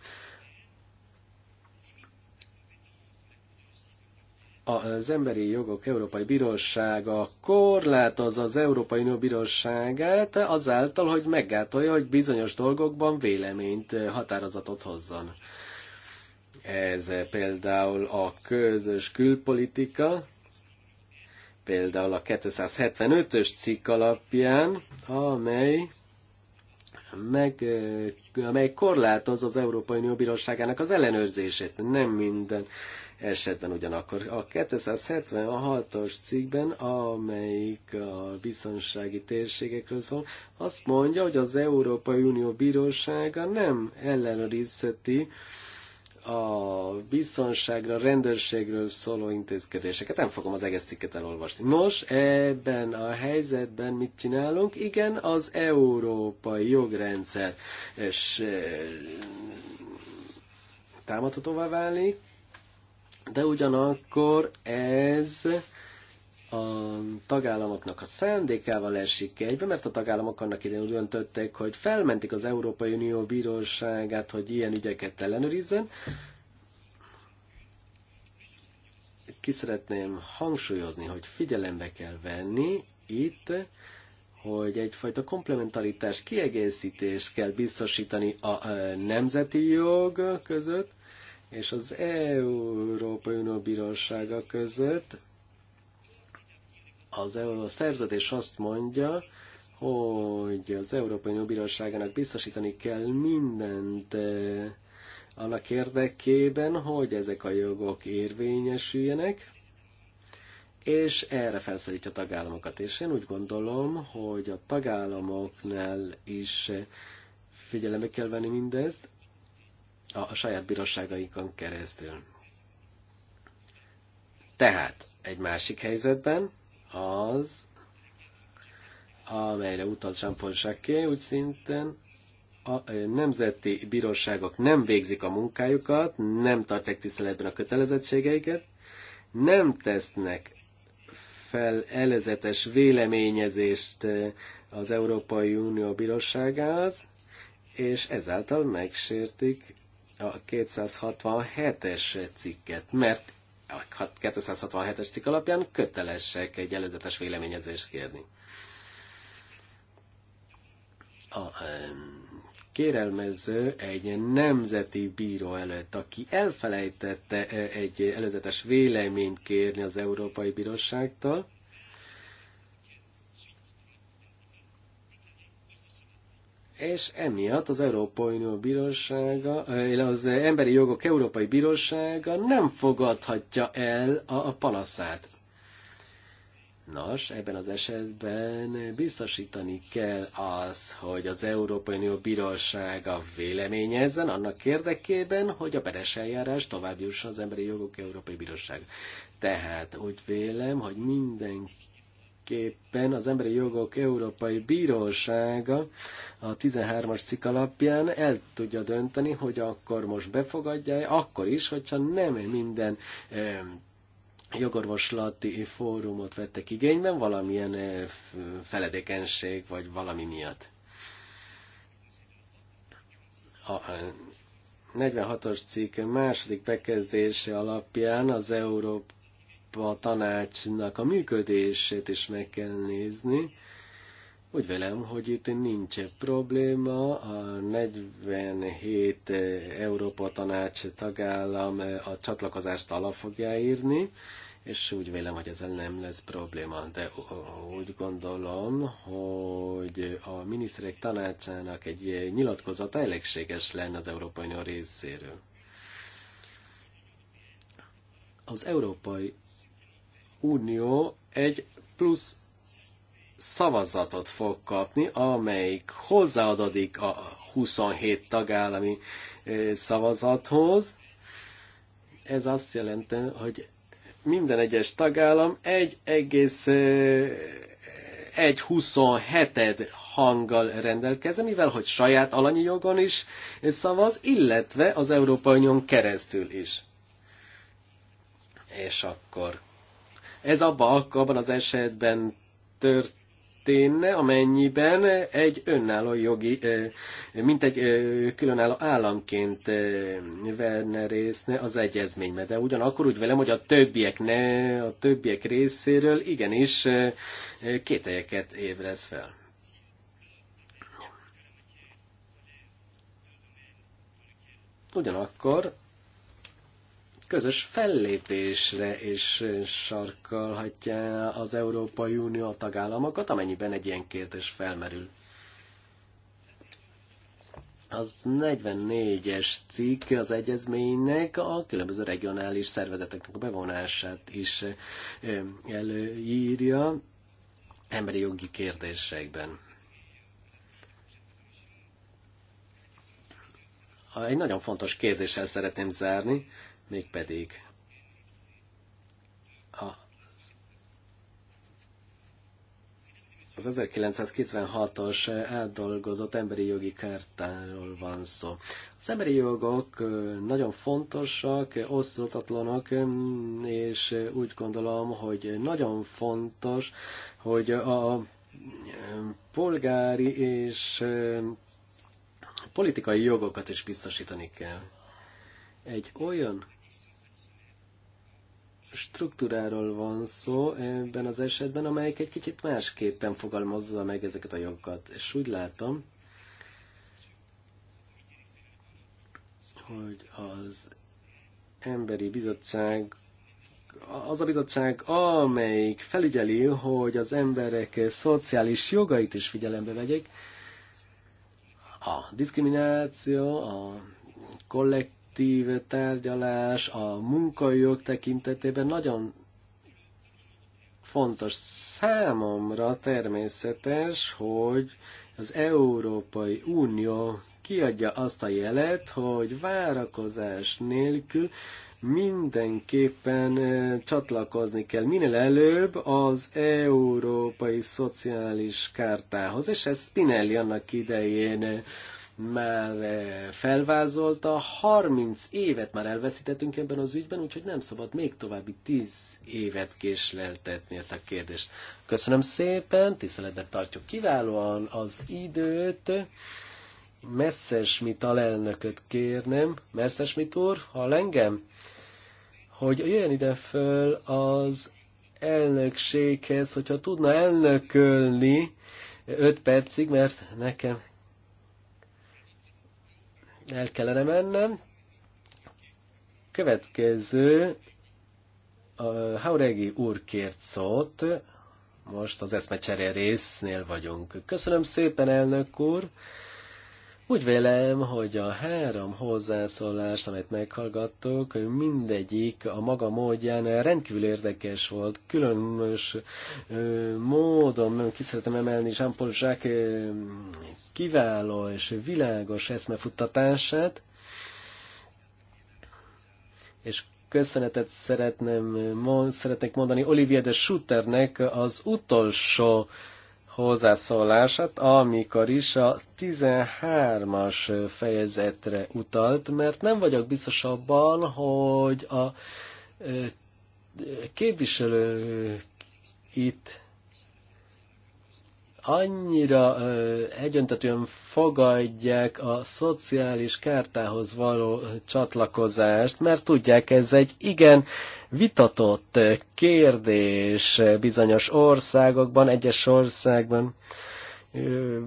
Speaker 1: az Emberi Jogok Európai Bírósága korlátozza az Európai Unió Bíróságát azáltal, hogy meggátolja, hogy bizonyos dolgokban véleményt, határozatot hozzon. Ez például a közös külpolitika, például a 275-ös cikk alapján, amely meg, amely korlátoz az Európai Unió Bíróságának az ellenőrzését. Nem minden esetben ugyanakkor. A 276-os cikkben, amelyik a biztonsági térségekről szól, azt mondja, hogy az Európai Unió Bírósága nem ellenőrizheti a biztonságra, rendőrségről szóló intézkedéseket. Nem fogom az egész cikket elolvasni. Nos, ebben a helyzetben mit csinálunk? Igen, az európai jogrendszer és eh, támadhatóvá válik, de ugyanakkor ez a tagállamoknak a szándékával esik egybe, mert a tagállamok annak idején úgy döntöttek, hogy felmentik az Európai Unió bíróságát, hogy ilyen ügyeket ellenőrizzen. Ki szeretném hangsúlyozni, hogy figyelembe kell venni itt, hogy egyfajta komplementaritás, kiegészítés kell biztosítani a nemzeti jog között, és az Európai Unió Bírósága között az e a szerződés azt mondja, hogy az Európai Unió Bíróságának biztosítani kell mindent eh, annak érdekében, hogy ezek a jogok érvényesüljenek, és erre felszólítja a tagállamokat. És én úgy gondolom, hogy a tagállamoknál is figyelembe kell venni mindezt, a saját bíróságainkon keresztül. Tehát egy másik helyzetben az, amelyre utalt Jean-Paul Jacquet, úgy szinten a nemzeti bíróságok nem végzik a munkájukat, nem tartják tiszteletben a kötelezettségeiket, nem tesznek fel elezetes véleményezést az Európai Unió bíróságához, és ezáltal megsértik a 267-es cikket, mert a 267-es cikk alapján kötelesek egy előzetes véleményezést kérni. A kérelmező egy nemzeti bíró előtt, aki elfelejtette eh, egy előzetes véleményt kérni az Európai Bíróságtól, és emiatt az Európai Unió Bírósága, eh, az Emberi Jogok Európai Bírósága nem fogadhatja el a, panaszát. Nos, ebben az esetben biztosítani kell az, hogy az Európai Unió Bírósága véleményezzen annak érdekében, hogy a peres eljárás tovább jusson az Emberi Jogok Európai Bíróság. Tehát úgy vélem, hogy mindenki tulajdonképpen az Emberi Jogok Európai Bírósága a 13-as cikk alapján el tudja dönteni, hogy akkor most befogadja, akkor is, hogyha nem minden eh, jogorvoslati fórumot vettek igénybe, valamilyen eh, feledékenység vagy valami miatt. A 46-os cikk második bekezdése alapján az Európa a tanácsnak a működését is meg kell nézni. Úgy velem, hogy itt nincs probléma, a 47 Európa tanács tagállam a csatlakozást alap fogja írni, és úgy vélem, hogy ezzel nem lesz probléma, de úgy gondolom, hogy a miniszterek tanácsának egy nyilatkozata elégséges lenne az Európai Unió részéről. Az Európai Unió egy plusz szavazatot fog kapni, amelyik hozzáadódik a 27 tagállami szavazathoz. Ez azt jelenti, hogy minden egyes tagállam egy egész egy 27-ed hanggal rendelkezne, mivel hogy saját alanyi jogon is szavaz, illetve az Európai Unión keresztül is. És akkor ez abba, abban az esetben történne, amennyiben egy önálló jogi, mint egy különálló államként venne részne az egyezménybe. De ugyanakkor úgy velem, hogy a többiek, ne, a többiek részéről igenis kételyeket ébrez fel. Ugyanakkor közös fellépésre és sarkalhatja az Európai Unió a tagállamokat, amennyiben egy ilyen kérdés felmerül. Az 44-es cikk az egyezménynek a különböző regionális szervezeteknek a bevonását is előírja emberi jogi kérdésekben. Egy nagyon fontos kérdéssel szeretném zárni, mégpedig a az 1996-os átdolgozott emberi jogi kártáról van szó. Az emberi jogok nagyon fontosak, oszthatatlanok, és úgy gondolom, hogy nagyon fontos, hogy a polgári és politikai jogokat is biztosítani kell. Egy olyan struktúráról van szó ebben az esetben, amelyik egy kicsit másképpen fogalmazza meg ezeket a jogokat. És úgy látom, hogy az emberi bizottság az a bizottság, amelyik felügyeli, hogy az emberek szociális jogait is figyelembe vegyék, a diszkrimináció, a kollek kollektív tárgyalás a munkajog tekintetében nagyon fontos számomra természetes, hogy az Európai Unió kiadja azt a jelet, hogy várakozás nélkül mindenképpen csatlakozni kell minél előbb az Európai Szociális Kártához, és ez Spinelli annak idején már eh, felvázolta, 30 évet már elveszítettünk ebben az ügyben, úgyhogy nem szabad még további 10 évet késleltetni ezt a kérdést. Köszönöm szépen, tiszteletben tartjuk kiválóan az időt. Messerschmitt alelnököt kérnem, mit úr, hall engem, hogy jöjjön ide föl az elnökséghez, hogyha tudna elnökölni 5 percig, mert nekem el kellene mennem. Következő, a Hauregi úr kért szót, most az eszmecsere résznél vagyunk. Köszönöm szépen, elnök úr! Úgy vélem, hogy a három hozzászólás, amit meghallgattuk, mindegyik a maga módján rendkívül érdekes volt. Különös módon ki szeretem emelni Jean-Paul Jacques kiváló és világos eszmefuttatását, és köszönetet szeretném, szeretnék mondani Olivier de Schutternek az utolsó hozzászólását, amikor is a 13-as fejezetre utalt, mert nem vagyok biztos abban, hogy a képviselő itt annyira ö, egyöntetően fogadják a szociális kártához való csatlakozást, mert tudják, ez egy igen vitatott kérdés bizonyos országokban, egyes országban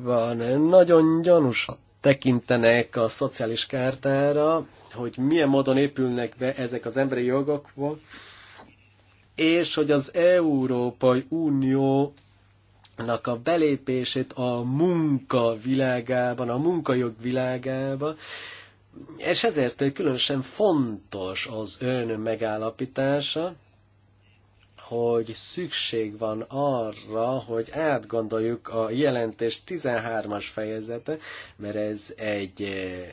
Speaker 1: van. Nagyon gyanús tekintenek a szociális kártára, hogy milyen módon épülnek be ezek az emberi jogok, és hogy az Európai Unió a belépését a munka világában, a munkajog világába, és ezért különösen fontos az ön megállapítása, hogy szükség van arra, hogy átgondoljuk a jelentés 13-as fejezete, mert ez egy eh,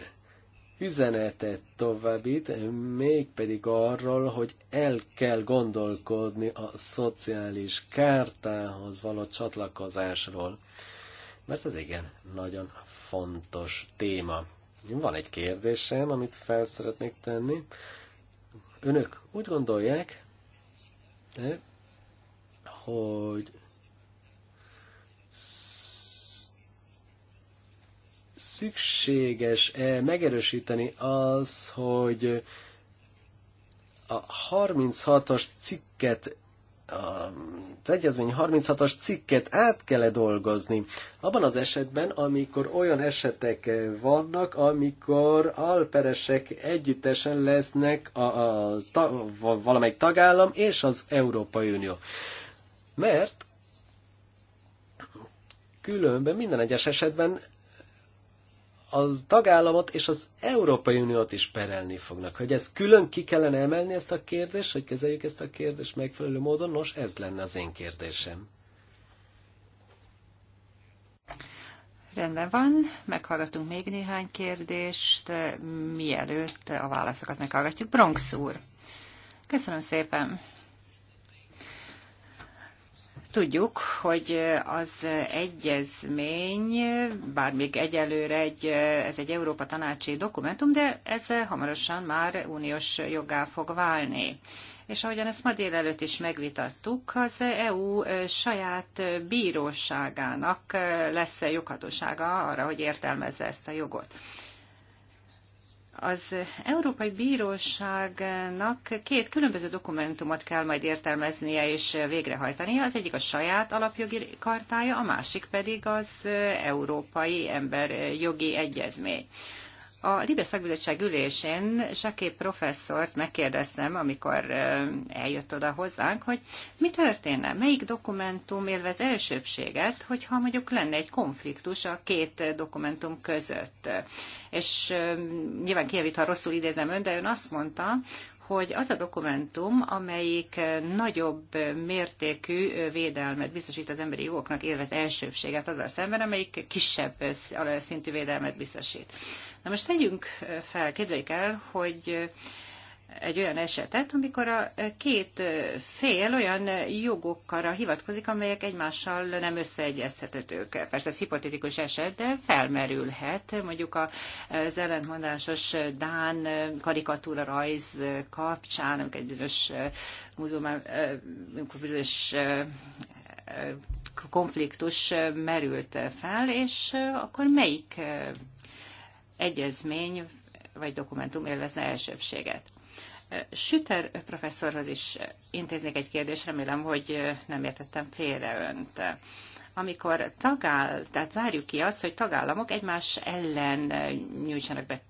Speaker 1: üzenetet továbbít, mégpedig arról, hogy el kell gondolkodni a szociális kártához való csatlakozásról, mert ez igen, nagyon fontos téma. Van egy kérdésem, amit fel szeretnék tenni. Önök úgy gondolják, hogy szükséges-e megerősíteni az, hogy a 36-as cikket az egyezmény 36-as cikket át kell -e dolgozni. Abban az esetben, amikor olyan esetek vannak, amikor alperesek együttesen lesznek a, a, ta, valamelyik tagállam és az Európai Unió. Mert különben minden egyes esetben az tagállamot és az Európai Uniót is perelni fognak. Hogy ez külön ki kellene emelni ezt a kérdést, hogy kezeljük ezt a kérdést megfelelő módon, nos, ez lenne az én kérdésem.
Speaker 3: Rendben van, meghallgatunk még néhány kérdést, mielőtt a válaszokat meghallgatjuk. Bronx úr, köszönöm szépen. Tudjuk, hogy az egyezmény, bár még egyelőre egy, ez egy Európa tanácsi dokumentum, de ez hamarosan már uniós joggá fog válni és ahogyan ezt ma délelőtt is megvitattuk, az EU saját bíróságának lesz joghatósága arra, hogy értelmezze ezt a jogot. Az Európai Bíróságnak két különböző dokumentumot kell majd értelmeznie és végrehajtania. Az egyik a saját alapjogi kartája, a másik pedig az Európai Emberjogi Egyezmény. A Libe Szakbizottság ülésén Saké professzort megkérdeztem, amikor eljött oda hozzánk, hogy mi történne, melyik dokumentum élvez elsőbséget, hogyha mondjuk lenne egy konfliktus a két dokumentum között. És nyilván kijavít, ha rosszul idézem ön, de ön azt mondta, hogy az a dokumentum, amelyik nagyobb mértékű védelmet biztosít az emberi jogoknak, élvez elsőbséget azzal szemben, amelyik kisebb szintű védelmet biztosít. Na most tegyünk fel, képzeljük el, hogy egy olyan esetet, amikor a két fél olyan jogokra hivatkozik, amelyek egymással nem összeegyeztethetők. Persze ez hipotetikus eset, de felmerülhet mondjuk az ellentmondásos Dán karikatúra rajz kapcsán, amikor egy bizonyos eh, muzulmán, eh, bizonyos eh, konfliktus merült fel, és akkor melyik egyezmény vagy dokumentum élvezne elsőbséget. Süter professzorhoz is intéznék egy kérdést, remélem, hogy nem értettem félre önt. Amikor tagáll, tehát zárjuk ki azt, hogy tagállamok egymás ellen nyújtsanak be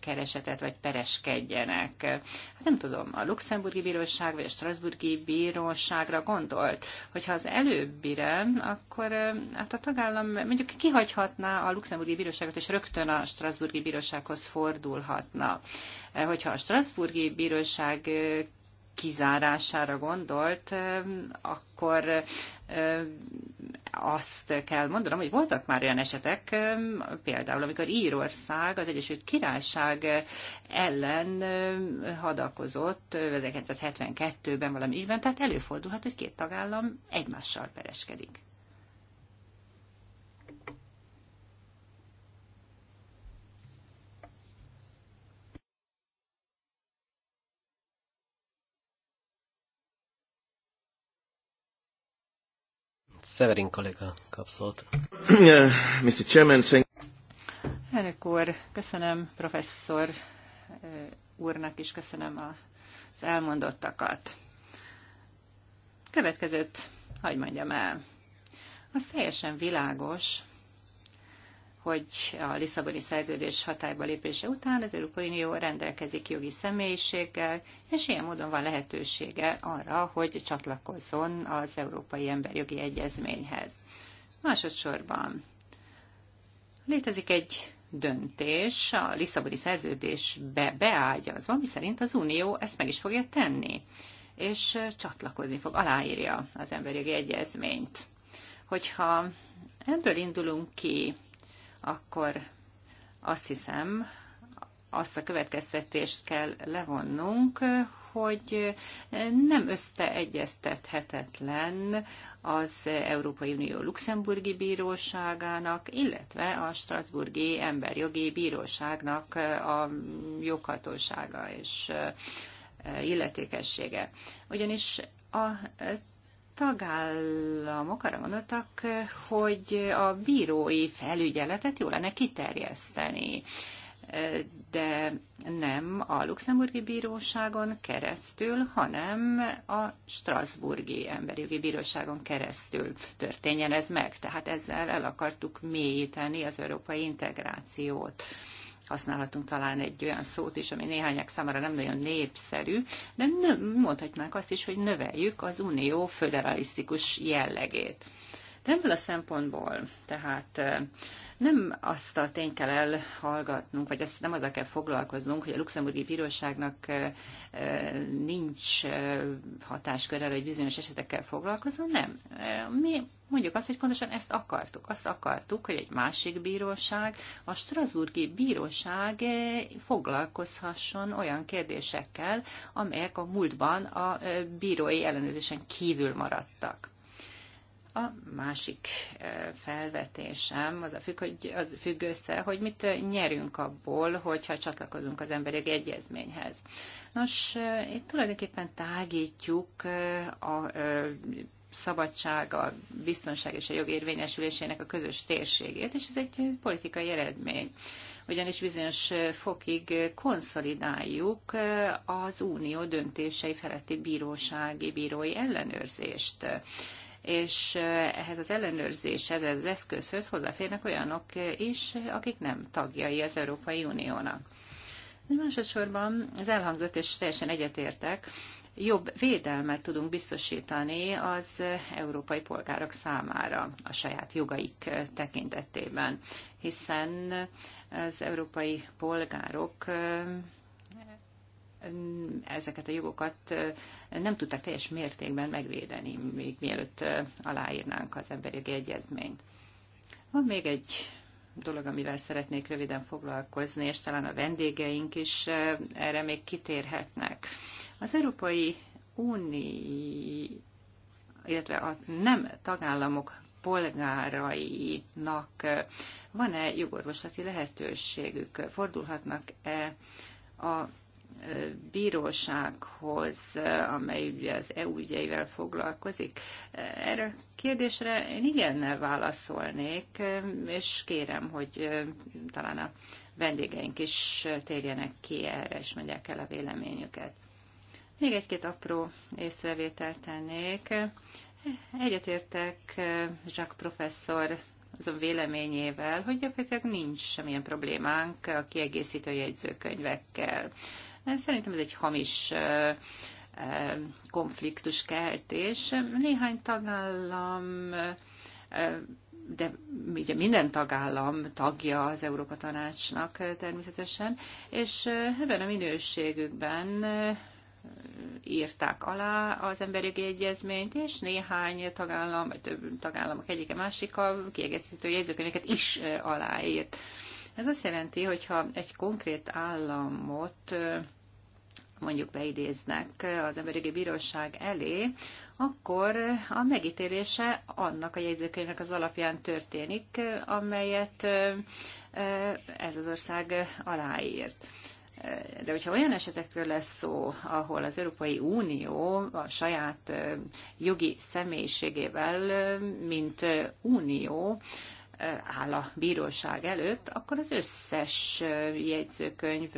Speaker 3: keresetet, vagy pereskedjenek. Hát nem tudom, a luxemburgi bíróság, vagy a strasburgi bíróságra gondolt, hogyha az előbbire, akkor hát a tagállam mondjuk kihagyhatná a luxemburgi bíróságot, és rögtön a strasburgi bírósághoz fordulhatna. Hogyha a strasburgi bíróság kizárására gondolt, akkor azt kell mondanom, hogy voltak már olyan esetek, például amikor Írország az Egyesült Királyság ellen hadakozott 1972-ben valami ígyben, tehát előfordulhat, hogy két tagállam egymással pereskedik.
Speaker 1: Severin kollega kap szót. Mr. Chairman,
Speaker 3: Elnök úr, köszönöm professzor eh, úrnak is, köszönöm az elmondottakat. Következőt hagyd mondjam el. Az teljesen világos, hogy a Lisszaboni szerződés hatályba lépése után az Európai Unió rendelkezik jogi személyiséggel, és ilyen módon van lehetősége arra, hogy csatlakozzon az Európai Emberjogi Egyezményhez. Másodszorban létezik egy döntés, a Lisszaboni szerződésbe beágyazva, az, szerint az Unió ezt meg is fogja tenni, és csatlakozni fog, aláírja az emberjogi egyezményt. Hogyha ebből indulunk ki, akkor azt hiszem, azt a következtetést kell levonnunk, hogy nem összeegyeztethetetlen az Európai Unió Luxemburgi Bíróságának, illetve a Strasburgi Emberjogi Bíróságnak a joghatósága és eh, illetékessége. Ugyanis a tagállamok arra gondoltak, hogy a bírói felügyeletet jó lenne kiterjeszteni de nem a luxemburgi bíróságon keresztül, hanem a Strasburgi emberjogi bíróságon keresztül történjen ez meg. Tehát ezzel el akartuk mélyíteni az európai integrációt használhatunk talán egy olyan szót is, ami néhányak számára nem nagyon népszerű, de nö- mondhatnánk azt is, hogy növeljük az unió föderalisztikus jellegét. De ebből a szempontból, tehát nem azt a tényt kell elhallgatnunk, vagy azt nem azzal kell foglalkoznunk, hogy a luxemburgi bíróságnak nincs hatásköre, hogy bizonyos esetekkel foglalkozom, nem. Mi mondjuk azt, hogy pontosan ezt akartuk. Azt akartuk, hogy egy másik bíróság, a Strasburgi Bíróság foglalkozhasson olyan kérdésekkel, amelyek a múltban a bírói ellenőrzésen kívül maradtak. A másik eh, felvetésem az, a függ, hogy, az függ össze, hogy mit eh, nyerünk abból, hogyha csatlakozunk az emberi egyezményhez. Nos, eh, itt tulajdonképpen tágítjuk a szabadság, a biztonság és a jog érvényesülésének a közös térségét, és ez egy politikai eredmény. Ugyanis bizonyos fokig konszolidáljuk az unió döntései feletti bírósági, bírói ellenőrzést és eh, ehhez az ellenőrzéshez, ez az eszközhöz hozzáférnek olyanok eh, is, akik nem tagjai az Európai Uniónak. Másodszorban az elhangzott, és teljesen egyetértek, jobb védelmet tudunk biztosítani az eh, európai polgárok számára a saját jogaik tekintetében, hiszen az európai polgárok ezeket a jogokat nem tudták teljes mértékben megvédeni, még mielőtt aláírnánk az emberi jogi egyezményt. Van még egy dolog, amivel szeretnék röviden foglalkozni, és talán a vendégeink is erre még kitérhetnek. Az Európai Unió, illetve a nem tagállamok polgárainak van-e jogorvoslati lehetőségük? Fordulhatnak-e a bírósághoz, amely ugye az EU ügyeivel foglalkozik. Erre a kérdésre én igennel válaszolnék, és kérem, hogy talán a vendégeink is térjenek ki erre, és mondják el a véleményüket. Még egy-két apró észrevételt tennék. Egyetértek Jacques professzor azon véleményével, hogy gyakorlatilag nincs semmilyen problémánk a kiegészítő jegyzőkönyvekkel. Nem Szerintem ez egy hamis konfliktus keltés. Néhány tagállam de ugye minden tagállam tagja az Európa Tanácsnak természetesen, és ebben a minőségükben írták alá az jogi egyezményt, és néhány tagállam, vagy több tagállamok egyike másik a kiegészítő jegyzőkönyveket is aláírt. Ez azt jelenti, hogyha egy konkrét államot mondjuk beidéznek az emberi bíróság elé, akkor a megítélése annak a jegyzőkönyvnek az alapján történik, amelyet ez az ország aláírt. De hogyha olyan esetekről lesz szó, ahol az Európai Unió a saját jogi személyiségével, mint unió, áll a bíróság előtt, akkor az összes jegyzőkönyv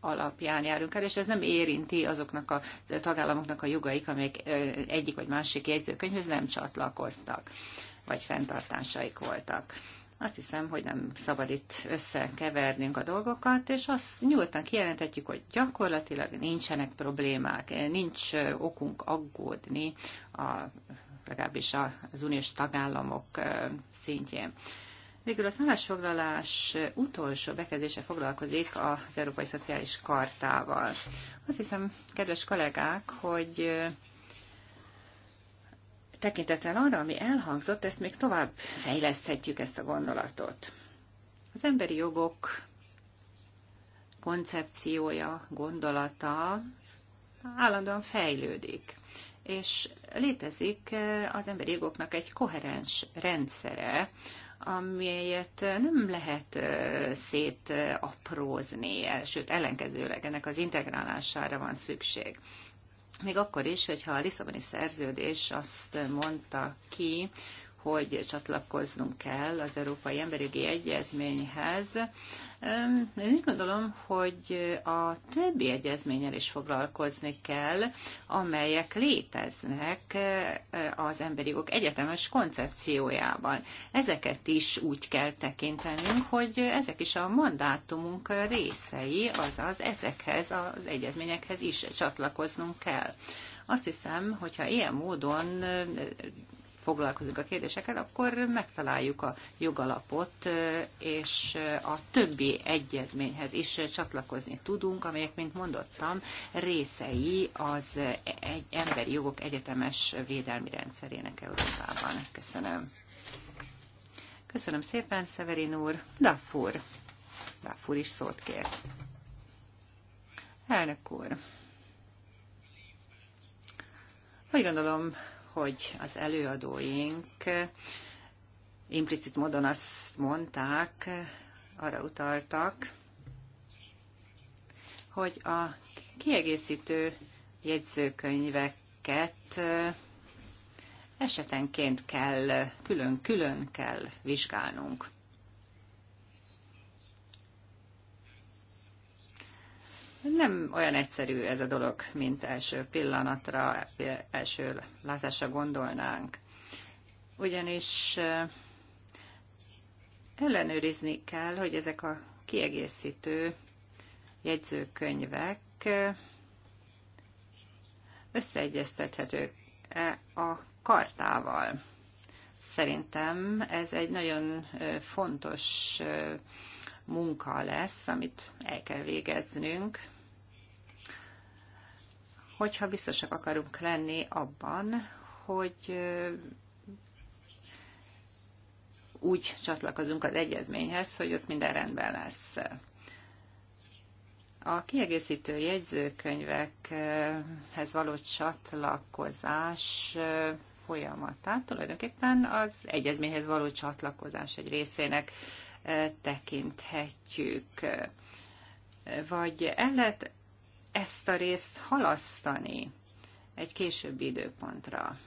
Speaker 3: alapján járunk el, és ez nem érinti azoknak a tagállamoknak a jogaik, amelyek egyik vagy másik jegyzőkönyvhez nem csatlakoztak, vagy fenntartásaik voltak. Azt hiszem, hogy nem szabad itt összekevernünk a dolgokat, és azt nyugodtan kijelenthetjük, hogy gyakorlatilag nincsenek problémák, nincs okunk aggódni a legalábbis az uniós tagállamok szintjén. Végül az szállásfoglalás utolsó bekezdése foglalkozik az Európai Szociális Kartával. Azt hiszem, kedves kollégák, hogy tekintettel arra, ami elhangzott, ezt még tovább fejleszthetjük ezt a gondolatot. Az emberi jogok koncepciója, gondolata állandóan fejlődik és létezik az emberi jogoknak egy koherens rendszere, amelyet nem lehet szétaprózni, sőt ellenkezőleg ennek az integrálására van szükség. Még akkor is, hogyha a Lisszaboni szerződés azt mondta ki, hogy csatlakoznunk kell az Európai Emberjogi Egyezményhez. Én úgy gondolom, hogy a többi egyezménnyel is foglalkozni kell, amelyek léteznek az emberi jogok egyetemes koncepciójában. Ezeket is úgy kell tekintenünk, hogy ezek is a mandátumunk részei, azaz ezekhez az egyezményekhez is csatlakoznunk kell. Azt hiszem, hogyha ilyen módon foglalkozunk a kérdésekkel, akkor megtaláljuk a jogalapot, és a többi egyezményhez is csatlakozni tudunk, amelyek, mint mondottam, részei az egy emberi jogok egyetemes védelmi rendszerének Európában. Köszönöm. Köszönöm szépen, Szeverin úr. Dafur. Dafur is szót kér. Elnök úr. Úgy gondolom, hogy az előadóink implicit módon azt mondták, arra utaltak, hogy a kiegészítő jegyzőkönyveket esetenként kell, külön-külön kell vizsgálnunk. Nem olyan egyszerű ez a dolog, mint első pillanatra, első látásra gondolnánk. Ugyanis ellenőrizni kell, hogy ezek a kiegészítő jegyzőkönyvek összeegyeztethetők a kartával. Szerintem ez egy nagyon fontos munka lesz, amit el kell végeznünk, hogyha biztosak akarunk lenni abban, hogy úgy csatlakozunk az egyezményhez, hogy ott minden rendben lesz. A kiegészítő jegyzőkönyvekhez való csatlakozás folyamatát tulajdonképpen az egyezményhez való csatlakozás egy részének tekinthetjük. Vagy el lehet ezt a részt halasztani egy későbbi időpontra.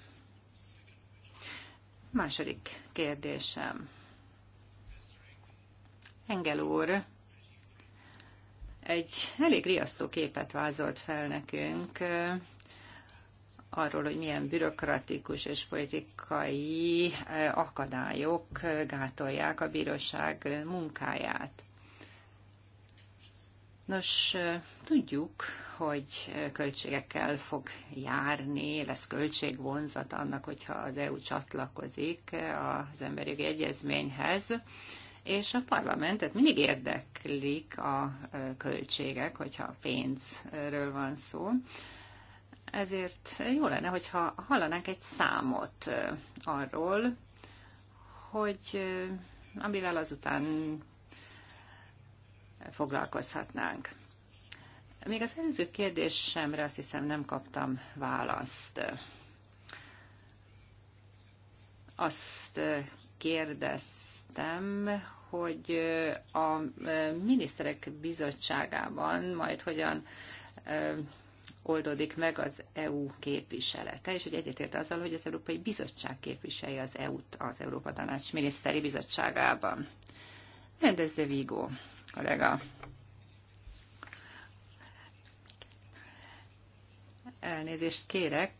Speaker 3: Második kérdésem. Engel úr egy elég riasztó képet vázolt fel nekünk arról, hogy milyen bürokratikus és politikai eh, akadályok eh, gátolják a bíróság munkáját. Nos, eh, tudjuk, hogy költségekkel fog járni, lesz költségvonzat annak, hogyha az EU csatlakozik az emberjogi egyezményhez, és a parlamentet mindig érdeklik a költségek, hogyha pénzről van szó. Ezért jó lenne, hogyha hallanánk egy számot arról, hogy amivel azután foglalkozhatnánk. Még az előző kérdésemre azt hiszem nem kaptam választ. Azt kérdeztem, hogy a miniszterek bizottságában majd hogyan oldódik meg az EU képviselete, és hogy egyetért azzal, hogy az Európai Bizottság képviselje az EU-t az Európa Tanács Miniszteri Bizottságában. Rendezze Vigo, kollega. Elnézést kérek,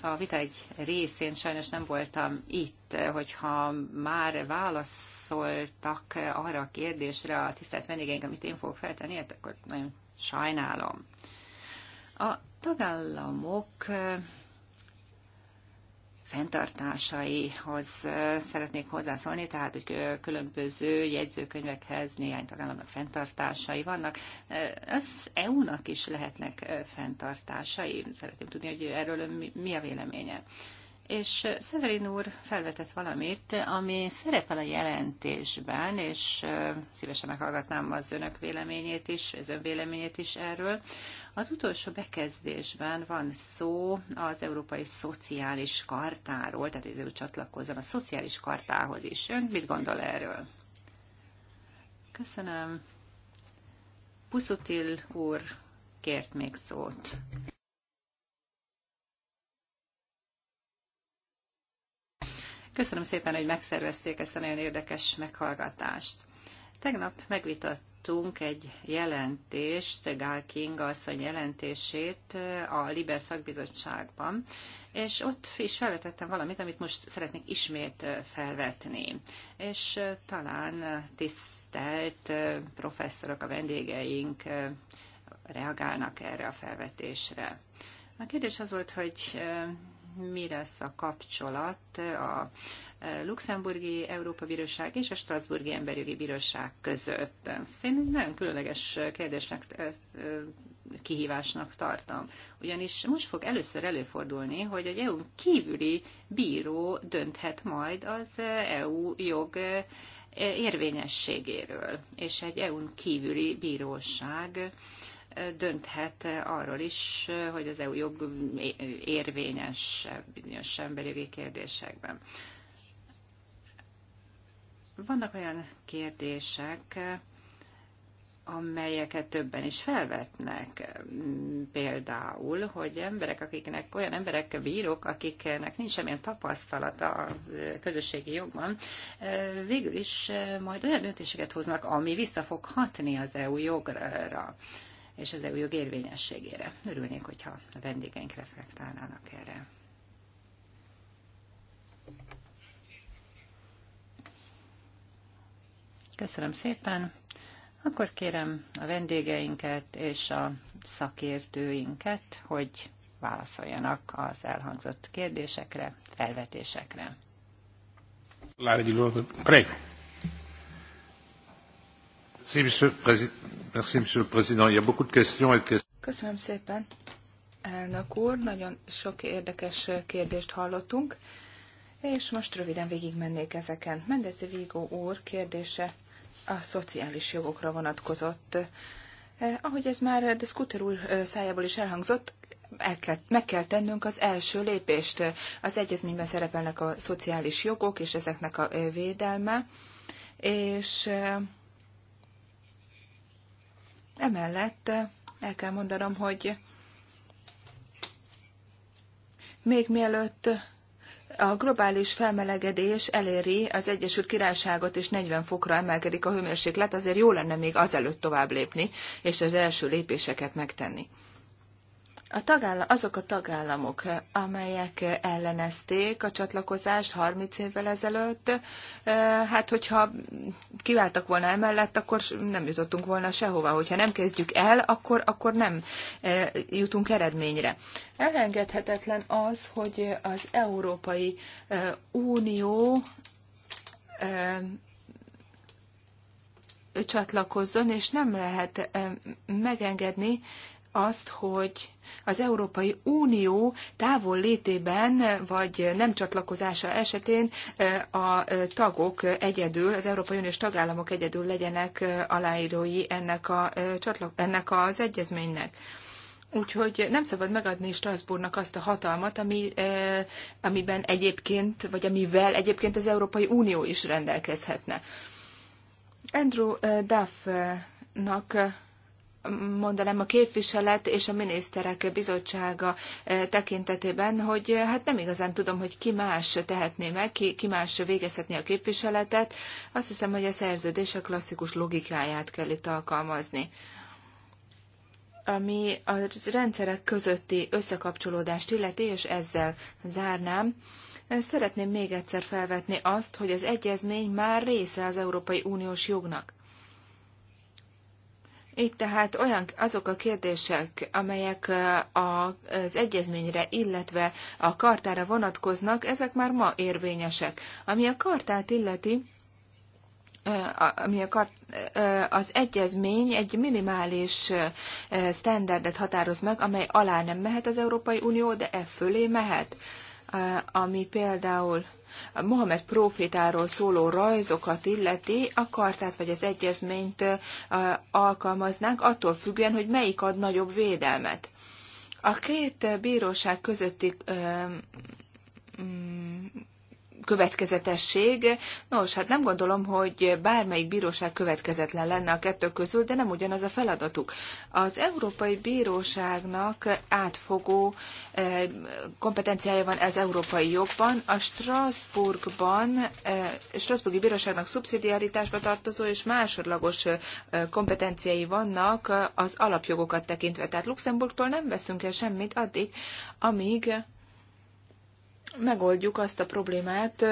Speaker 3: a vita egy részén sajnos nem voltam itt, hogyha már válaszoltak arra a kérdésre a tisztelt vendégeink, amit én fogok feltenni, hát akkor nagyon sajnálom. A tagállamok fenntartásaihoz szeretnék hozzászólni, tehát hogy különböző jegyzőkönyvekhez néhány tagállamnak fenntartásai vannak. Az EU-nak is lehetnek fenntartásai. Szeretném tudni, hogy erről mi a véleménye. És Szeverin úr felvetett valamit, ami szerepel a jelentésben, és szívesen meghallgatnám az önök véleményét is, az ön véleményét is erről. Az utolsó bekezdésben van szó az Európai Szociális Kartáról, tehát ezért csatlakozom a Szociális Kartához is. Ön mit gondol erről? Köszönöm. Puszutil úr kért még szót. Köszönöm szépen, hogy megszervezték ezt a nagyon érdekes meghallgatást. Tegnap megvitott kaptunk egy jelentést, Gál King asszony jelentését a Libe szakbizottságban, és ott is felvetettem valamit, amit most szeretnék ismét felvetni. És talán tisztelt professzorok, a vendégeink reagálnak erre a felvetésre. A kérdés az volt, hogy mi lesz a kapcsolat a Luxemburgi Európa Bíróság és a Strasburgi Emberjogi Bíróság között. Szerintem nagyon különleges kérdésnek, kihívásnak tartom. Ugyanis most fog először előfordulni, hogy egy EU kívüli bíró dönthet majd az EU jog érvényességéről, és egy EU-n kívüli bíróság dönthet arról is, hogy az EU jog érvényes bizonyos emberjogi kérdésekben. Vannak olyan kérdések, amelyeket többen is felvetnek. Például, hogy emberek, akiknek olyan emberek, bírók, akiknek nincs semmilyen tapasztalata a közösségi jogban, végül is majd olyan döntéseket hoznak, ami vissza fog hatni az EU jogra és az EU jog érvényességére. Örülnék, hogyha a vendégeink reflektálnának erre. Köszönöm szépen. Akkor kérem a vendégeinket és a szakértőinket, hogy válaszoljanak az elhangzott kérdésekre, felvetésekre.
Speaker 2: Köszönöm szépen, elnök úr. Nagyon sok érdekes kérdést hallottunk, és most röviden végigmennék ezeken. Mendezi Vigo úr kérdése a szociális jogokra vonatkozott. Eh, ahogy ez már de Scooter úr eh, szájából is elhangzott, el kell, meg kell tennünk az első lépést. Az egyezményben szerepelnek a szociális jogok és ezeknek a eh, védelme, és emellett el kell mondanom, hogy még mielőtt a globális felmelegedés eléri az Egyesült Királyságot, és 40 fokra emelkedik a hőmérséklet, azért jó lenne még azelőtt tovább lépni, és az első lépéseket megtenni. A tagállam, azok a tagállamok, eh, amelyek eh, ellenezték a csatlakozást 30 évvel ezelőtt, eh, hát hogyha kiváltak volna emellett, akkor nem jutottunk volna sehova. Hogyha nem kezdjük el, akkor, akkor nem jutunk eredményre. Elengedhetetlen az, hogy az Európai Unió csatlakozzon, és nem lehet megengedni azt, hogy az Európai Unió távol létében vagy nem csatlakozása esetén eh, a eh, tagok egyedül, az Európai Uniós tagállamok egyedül legyenek eh, aláírói ennek, a, ennek az egyezménynek. Úgyhogy nem szabad megadni Strasbourgnak azt a hatalmat, ami, amiben egyébként, vagy amivel egyébként az Európai Unió is rendelkezhetne. Andrew Duffnak mondanám a képviselet és a miniszterek bizottsága e, tekintetében, hogy e, hát nem igazán tudom, hogy ki más tehetné meg, ki, ki más végezhetné a képviseletet. Azt hiszem, hogy a szerződés a klasszikus logikáját kell itt alkalmazni ami a rendszerek közötti összekapcsolódást illeti, és ezzel zárnám. E, szeretném még egyszer felvetni azt, hogy az egyezmény már része az Európai Uniós jognak így tehát olyan, azok a kérdések, amelyek az egyezményre, illetve a kartára vonatkoznak, ezek már ma érvényesek. Ami a kartát illeti, ami a kart, az egyezmény egy minimális standardet határoz meg, amely alá nem mehet az Európai Unió, de e fölé mehet, ami például Mohamed profitáról szóló rajzokat illeti, a kartát vagy az egyezményt alkalmaznánk, attól függően, hogy melyik ad nagyobb védelmet. A két bíróság közötti következetesség. Nos, hát nem gondolom, hogy bármelyik bíróság következetlen lenne a kettő közül, de nem ugyanaz a feladatuk. Az Európai Bíróságnak átfogó eh, kompetenciája van ez európai jogban. A Strasbourgban, eh, Strasbourgi Bíróságnak szubszidiaritásba tartozó és másodlagos eh, kompetenciái vannak az alapjogokat tekintve. Tehát Luxemburgtól nem veszünk el semmit addig, amíg megoldjuk azt a problémát,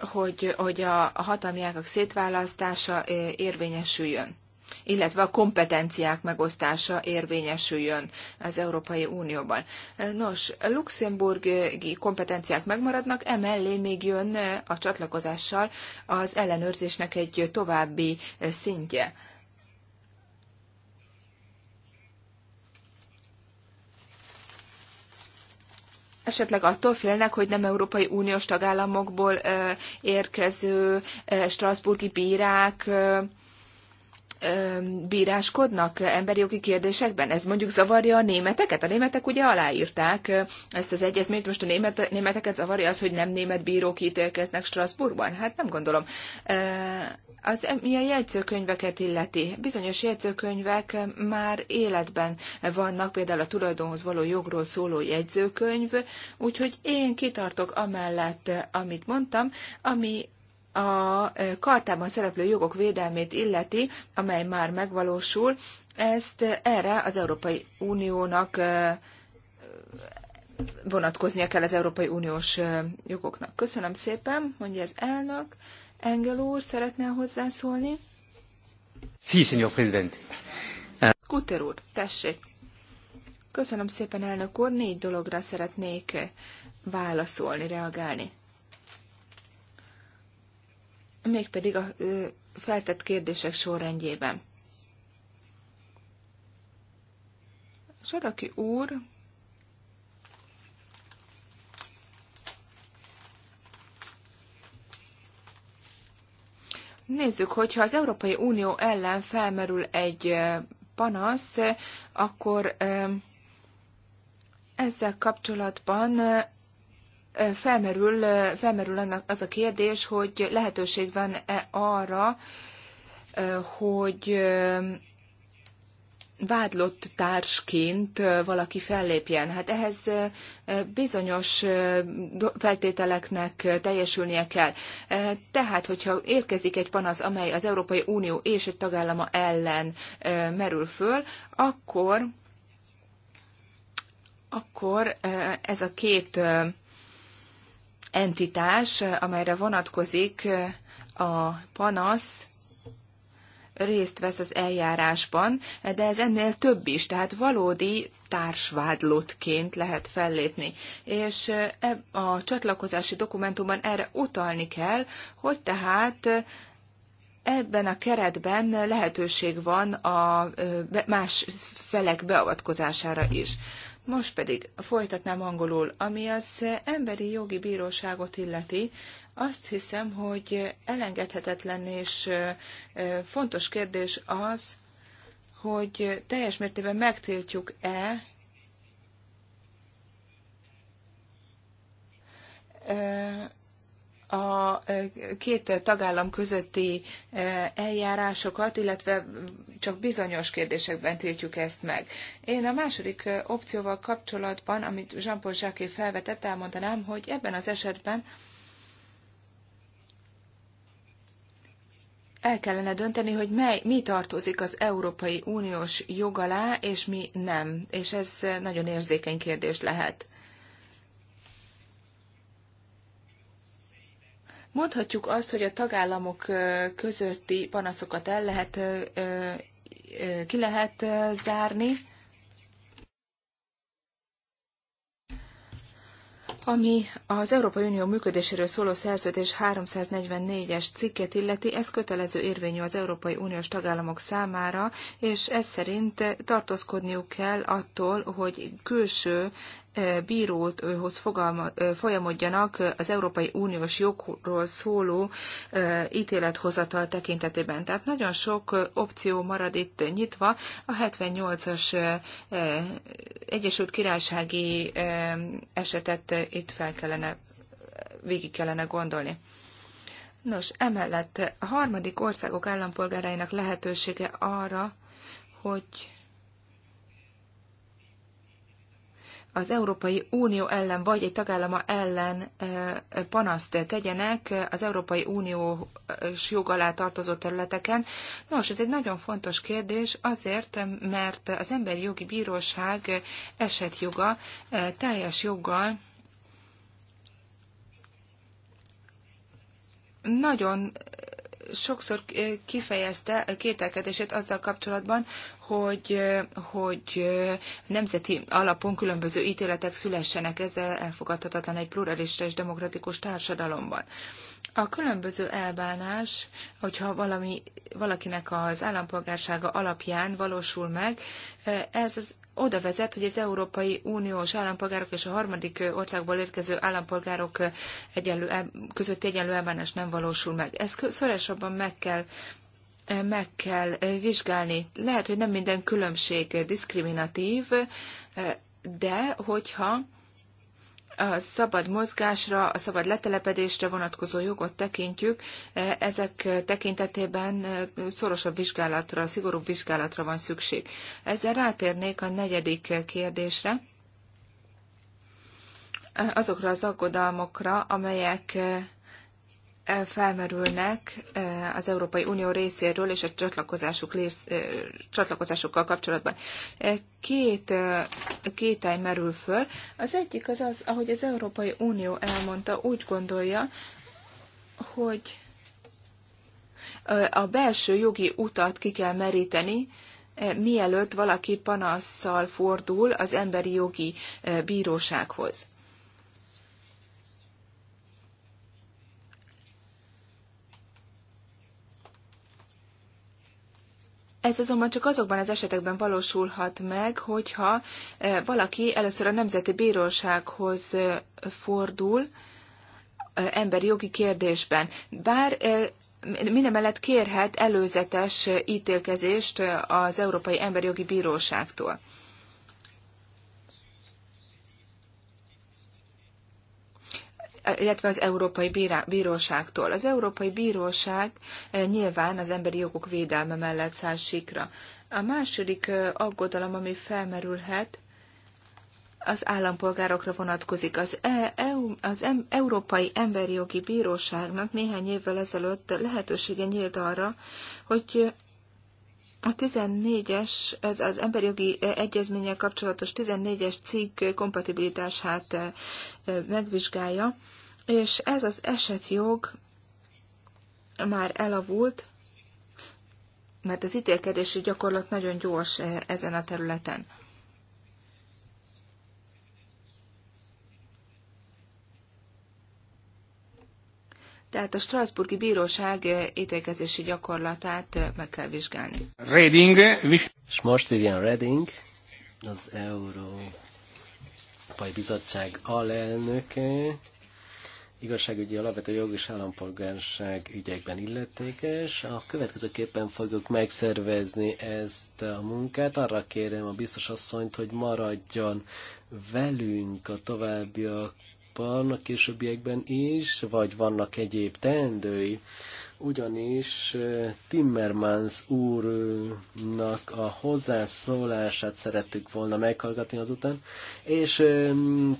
Speaker 2: hogy, hogy a, a hatalmi ágak szétválasztása eh, érvényesüljön, illetve a kompetenciák megosztása érvényesüljön az Európai Unióban. Nos, luxemburgi kompetenciák megmaradnak, emellé még jön a csatlakozással az ellenőrzésnek egy további szintje. esetleg attól félnek, hogy nem Európai Uniós tagállamokból érkező strasburgi bírák bíráskodnak emberi jogi kérdésekben? Ez mondjuk zavarja a németeket? A németek ugye aláírták ezt az egyezményt, most a német, németeket zavarja az, hogy nem német bírók ítélkeznek Strasbourgban? Hát nem gondolom. Az milyen jegyzőkönyveket illeti? Bizonyos jegyzőkönyvek már életben vannak, például a tulajdonhoz való jogról szóló jegyzőkönyv, úgyhogy én kitartok amellett, amit mondtam, ami a e, kartában szereplő jogok védelmét illeti, amely már megvalósul, ezt erre az Európai Uniónak e, vonatkoznia kell az Európai Uniós e, jogoknak. Köszönöm szépen, mondja az elnök. Engel úr szeretne hozzászólni?
Speaker 1: Sí, señor presidente.
Speaker 2: Scooter úr, tessék. Köszönöm szépen, elnök úr. Négy dologra szeretnék válaszolni, reagálni mégpedig a feltett kérdések sorrendjében. Saraki úr Nézzük, hogyha az Európai Unió ellen felmerül egy panasz, akkor ezzel kapcsolatban felmerül, felmerül az a kérdés, hogy lehetőség van-e arra, hogy vádlott társként valaki fellépjen. Hát ehhez bizonyos feltételeknek teljesülnie kell. Tehát, hogyha érkezik egy panasz, amely az Európai Unió és egy tagállama ellen merül föl, akkor akkor ez a két entitás, amelyre vonatkozik a panasz, részt vesz az eljárásban, de ez ennél több is, tehát valódi társvádlottként lehet fellépni. És e, a csatlakozási dokumentumban erre utalni kell, hogy tehát ebben a keretben lehetőség van a más felek beavatkozására is. Most pedig folytatnám angolul, ami az emberi jogi bíróságot illeti. Azt hiszem, hogy elengedhetetlen és fontos kérdés az, hogy teljes mértében megtiltjuk-e a két tagállam közötti eljárásokat, illetve csak bizonyos kérdésekben tiltjuk ezt meg. Én a második opcióval kapcsolatban, amit Jean-Paul Jacquet felvetett, elmondanám, hogy ebben az esetben el kellene dönteni, hogy mely, mi tartozik az Európai Uniós jog alá, és mi nem. És ez nagyon érzékeny kérdés lehet. Mondhatjuk azt, hogy a tagállamok közötti panaszokat el lehet, ki lehet zárni, ami az Európai Unió működéséről szóló szerződés 344-es cikket illeti, ez kötelező érvényű az Európai Uniós tagállamok számára, és ez szerint tartózkodniuk kell attól, hogy külső bíróhoz folyamodjanak az Európai Uniós jogról szóló ítélethozatal tekintetében. Tehát nagyon sok opció marad itt nyitva. A 78-as Egyesült Királysági esetet itt fel kellene, végig kellene gondolni. Nos, emellett a harmadik országok állampolgárainak lehetősége arra, hogy az Európai Unió ellen vagy egy tagállama ellen panaszt tegyenek az Európai Uniós jog alá tartozó területeken. Nos, ez egy nagyon fontos kérdés azért, mert az Emberi Jogi Bíróság esetjoga teljes joggal nagyon sokszor eh, kifejezte kételkedését azzal kapcsolatban, hogy, eh, hogy eh, nemzeti alapon különböző ítéletek szülessenek, ez elfogadhatatlan egy pluralista és demokratikus társadalomban. A különböző elbánás, hogyha valami, valakinek az állampolgársága alapján valósul meg, ez az oda vezet, hogy az Európai Uniós állampolgárok és a harmadik országból érkező állampolgárok egyenlő, közötti egyenlő elbánás nem valósul meg. Ezt szorosabban meg kell meg kell vizsgálni. Lehet, hogy nem minden különbség diszkriminatív, de hogyha a szabad mozgásra, a szabad letelepedésre vonatkozó jogot tekintjük, e, ezek tekintetében e, szorosabb vizsgálatra, szigorúbb vizsgálatra van szükség. Ezzel rátérnék a negyedik kérdésre, e, azokra az aggodalmokra, amelyek felmerülnek az Európai Unió részéről és a csatlakozásuk, csatlakozásukkal kapcsolatban. Két kétály merül föl. Az egyik az az, ahogy az Európai Unió elmondta, úgy gondolja, hogy a belső jogi utat ki kell meríteni, mielőtt valaki panasszal fordul az emberi jogi bírósághoz. Ez azonban csak azokban az esetekben valósulhat meg, hogyha eh, valaki először a Nemzeti Bírósághoz eh, fordul eh, emberi jogi kérdésben. Bár mindemellett kérhet előzetes ítélkezést az Európai Emberi Jogi Bíróságtól. illetve az Európai Bíróságtól. Az Európai Bíróság eh, nyilván az emberi jogok védelme mellett száll sikra. A második eh, aggodalom, ami felmerülhet, az állampolgárokra vonatkozik. Az, e, EU, az em, Európai Emberi Jogi Bíróságnak néhány évvel ezelőtt lehetősége nyílt arra, hogy a 14-es, ez az emberi jogi eh, egyezménnyel kapcsolatos 14-es cikk kompatibilitását megvizsgálja, és ez az esetjog már elavult, mert az ítélkedési gyakorlat nagyon gyors eh, ezen a területen. Tehát a Strasburgi Bíróság eh, ítélkezési gyakorlatát eh, meg kell vizsgálni.
Speaker 1: Reding. És most Vivian Reding, az Európai Bizottság alelnöke, igazságügyi alapvető jog és állampolgárság ügyekben illetékes. A következőképpen fogjuk megszervezni ezt a munkát. Arra kérem a biztos asszonyt, hogy maradjon velünk a továbbiakban, a későbbiekben is, vagy vannak egyéb teendői ugyanis Timmermans úrnak a hozzászólását szerettük volna meghallgatni azután, és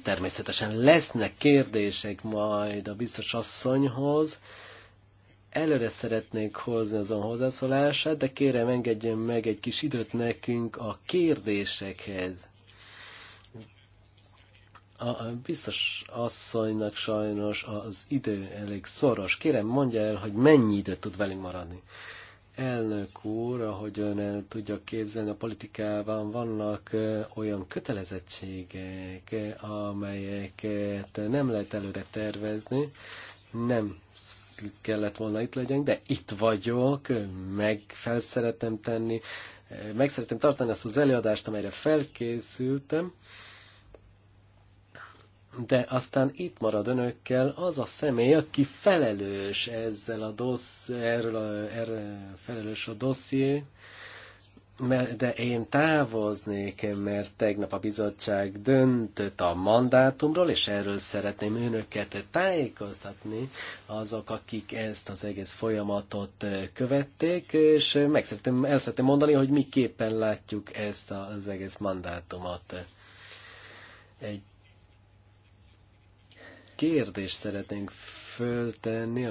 Speaker 1: természetesen lesznek kérdések majd a biztos asszonyhoz, előre szeretnék hozni azon hozzászólását, de kérem engedjen meg egy kis időt nekünk a kérdésekhez. A biztos asszonynak sajnos az idő elég szoros. Kérem, mondja el, hogy mennyi időt tud velünk maradni. Elnök úr, ahogy ön el tudja képzelni, a politikában vannak olyan kötelezettségek, amelyeket nem lehet előre tervezni, nem kellett volna itt legyen, de itt vagyok, meg fel szeretem tenni, meg szeretem tartani azt az előadást, amelyre felkészültem, de aztán itt marad önökkel az a személy, aki felelős ezzel a dossz, erről, a, erről felelős a dosszié, de én távoznék, mert tegnap a bizottság döntött a mandátumról, és erről szeretném önöket tájékoztatni, azok, akik ezt az egész folyamatot követték, és meg szeretném, el szeretném mondani, hogy miképpen látjuk ezt az egész mandátumot. Egy kérdést szeretnénk föltenni,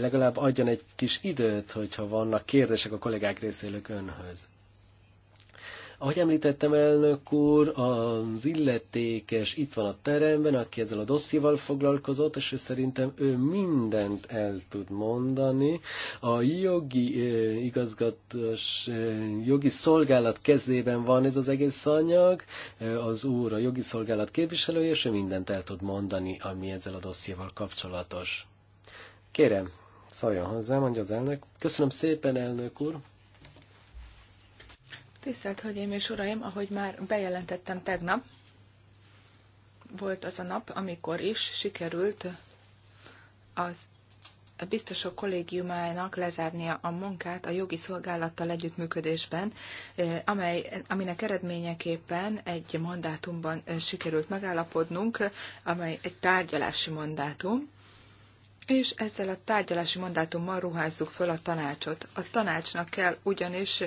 Speaker 1: legalább adjon egy kis időt, hogyha vannak kérdések a kollégák részéről önhöz. Ahogy említettem, elnök úr, az illetékes itt van a teremben, aki ezzel a dosszival foglalkozott, és ő szerintem ő mindent el tud mondani. A jogi eh, igazgatós, eh, jogi szolgálat kezében van ez az egész anyag, az úr a jogi szolgálat képviselője, és ő mindent el tud mondani, ami ezzel a dosszival kapcsolatos. Kérem, szóljon hozzá, mondja az elnök. Köszönöm szépen, elnök úr.
Speaker 2: Tisztelt Hölgyeim és Uraim, ahogy már bejelentettem tegnap, volt az a nap, amikor is sikerült az a biztosok kollégiumának lezárnia a munkát a jogi szolgálattal együttműködésben, eh, amely, aminek eredményeképpen egy mandátumban eh, sikerült megállapodnunk, amely egy tárgyalási mandátum, és ezzel a tárgyalási mandátummal ruházzuk föl a tanácsot. A tanácsnak kell ugyanis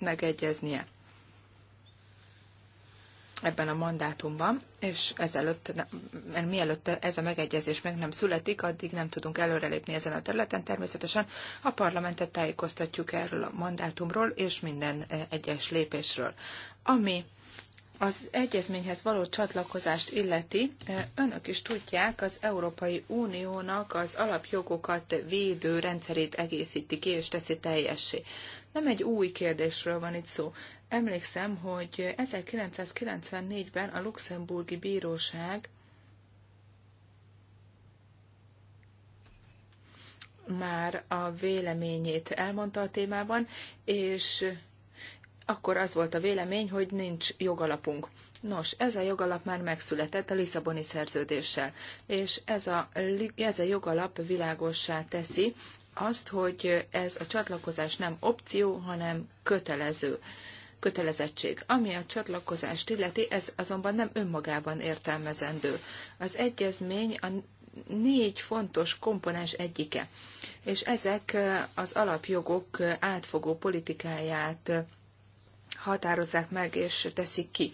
Speaker 2: megegyeznie ebben a mandátumban, és ezelőtt, mert mielőtt ez a megegyezés meg nem születik, addig nem tudunk előrelépni ezen a területen. Természetesen a parlamentet tájékoztatjuk erről a mandátumról és minden e, egyes lépésről. Ami az egyezményhez való csatlakozást illeti, e, önök is tudják, az Európai Uniónak az alapjogokat védő rendszerét egészíti ki és teszi teljessé. Nem egy új kérdésről van itt szó. Emlékszem, hogy 1994-ben a luxemburgi bíróság már a véleményét elmondta a témában, és akkor az volt a vélemény, hogy nincs jogalapunk. Nos, ez a jogalap már megszületett a Lisszaboni szerződéssel, és ez a, ez a jogalap világossá teszi azt, hogy ez a csatlakozás nem opció, hanem kötelező kötelezettség. Ami a csatlakozást illeti, ez azonban nem önmagában értelmezendő. Az egyezmény a négy fontos komponens egyike, és ezek az alapjogok átfogó politikáját határozzák meg és teszik ki.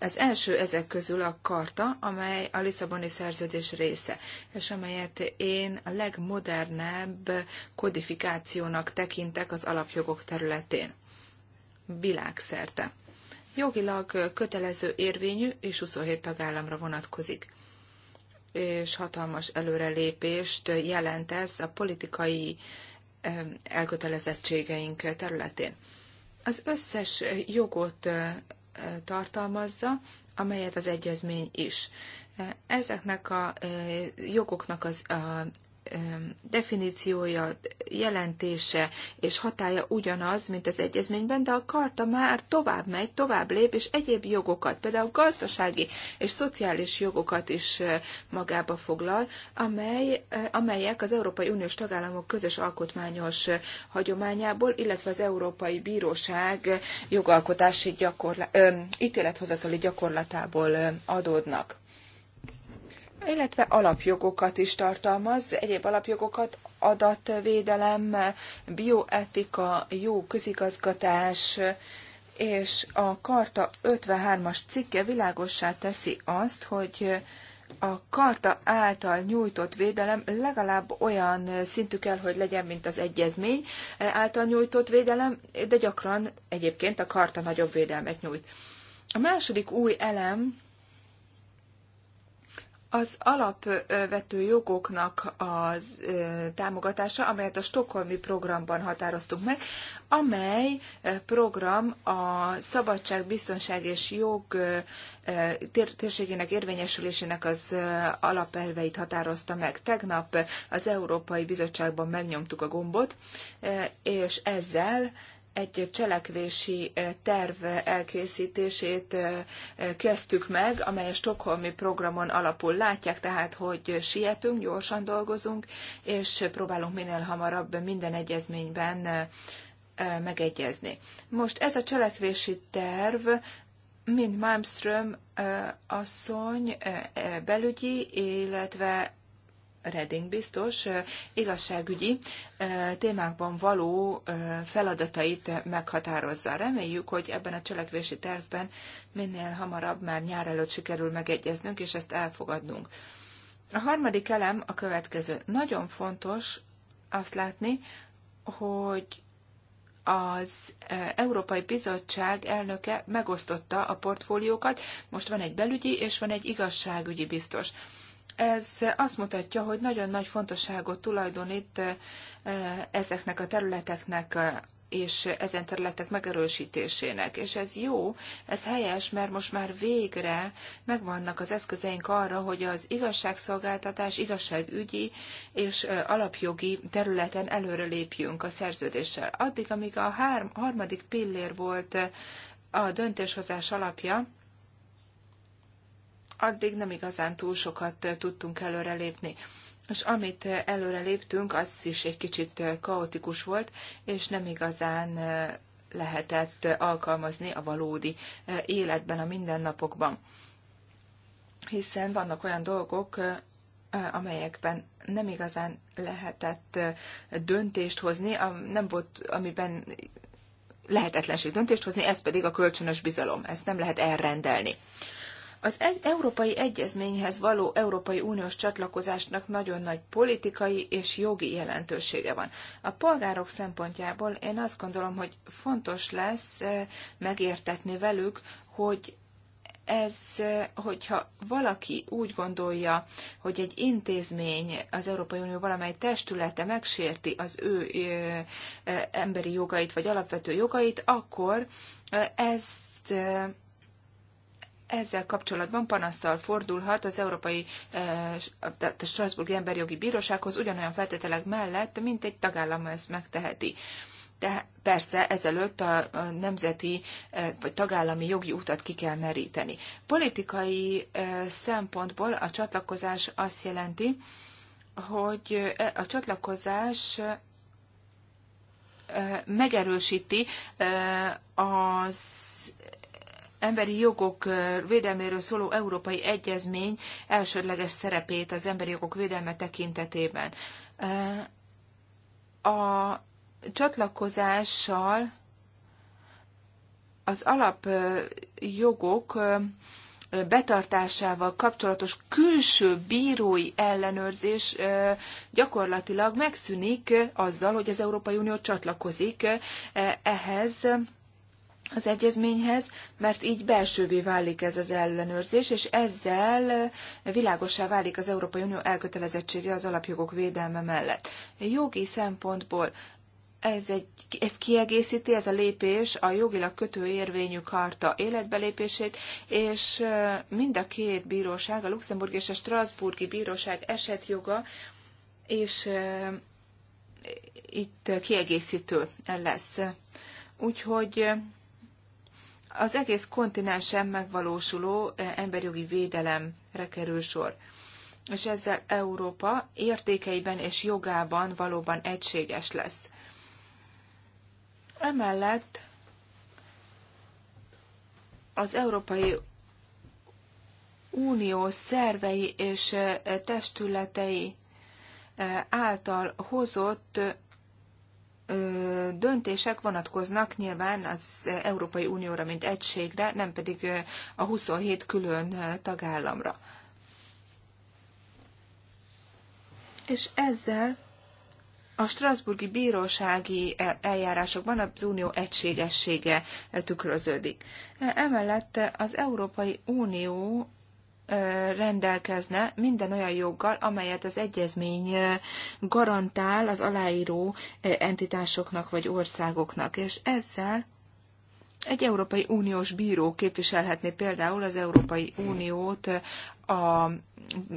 Speaker 2: Az első ezek közül a karta, amely a Lisszaboni szerződés része, és amelyet én a legmodernebb kodifikációnak tekintek az alapjogok területén. Világszerte. Jogilag kötelező érvényű és 27 tagállamra vonatkozik és hatalmas előrelépést jelent ez a politikai elkötelezettségeink területén az összes jogot tartalmazza, amelyet az egyezmény is. Ezeknek a jogoknak az definíciója, jelentése és hatája ugyanaz, mint az egyezményben, de a karta már tovább megy, tovább lép, és egyéb jogokat, például gazdasági és szociális jogokat is magába foglal, amely, amelyek az Európai Uniós tagállamok közös alkotmányos hagyományából, illetve az Európai Bíróság jogalkotási gyakorla- ö, ítélethozatali gyakorlatából adódnak illetve alapjogokat is tartalmaz, egyéb alapjogokat, adatvédelem, bioetika, jó közigazgatás, és a Karta 53-as cikke világossá teszi azt, hogy a karta által nyújtott védelem legalább olyan szintű kell, hogy legyen, mint az egyezmény által nyújtott védelem, de gyakran egyébként a karta nagyobb védelmet nyújt. A második új elem az alapvető jogoknak a támogatása, amelyet a Stockholmi programban határoztunk meg, amely program a szabadság, biztonság és jog térségének érvényesülésének az alapelveit határozta meg. Tegnap az Európai Bizottságban megnyomtuk a gombot, és ezzel egy cselekvési terv elkészítését kezdtük meg, amely a Stockholmi programon alapul. Látják tehát, hogy sietünk, gyorsan dolgozunk, és próbálunk minél hamarabb minden egyezményben megegyezni. Most ez a cselekvési terv mint Malmström asszony belügyi, illetve Redding biztos igazságügyi témákban való feladatait meghatározza. Reméljük, hogy ebben a cselekvési tervben minél hamarabb már nyár előtt sikerül megegyeznünk, és ezt elfogadnunk. A harmadik elem a következő. Nagyon fontos azt látni, hogy az Európai Bizottság elnöke megosztotta a portfóliókat, most van egy belügyi és van egy igazságügyi biztos. Ez azt mutatja, hogy nagyon nagy fontosságot tulajdonít eh, ezeknek a területeknek eh, és ezen területek megerősítésének. És ez jó, ez helyes, mert most már végre megvannak az eszközeink arra, hogy az igazságszolgáltatás, igazságügyi és eh, alapjogi területen előre lépjünk a szerződéssel. Addig, amíg a harmadik pillér volt a döntéshozás alapja, addig nem igazán túl sokat tudtunk előrelépni. És amit előre léptünk, az is egy kicsit kaotikus volt, és nem igazán lehetett alkalmazni a valódi életben, a mindennapokban. Hiszen vannak olyan dolgok, amelyekben nem igazán lehetett döntést hozni, nem volt, amiben lehetetlenség döntést hozni, ez pedig a kölcsönös bizalom. Ezt nem lehet elrendelni. Az egy, Európai Egyezményhez való Európai Uniós csatlakozásnak nagyon nagy politikai és jogi jelentősége van. A polgárok szempontjából én azt gondolom, hogy fontos lesz eh, megértetni velük, hogy ez, eh, hogyha valaki úgy gondolja, hogy egy intézmény, az Európai Unió valamely testülete megsérti az ő eh, emberi jogait vagy alapvető jogait, akkor ezt ezzel kapcsolatban panaszsal fordulhat az Európai eh, a Strasburgi Emberjogi Bírósághoz ugyanolyan feltételek mellett, mint egy tagállam ezt megteheti. De persze ezelőtt a nemzeti eh, vagy tagállami jogi utat ki kell meríteni. Politikai eh, szempontból a csatlakozás azt jelenti, hogy a csatlakozás megerősíti az emberi jogok védelméről szóló Európai Egyezmény elsődleges szerepét az emberi jogok védelme tekintetében. A csatlakozással az alapjogok betartásával kapcsolatos külső bírói ellenőrzés gyakorlatilag megszűnik azzal, hogy az Európai Unió csatlakozik ehhez az egyezményhez, mert így belsővé válik ez az ellenőrzés, és ezzel világosá válik az Európai Unió elkötelezettsége az alapjogok védelme mellett. Jogi szempontból ez, egy, ez kiegészíti, ez a lépés a jogilag kötő érvényű karta életbelépését, és mind a két bíróság, a Luxemburg és a Strasburgi Bíróság esetjoga, és itt kiegészítő lesz. Úgyhogy az egész kontinensen megvalósuló eh, emberjogi védelemre kerül sor. És ezzel Európa értékeiben és jogában valóban egységes lesz. Emellett az Európai Unió szervei és eh, testületei eh, által hozott döntések vonatkoznak nyilván az Európai Unióra, mint egységre, nem pedig a 27 külön tagállamra. És ezzel a Strasburgi bírósági e, eljárásokban az unió egységessége tükröződik. E, emellett az Európai Unió rendelkezne minden olyan joggal, amelyet az egyezmény garantál az aláíró entitásoknak vagy országoknak, és ezzel egy Európai Uniós bíró képviselhetné például az Európai Uniót a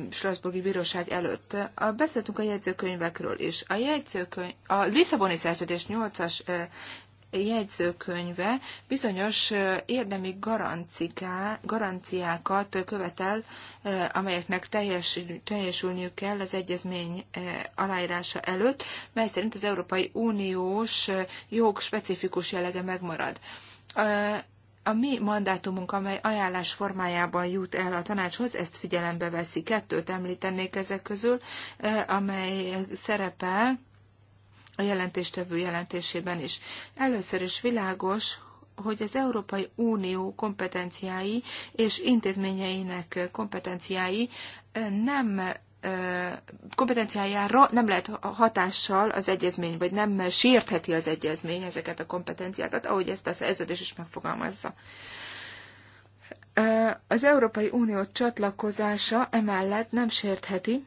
Speaker 2: Strasburgi Bíróság előtt. A, beszéltünk a jegyzőkönyvekről is. A, jegyzőkönyv, a Lisszaboni Szerződés 8-as jegyzőkönyve bizonyos érdemi garanciákat követel, amelyeknek teljes, teljesülniük kell az egyezmény aláírása előtt, mely szerint az Európai Uniós jog specifikus jellege megmarad a mi mandátumunk, amely ajánlás formájában jut el a tanácshoz, ezt figyelembe veszi. Kettőt említenék ezek közül, amely szerepel a jelentéstevő jelentésében is. Először is világos, hogy az Európai Unió kompetenciái és intézményeinek kompetenciái nem kompetenciájára nem lehet hatással az egyezmény, vagy nem sértheti az egyezmény ezeket a kompetenciákat, ahogy ezt a szerződés is megfogalmazza. Az Európai Unió csatlakozása emellett nem sértheti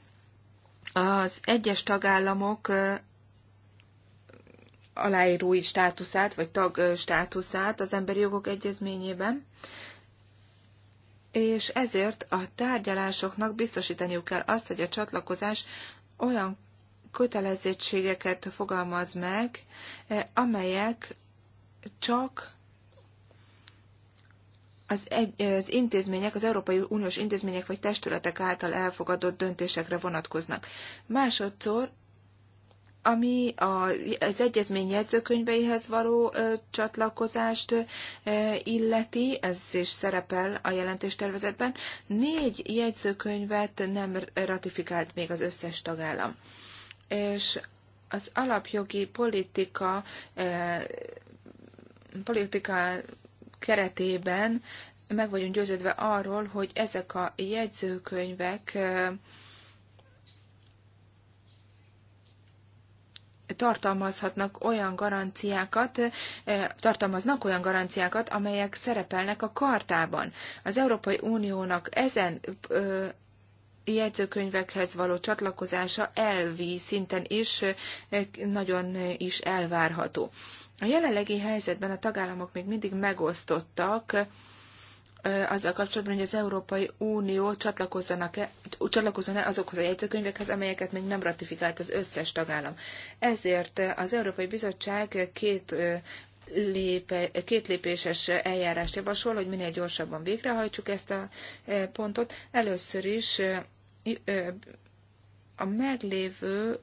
Speaker 2: az egyes tagállamok aláírói státuszát, vagy tag státuszát az Emberi Jogok Egyezményében, és ezért a tárgyalásoknak biztosítaniuk kell azt, hogy a csatlakozás olyan kötelezettségeket fogalmaz meg, amelyek csak az, egy, az intézmények, az Európai Uniós intézmények vagy testületek által elfogadott döntésekre vonatkoznak. Másodszor ami az egyezmény jegyzőkönyveihez való csatlakozást illeti, ez is szerepel a jelentéstervezetben, négy jegyzőkönyvet nem ratifikált még az összes tagállam. És az alapjogi politika, politika keretében meg vagyunk győződve arról, hogy ezek a jegyzőkönyvek tartalmazhatnak olyan garanciákat, eh, tartalmaznak olyan garanciákat, amelyek szerepelnek a kartában. Az Európai Uniónak ezen jegyzőkönyvekhez való csatlakozása elvi szinten is eh, nagyon is elvárható. A jelenlegi helyzetben a tagállamok még mindig megosztottak, azzal kapcsolatban, hogy az Európai Unió csatlakozzon, e csatlakozzon-e azokhoz a jegyzőkönyvekhez, amelyeket még nem ratifikált az összes tagállam. Ezért az Európai Bizottság két lépe, lépéses eljárást javasol, hogy minél gyorsabban végrehajtsuk ezt a pontot. Először is a meglévő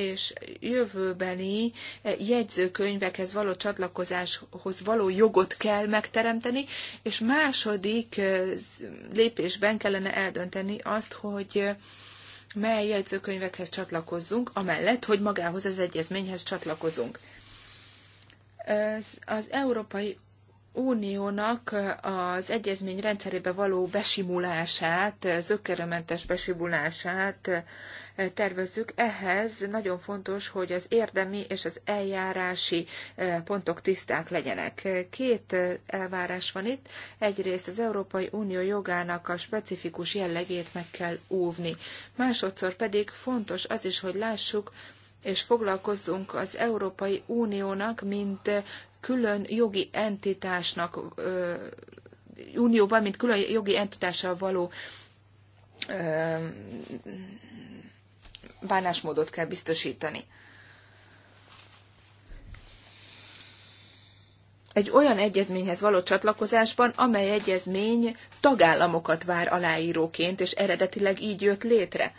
Speaker 2: és jövőbeni eh, jegyzőkönyvekhez való csatlakozáshoz való jogot kell megteremteni, és második eh, lépésben kellene eldönteni azt, hogy eh, mely jegyzőkönyvekhez csatlakozzunk, amellett, hogy magához az egyezményhez csatlakozunk. Az Európai Uniónak az egyezmény rendszerébe való besimulását, zökkenőmentes besimulását tervezzük. Ehhez nagyon fontos, hogy az érdemi és az eljárási eh, pontok tiszták legyenek. Két eh, elvárás van itt. Egyrészt az Európai Unió jogának a specifikus jellegét meg kell óvni. Másodszor pedig fontos az is, hogy lássuk, és foglalkozzunk az Európai Uniónak, mint eh, külön jogi entitásnak, unióban, mint külön jogi entitással való bánásmódot kell biztosítani. Egy olyan egyezményhez való csatlakozásban, amely egyezmény tagállamokat vár aláíróként, és eredetileg így jött létre.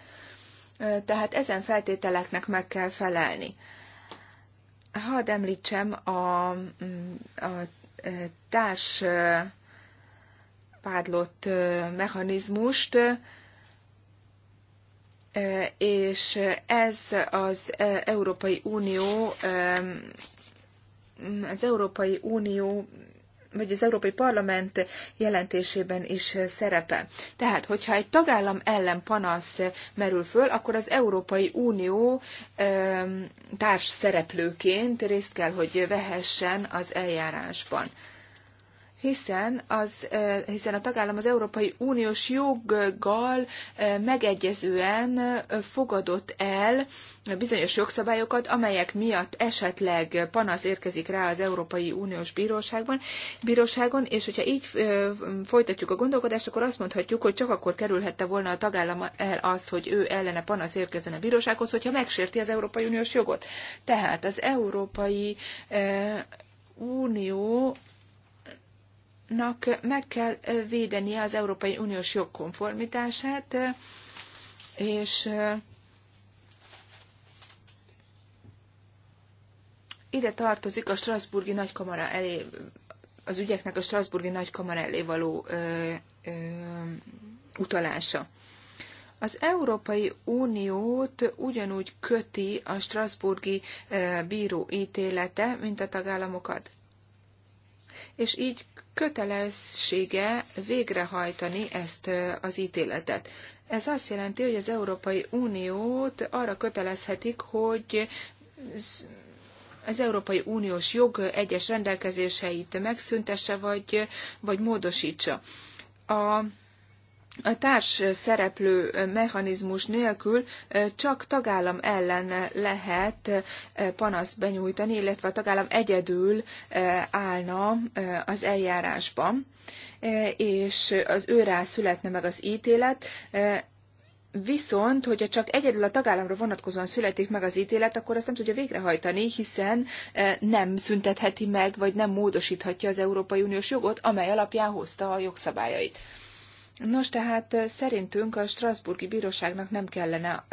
Speaker 2: Tehát ezen feltételeknek meg kell felelni. Hadd említsem a, mm, a társ pádlott mechanizmust, és ez az Európai Unió az Európai Unió vagy az Európai Parlament jelentésében is szerepel. Tehát, hogyha egy tagállam ellen panasz merül föl, akkor az Európai Unió társ szereplőként részt kell, hogy vehessen az eljárásban hiszen, az, hiszen a tagállam az Európai Uniós joggal megegyezően fogadott el bizonyos jogszabályokat, amelyek miatt esetleg panasz érkezik rá az Európai Uniós Bíróságban, Bíróságon, és hogyha így folytatjuk a gondolkodást, akkor azt mondhatjuk, hogy csak akkor kerülhette volna a tagállam el azt, hogy ő ellene panasz érkezzen a bírósághoz, hogyha megsérti az Európai Uniós jogot. Tehát az Európai Unió Nak meg kell védenie az Európai Uniós jogkonformitását, és ide tartozik a Strasburgi Nagykamara elé, az ügyeknek a Strasburgi Nagykamara elé való ö, ö, utalása. Az Európai Uniót ugyanúgy köti a Strasburgi bíró ítélete, mint a tagállamokat. És így kötelessége végrehajtani ezt az ítéletet. Ez azt jelenti, hogy az Európai Uniót arra kötelezhetik, hogy az Európai Uniós jog egyes rendelkezéseit megszüntesse, vagy, vagy módosítsa. A a társ szereplő mechanizmus nélkül csak tagállam ellen lehet panaszt benyújtani, illetve a tagállam egyedül állna az eljárásban, és az rá születne meg az ítélet, Viszont, hogyha csak egyedül a tagállamra vonatkozóan születik meg az ítélet, akkor azt nem tudja végrehajtani, hiszen nem szüntetheti meg, vagy nem módosíthatja az Európai Uniós jogot, amely alapján hozta a jogszabályait. Nos, tehát szerintünk a Strasburgi Bíróságnak nem kellene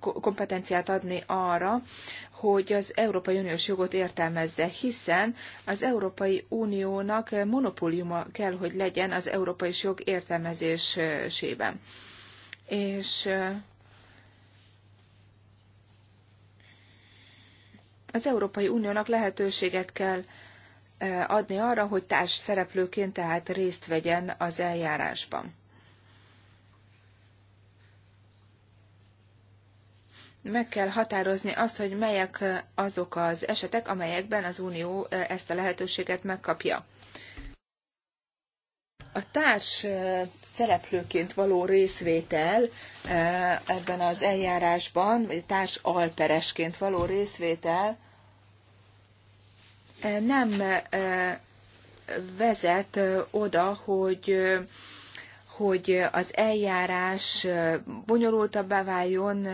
Speaker 2: kompetenciát adni arra, hogy az Európai Uniós jogot értelmezze, hiszen az Európai Uniónak monopóliuma kell, hogy legyen az európai jog értelmezésében. És az Európai Uniónak lehetőséget kell Eh, adni arra, hogy társ szereplőként tehát részt vegyen az eljárásban. meg kell határozni azt, hogy melyek azok az esetek, amelyekben az Unió eh, ezt a lehetőséget megkapja. A társ eh, szereplőként való részvétel ebben az eljárásban, vagy társ alperesként való részvétel nem vezet oda, hogy hogy az eljárás bonyolultabbá váljon,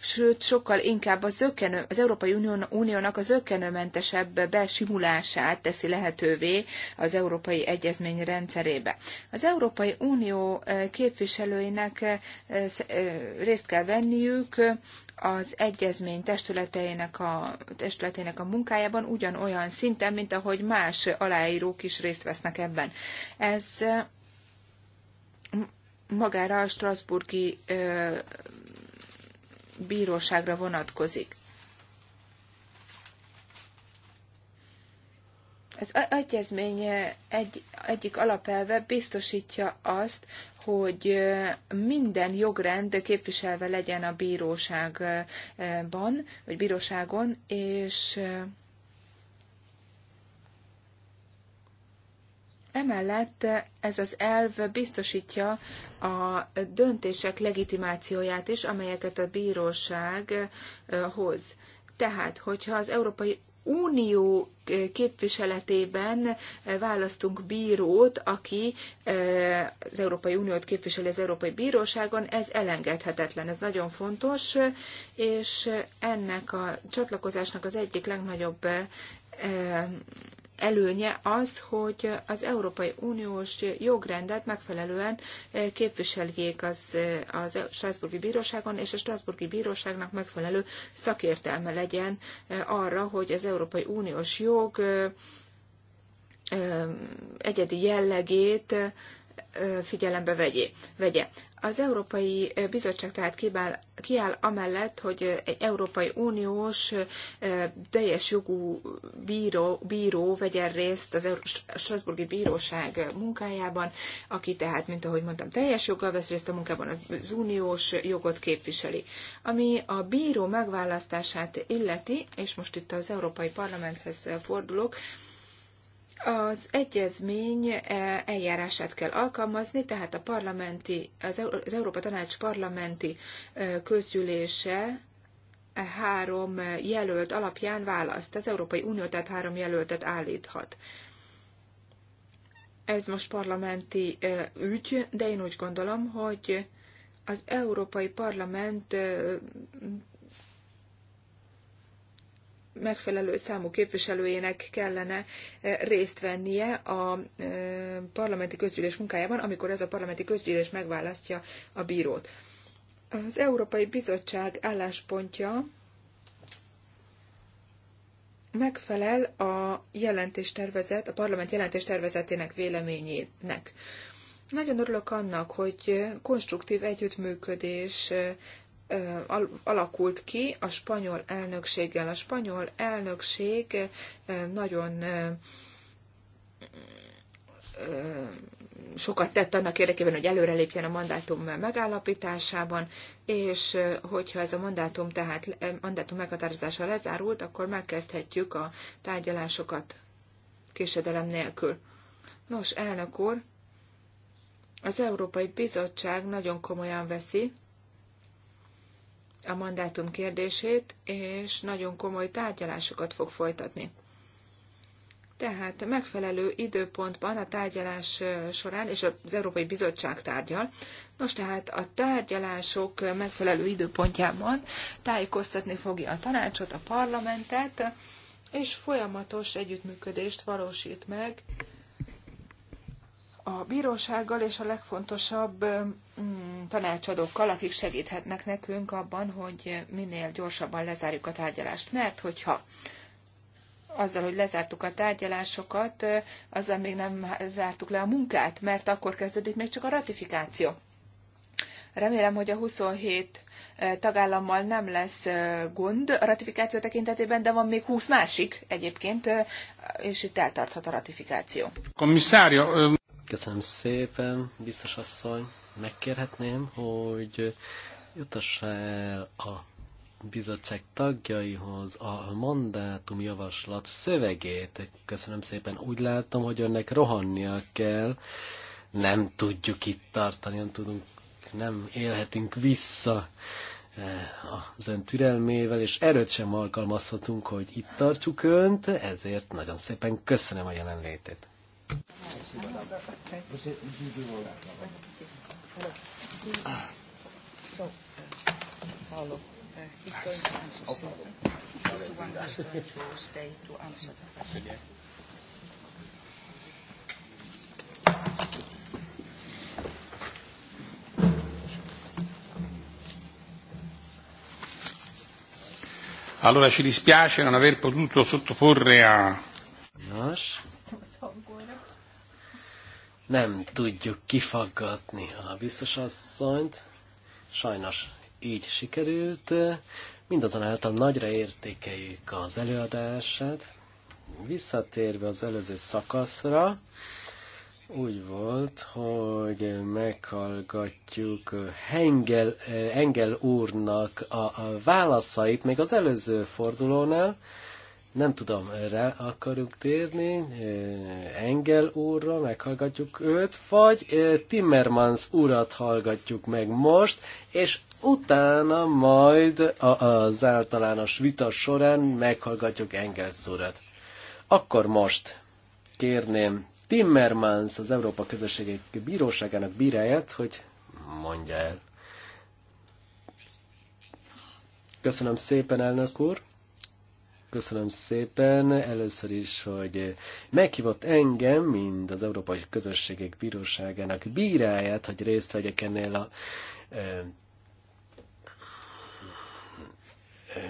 Speaker 2: sőt, sokkal inkább az, ökenő, az Európai Uniónak az ökenőmentesebb besimulását teszi lehetővé az Európai Egyezmény rendszerébe. Az Európai Unió képviselőinek részt kell venniük az egyezmény testületeinek a, testületeinek a munkájában ugyanolyan szinten, mint ahogy más aláírók is részt vesznek ebben. Ez magára a Strasburgi bíróságra vonatkozik. Az egyezmény egy, egyik alapelve biztosítja azt, hogy minden jogrend képviselve legyen a bíróságban, vagy bíróságon, és Emellett ez az elv biztosítja a döntések legitimációját is, amelyeket a bíróság hoz. Tehát, hogyha az Európai unió eh, képviseletében eh, választunk bírót, aki eh, az Európai Uniót képviseli az Európai Bíróságon, ez elengedhetetlen, ez nagyon fontos, és ennek a csatlakozásnak az egyik legnagyobb előnye az, hogy az Európai Uniós jogrendet megfelelően eh, képviseljék az, eh, az Strasburgi Bíróságon, és a Strasburgi Bíróságnak megfelelő szakértelme legyen eh, arra, hogy az Európai Uniós jog egyedi jellegét figyelembe vegye. Az Európai Bizottság tehát kibál, kiáll amellett, hogy egy Európai Uniós teljes jogú bíró, bíró vegyen részt az Strasburgi Bíróság munkájában, aki tehát, mint ahogy mondtam, teljes joggal vesz részt a munkában, az uniós jogot képviseli. Ami a bíró megválasztását illeti, és most itt az Európai Parlamenthez fordulok, az egyezmény e, eljárását kell alkalmazni, tehát a parlamenti, az Európa Tanács parlamenti e, közgyűlése e három jelölt alapján választ. Az Európai Unió tehát három jelöltet állíthat. Ez most parlamenti ügy, de én úgy gondolom, hogy az Európai Parlament megfelelő számú képviselőjének kellene eh, részt vennie a eh, parlamenti közgyűlés munkájában, amikor ez a parlamenti közgyűlés megválasztja a bírót. Az Európai Bizottság álláspontja megfelel a jelentéstervezet, a parlament jelentéstervezetének véleményének. Nagyon örülök annak, hogy konstruktív együttműködés eh, alakult ki a spanyol elnökséggel. A spanyol elnökség nagyon sokat tett annak érdekében, hogy előrelépjen a mandátum megállapításában, és hogyha ez a mandátum, tehát mandátum meghatározása lezárult, akkor megkezdhetjük a tárgyalásokat késedelem nélkül. Nos, elnök úr, az Európai Bizottság nagyon komolyan veszi a mandátum kérdését, és nagyon komoly tárgyalásokat fog folytatni. Tehát megfelelő időpontban a tárgyalás során, és az Európai Bizottság tárgyal, nos tehát a tárgyalások megfelelő időpontjában tájékoztatni fogja a tanácsot, a parlamentet, és folyamatos együttműködést valósít meg a bírósággal és a legfontosabb mm, tanácsadókkal, akik segíthetnek nekünk abban, hogy minél gyorsabban lezárjuk a tárgyalást. Mert hogyha azzal, hogy lezártuk a tárgyalásokat, azzal még nem zártuk le a munkát, mert akkor kezdődik még csak a ratifikáció. Remélem, hogy a 27 tagállammal nem lesz gond a ratifikáció tekintetében, de van még 20 másik egyébként, és itt eltarthat a ratifikáció.
Speaker 1: Komisszária, Köszönöm szépen, biztos asszony. Megkérhetném, hogy jutass el a bizottság tagjaihoz a mandátumjavaslat javaslat szövegét. Köszönöm szépen. Úgy látom, hogy önnek rohannia kell. Nem tudjuk itt tartani, nem tudunk, nem élhetünk vissza eh, az ön türelmével, és erőt sem alkalmazhatunk, hogy itt tartsuk önt, ezért nagyon szépen köszönöm a jelenlétét. Allora ci dispiace non aver potuto sottoporre a... Nos, nem tudjuk kifaggatni a biztos asszonyt. Sajnos így sikerült. Mindazonáltal nagyra értékeljük az előadását. Visszatérve az előző szakaszra, úgy volt, hogy meghallgatjuk Hengel, Engel úrnak a, a válaszait még az előző fordulónál, nem tudom, rá akarunk térni Engel úrra, meghallgatjuk őt, vagy Timmermans urat hallgatjuk meg most, és utána majd az általános vita során meghallgatjuk Engel urat. Akkor most kérném Timmermans, az Európa Közösségek Bíróságának bíráját, hogy mondja el. Köszönöm szépen, elnök úr! Köszönöm szépen először is, hogy meghívott engem, mind az Európai Közösségek Bíróságának bíráját, hogy részt vegyek ennél a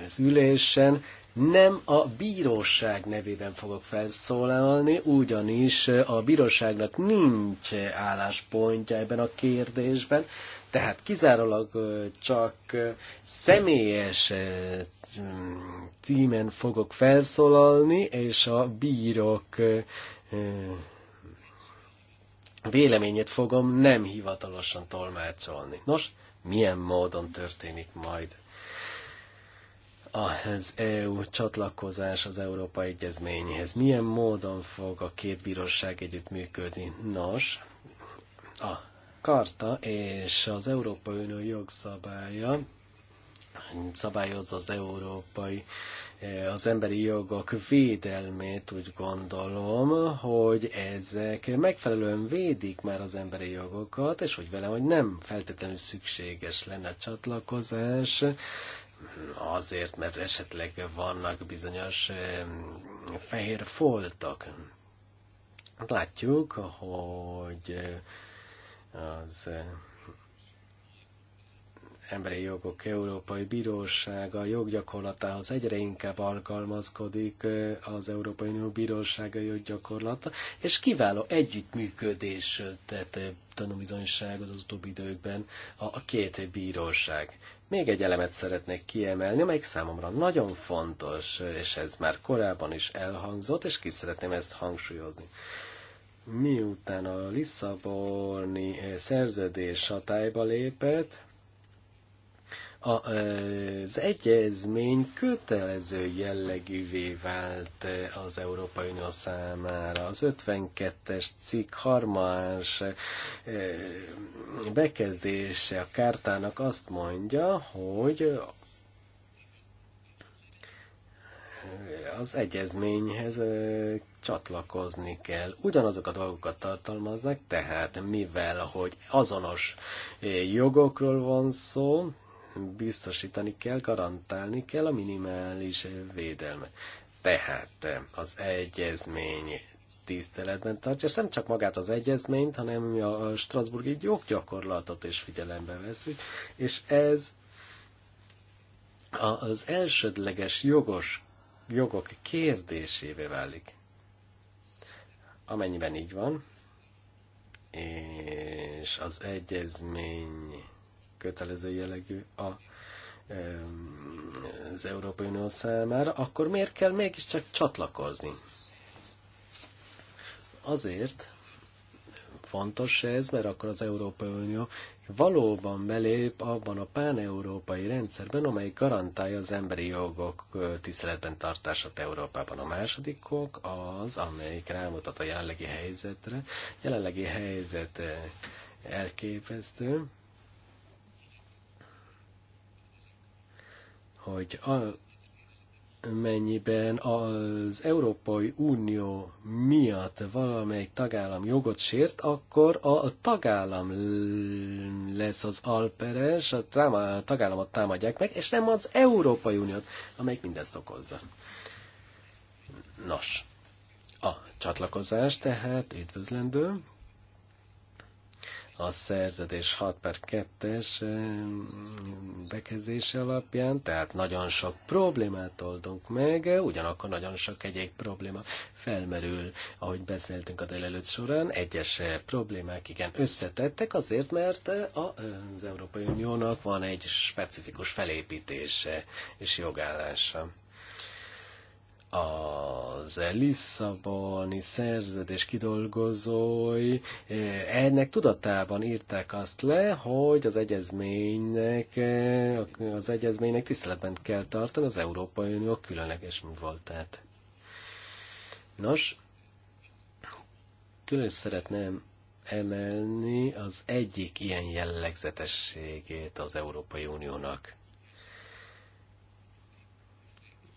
Speaker 1: az ülésen nem a bíróság nevében fogok felszólalni, ugyanis a bíróságnak nincs álláspontja ebben a kérdésben, tehát kizárólag csak személyes címen fogok felszólalni, és a bírok véleményét fogom nem hivatalosan tolmácsolni. Nos, milyen módon történik majd az EU csatlakozás az Európa Egyezményhez? Milyen módon fog a két bíróság együttműködni? Nos, a karta és az Európa Unió jogszabálya szabályozza az európai eh, az emberi jogok védelmét, úgy gondolom, hogy ezek megfelelően védik már az emberi jogokat, és hogy velem, hogy nem feltétlenül szükséges lenne a csatlakozás, azért, mert esetleg vannak bizonyos fehér foltok. Látjuk, hogy eh, az eh, emberi jogok Európai Bírósága joggyakorlatához egyre inkább alkalmazkodik az Európai Unió Bírósága joggyakorlata, és kiváló együttműködés tett tanúbizonyság az, az utóbbi időkben a két bíróság. Még egy elemet szeretnék kiemelni, amelyik számomra nagyon fontos, és ez már korábban is elhangzott, és ki szeretném ezt hangsúlyozni miután a Lisszaboni szerződés hatályba lépett, az egyezmény kötelező jellegűvé vált az Európai Unió számára. Az 52-es cikk harmás eh, bekezdése a kártának azt mondja, hogy az egyezményhez eh, csatlakozni kell. Ugyanazok a dolgokat tartalmaznak, tehát mivel, hogy azonos eh, jogokról van szó, biztosítani kell, garantálni kell a minimális védelmet. Tehát az egyezmény tiszteletben tartja, és nem csak magát az egyezményt, hanem a Strasburgi joggyakorlatot is figyelembe veszük, és ez az elsődleges jogos jogok kérdésévé válik. Amennyiben így van, és az egyezmény kötelező jellegű a, az Európai Unió számára, akkor miért kell mégiscsak csatlakozni? Azért fontos ez, mert akkor az Európai Unió valóban belép abban a páneurópai rendszerben, amely garantálja az emberi jogok tiszteletben tartását Európában. A második ok az, amelyik rámutat a jelenlegi helyzetre. Jelenlegi helyzet eh, elképesztő. hogy a, mennyiben az Európai Unió miatt valamelyik tagállam jogot sért, akkor a tagállam lesz az alperes, a, tagállamot támadják meg, és nem az Európai Uniót, amelyik mindezt okozza. Nos, a csatlakozás tehát üdvözlendő, a szerződés 6 per 2-es bekezdése alapján, tehát nagyon sok problémát oldunk meg, ugyanakkor nagyon sok egyéb probléma felmerül, ahogy beszéltünk a délelőtt során. Egyes problémák igen összetettek azért, mert az Európai Uniónak van egy specifikus felépítése és jogállása az Lisszaboni szerződés kidolgozói eh, ennek tudatában írták azt le, hogy az egyezménynek, eh, az egyezménynek tiszteletben kell tartani az Európai Unió különleges mi voltát. Nos, külön szeretném emelni az egyik ilyen jellegzetességét az Európai Uniónak.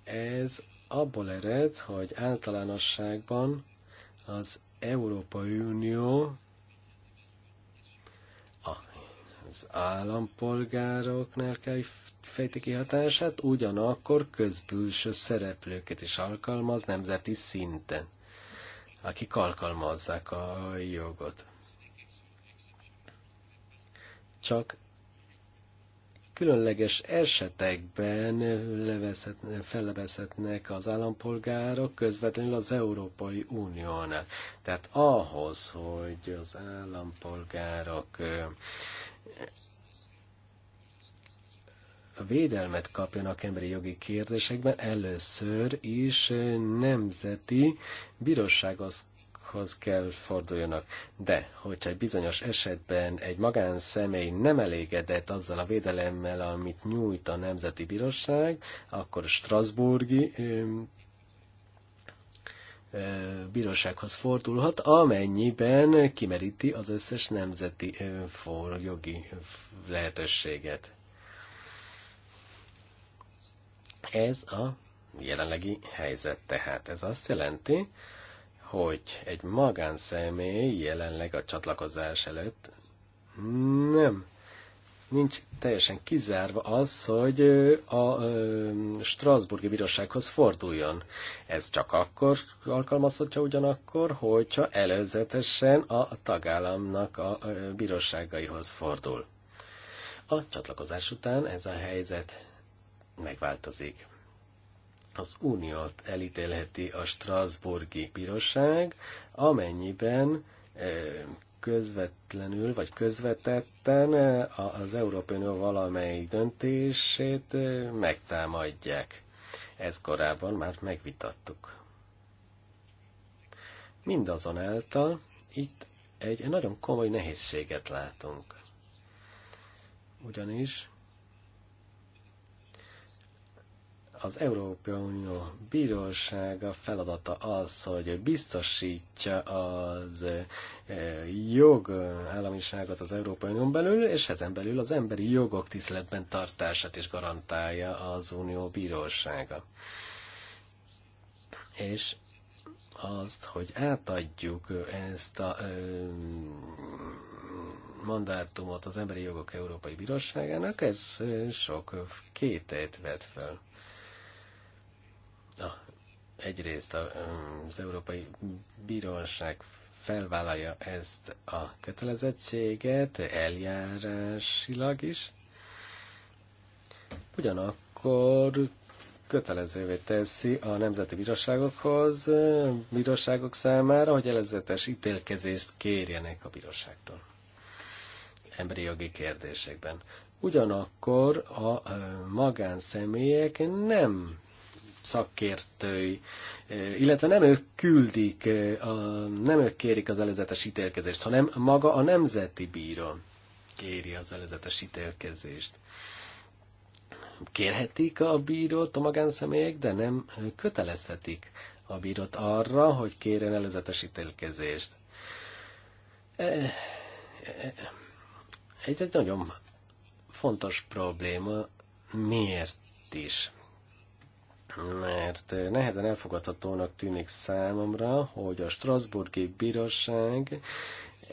Speaker 1: Ez abból ered, hogy általánosságban az Európai Unió az állampolgároknál kell fejti ki hatását, ugyanakkor közbülső szereplőket is alkalmaz nemzeti szinten, akik alkalmazzák a jogot. Csak különleges esetekben fellebezhetnek az állampolgárok közvetlenül az Európai Uniónál. Tehát ahhoz, hogy az állampolgárok védelmet kapjanak emberi jogi kérdésekben, először is nemzeti bírósághoz magukhoz kell forduljanak. De, hogyha egy bizonyos esetben egy magánszemély nem elégedett azzal a védelemmel, amit nyújt a Nemzeti Bíróság, akkor Strasburgi bírósághoz fordulhat, amennyiben kimeríti az összes nemzeti jogi lehetőséget. Ez a jelenlegi helyzet tehát. Ez azt jelenti, hogy egy magánszemély jelenleg a csatlakozás előtt nem nincs teljesen kizárva az, hogy a Strasburgi Bírósághoz forduljon. Ez csak akkor alkalmazhatja ugyanakkor, hogyha előzetesen a tagállamnak a bíróságaihoz fordul. A csatlakozás után ez a helyzet megváltozik az uniót elítélheti a Strasburgi Bíróság, amennyiben közvetlenül vagy közvetetten az Európai Unió valamelyik döntését megtámadják. Ez korábban már megvitattuk. Mindazonáltal itt egy nagyon komoly nehézséget látunk. Ugyanis az Európai Unió Bírósága feladata az, hogy biztosítja az eh, jogállamiságot az Európai Unión belül, és ezen belül az emberi jogok tiszteletben tartását is garantálja az Unió Bírósága. És azt, hogy átadjuk ezt a ö, eh, mandátumot az Emberi Jogok Európai Bíróságának, ez eh, sok kétét vet fel a, egyrészt a, az Európai Bíróság felvállalja ezt a kötelezettséget eljárásilag is, ugyanakkor kötelezővé teszi a nemzeti bíróságokhoz, bíróságok számára, hogy előzetes ítélkezést kérjenek a bíróságtól emberi jogi kérdésekben. Ugyanakkor a magánszemélyek nem szakértői, illetve nem ők küldik, nem ők kérik az előzetes ítélkezést, hanem maga a nemzeti bíró kéri az előzetes ítélkezést. Kérhetik a bírót a magánszemélyek, de nem kötelezhetik a bírót arra, hogy kérjen előzetes ítélkezést. E, e, egy, egy nagyon fontos probléma, miért is? mert nehezen elfogadhatónak tűnik számomra, hogy a Strasburgi Bíróság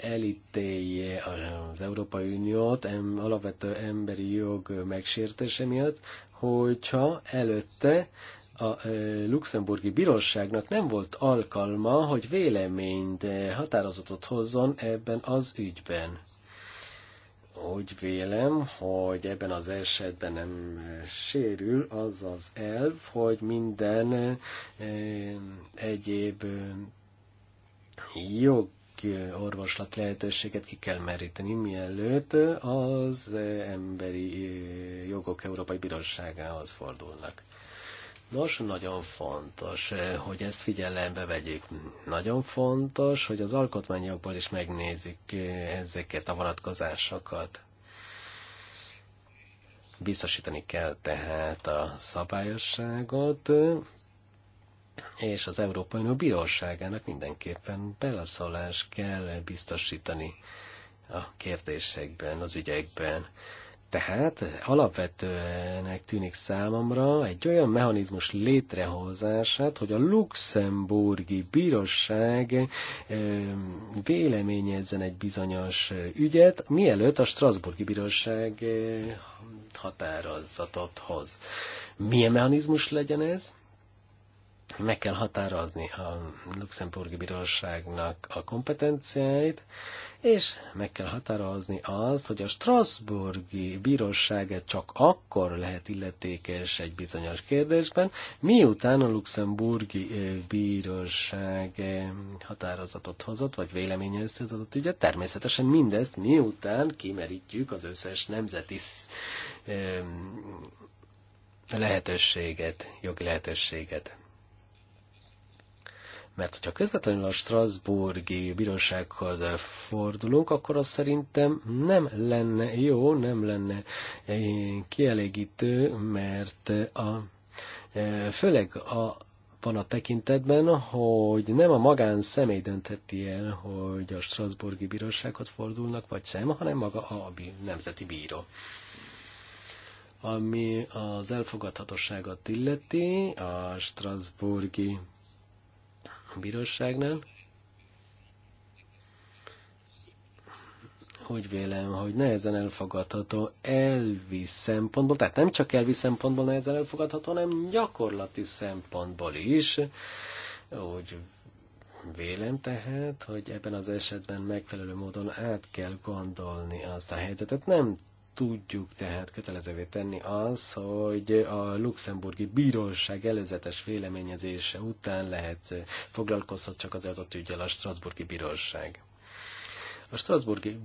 Speaker 1: elítélje az Európai Uniót em, alapvető emberi jog megsértése miatt, hogyha előtte a luxemburgi bíróságnak nem volt alkalma, hogy véleményt, határozatot hozzon ebben az ügyben úgy vélem, hogy ebben az esetben nem sérül az az elv, hogy minden eh, egyéb eh, jog eh, orvoslat lehetőséget ki kell meríteni, mielőtt az Emberi Jogok Európai Bíróságához fordulnak. Nos, nagyon fontos, eh, hogy ezt figyelembe vegyük. Nagyon fontos, hogy az alkotmányokból is megnézik eh, ezeket a vonatkozásokat. Biztosítani kell tehát a szabályosságot, eh, és az Európai Unió Bíróságának mindenképpen beleszólás kell biztosítani a kérdésekben, az ügyekben. Tehát alapvetőenek tűnik számomra egy olyan mechanizmus létrehozását, hogy a luxemburgi bíróság véleményezzen egy bizonyos ügyet, mielőtt a Strasburgi bíróság határozatot hoz. Milyen mechanizmus legyen ez? meg kell határozni a luxemburgi bíróságnak a kompetenciáit, és meg kell határozni azt, hogy a Strasburgi bíróság csak akkor lehet illetékes egy bizonyos kérdésben, miután a luxemburgi bíróság határozatot hozott, vagy véleményezte az adott ügyet. Természetesen mindezt miután kimerítjük az összes nemzeti lehetőséget, jogi lehetőséget. Mert hogyha közvetlenül a Strasburgi bírósághoz fordulunk, akkor az szerintem nem lenne jó, nem lenne eh, kielégítő, mert eh, a, eh, főleg a van a tekintetben, hogy nem a magán személy döntheti el, hogy a Strasburgi bírósághoz fordulnak, vagy sem, hanem maga a nemzeti bíró ami az elfogadhatóságot illeti, a Strasburgi a bíróságnál. Hogy vélem, hogy nehezen elfogadható elvi szempontból, tehát nem csak elvi szempontból nehezen elfogadható, hanem gyakorlati szempontból is. Úgy Vélem tehát, hogy ebben az esetben megfelelő módon át kell gondolni azt a helyzetet. Nem tudjuk tehát kötelezővé tenni az, hogy a luxemburgi bíróság előzetes véleményezése után lehet eh, foglalkozhat csak az adott ügyel a Strasburgi Bíróság. A Strasburgi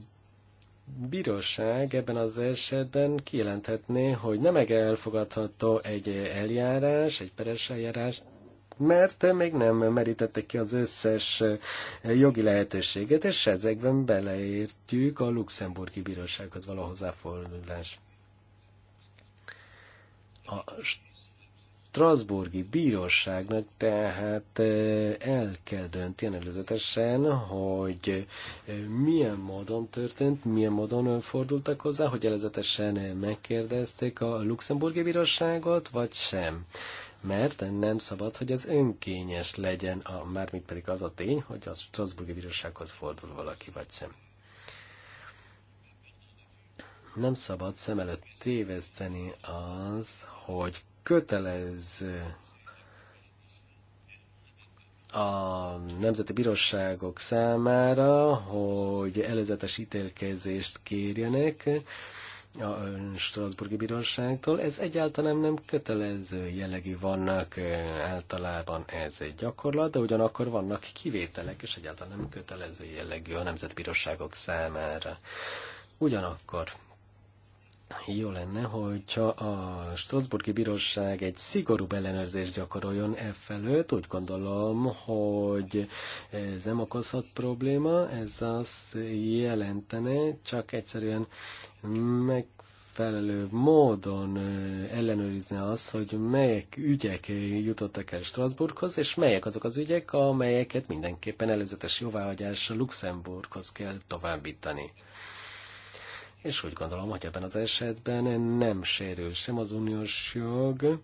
Speaker 1: bíróság ebben az esetben kijelenthetné, hogy nem elfogadható egy eljárás, egy peres eljárás, mert még nem merítettek ki az összes eh, jogi lehetőséget, és ezekben beleértjük a luxemburgi bírósághoz való hozzáfordulás. A Strasburgi bíróságnak tehát eh, el kell döntien előzetesen, hogy eh, milyen módon történt, milyen módon fordultak hozzá, hogy előzetesen megkérdezték a luxemburgi bíróságot, vagy sem mert nem szabad, hogy az önkényes legyen, a, mármint pedig az a tény, hogy a Strasburgi Bírósághoz fordul valaki, vagy sem. Nem szabad szem előtt téveszteni az, hogy kötelez a nemzeti bíróságok számára, hogy előzetes ítélkezést kérjenek, a Strasburgi Bíróságtól. Ez egyáltalán nem kötelező jellegű vannak általában ez egy gyakorlat, de ugyanakkor vannak kivételek, és egyáltalán nem kötelező jellegű a nemzetbíróságok számára. Ugyanakkor jó lenne, hogyha a Strasburgi Bíróság egy szigorúbb ellenőrzést gyakoroljon e felőtt. Úgy gondolom, hogy ez nem okozhat probléma, ez azt jelentene, csak egyszerűen meg megfelelő módon ellenőrizni azt, hogy melyek ügyek jutottak el Strasbourghoz, és melyek azok az ügyek, amelyeket mindenképpen előzetes jóváhagyás Luxemburghoz kell továbbítani és úgy gondolom, hogy ebben az esetben nem sérül sem az uniós jog,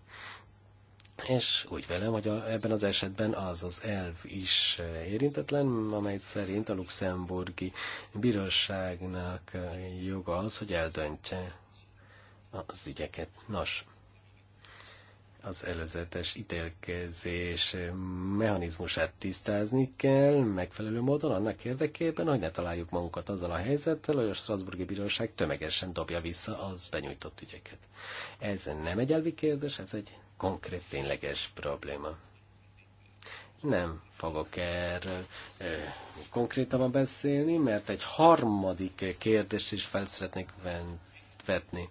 Speaker 1: és úgy velem, hogy a, ebben az esetben az az elv is érintetlen, amely szerint a luxemburgi bíróságnak joga az, hogy eldöntse az ügyeket. Nos, az előzetes ítélkezés mechanizmusát tisztázni kell megfelelő módon annak érdekében, hogy ne találjuk magunkat azzal a helyzettel, hogy a Strasburgi Bíróság tömegesen dobja vissza az benyújtott ügyeket. Ez nem egy elvi kérdés, ez egy konkrét tényleges probléma. Nem fogok erről ö, beszélni, mert egy harmadik kérdést is fel szeretnék vetni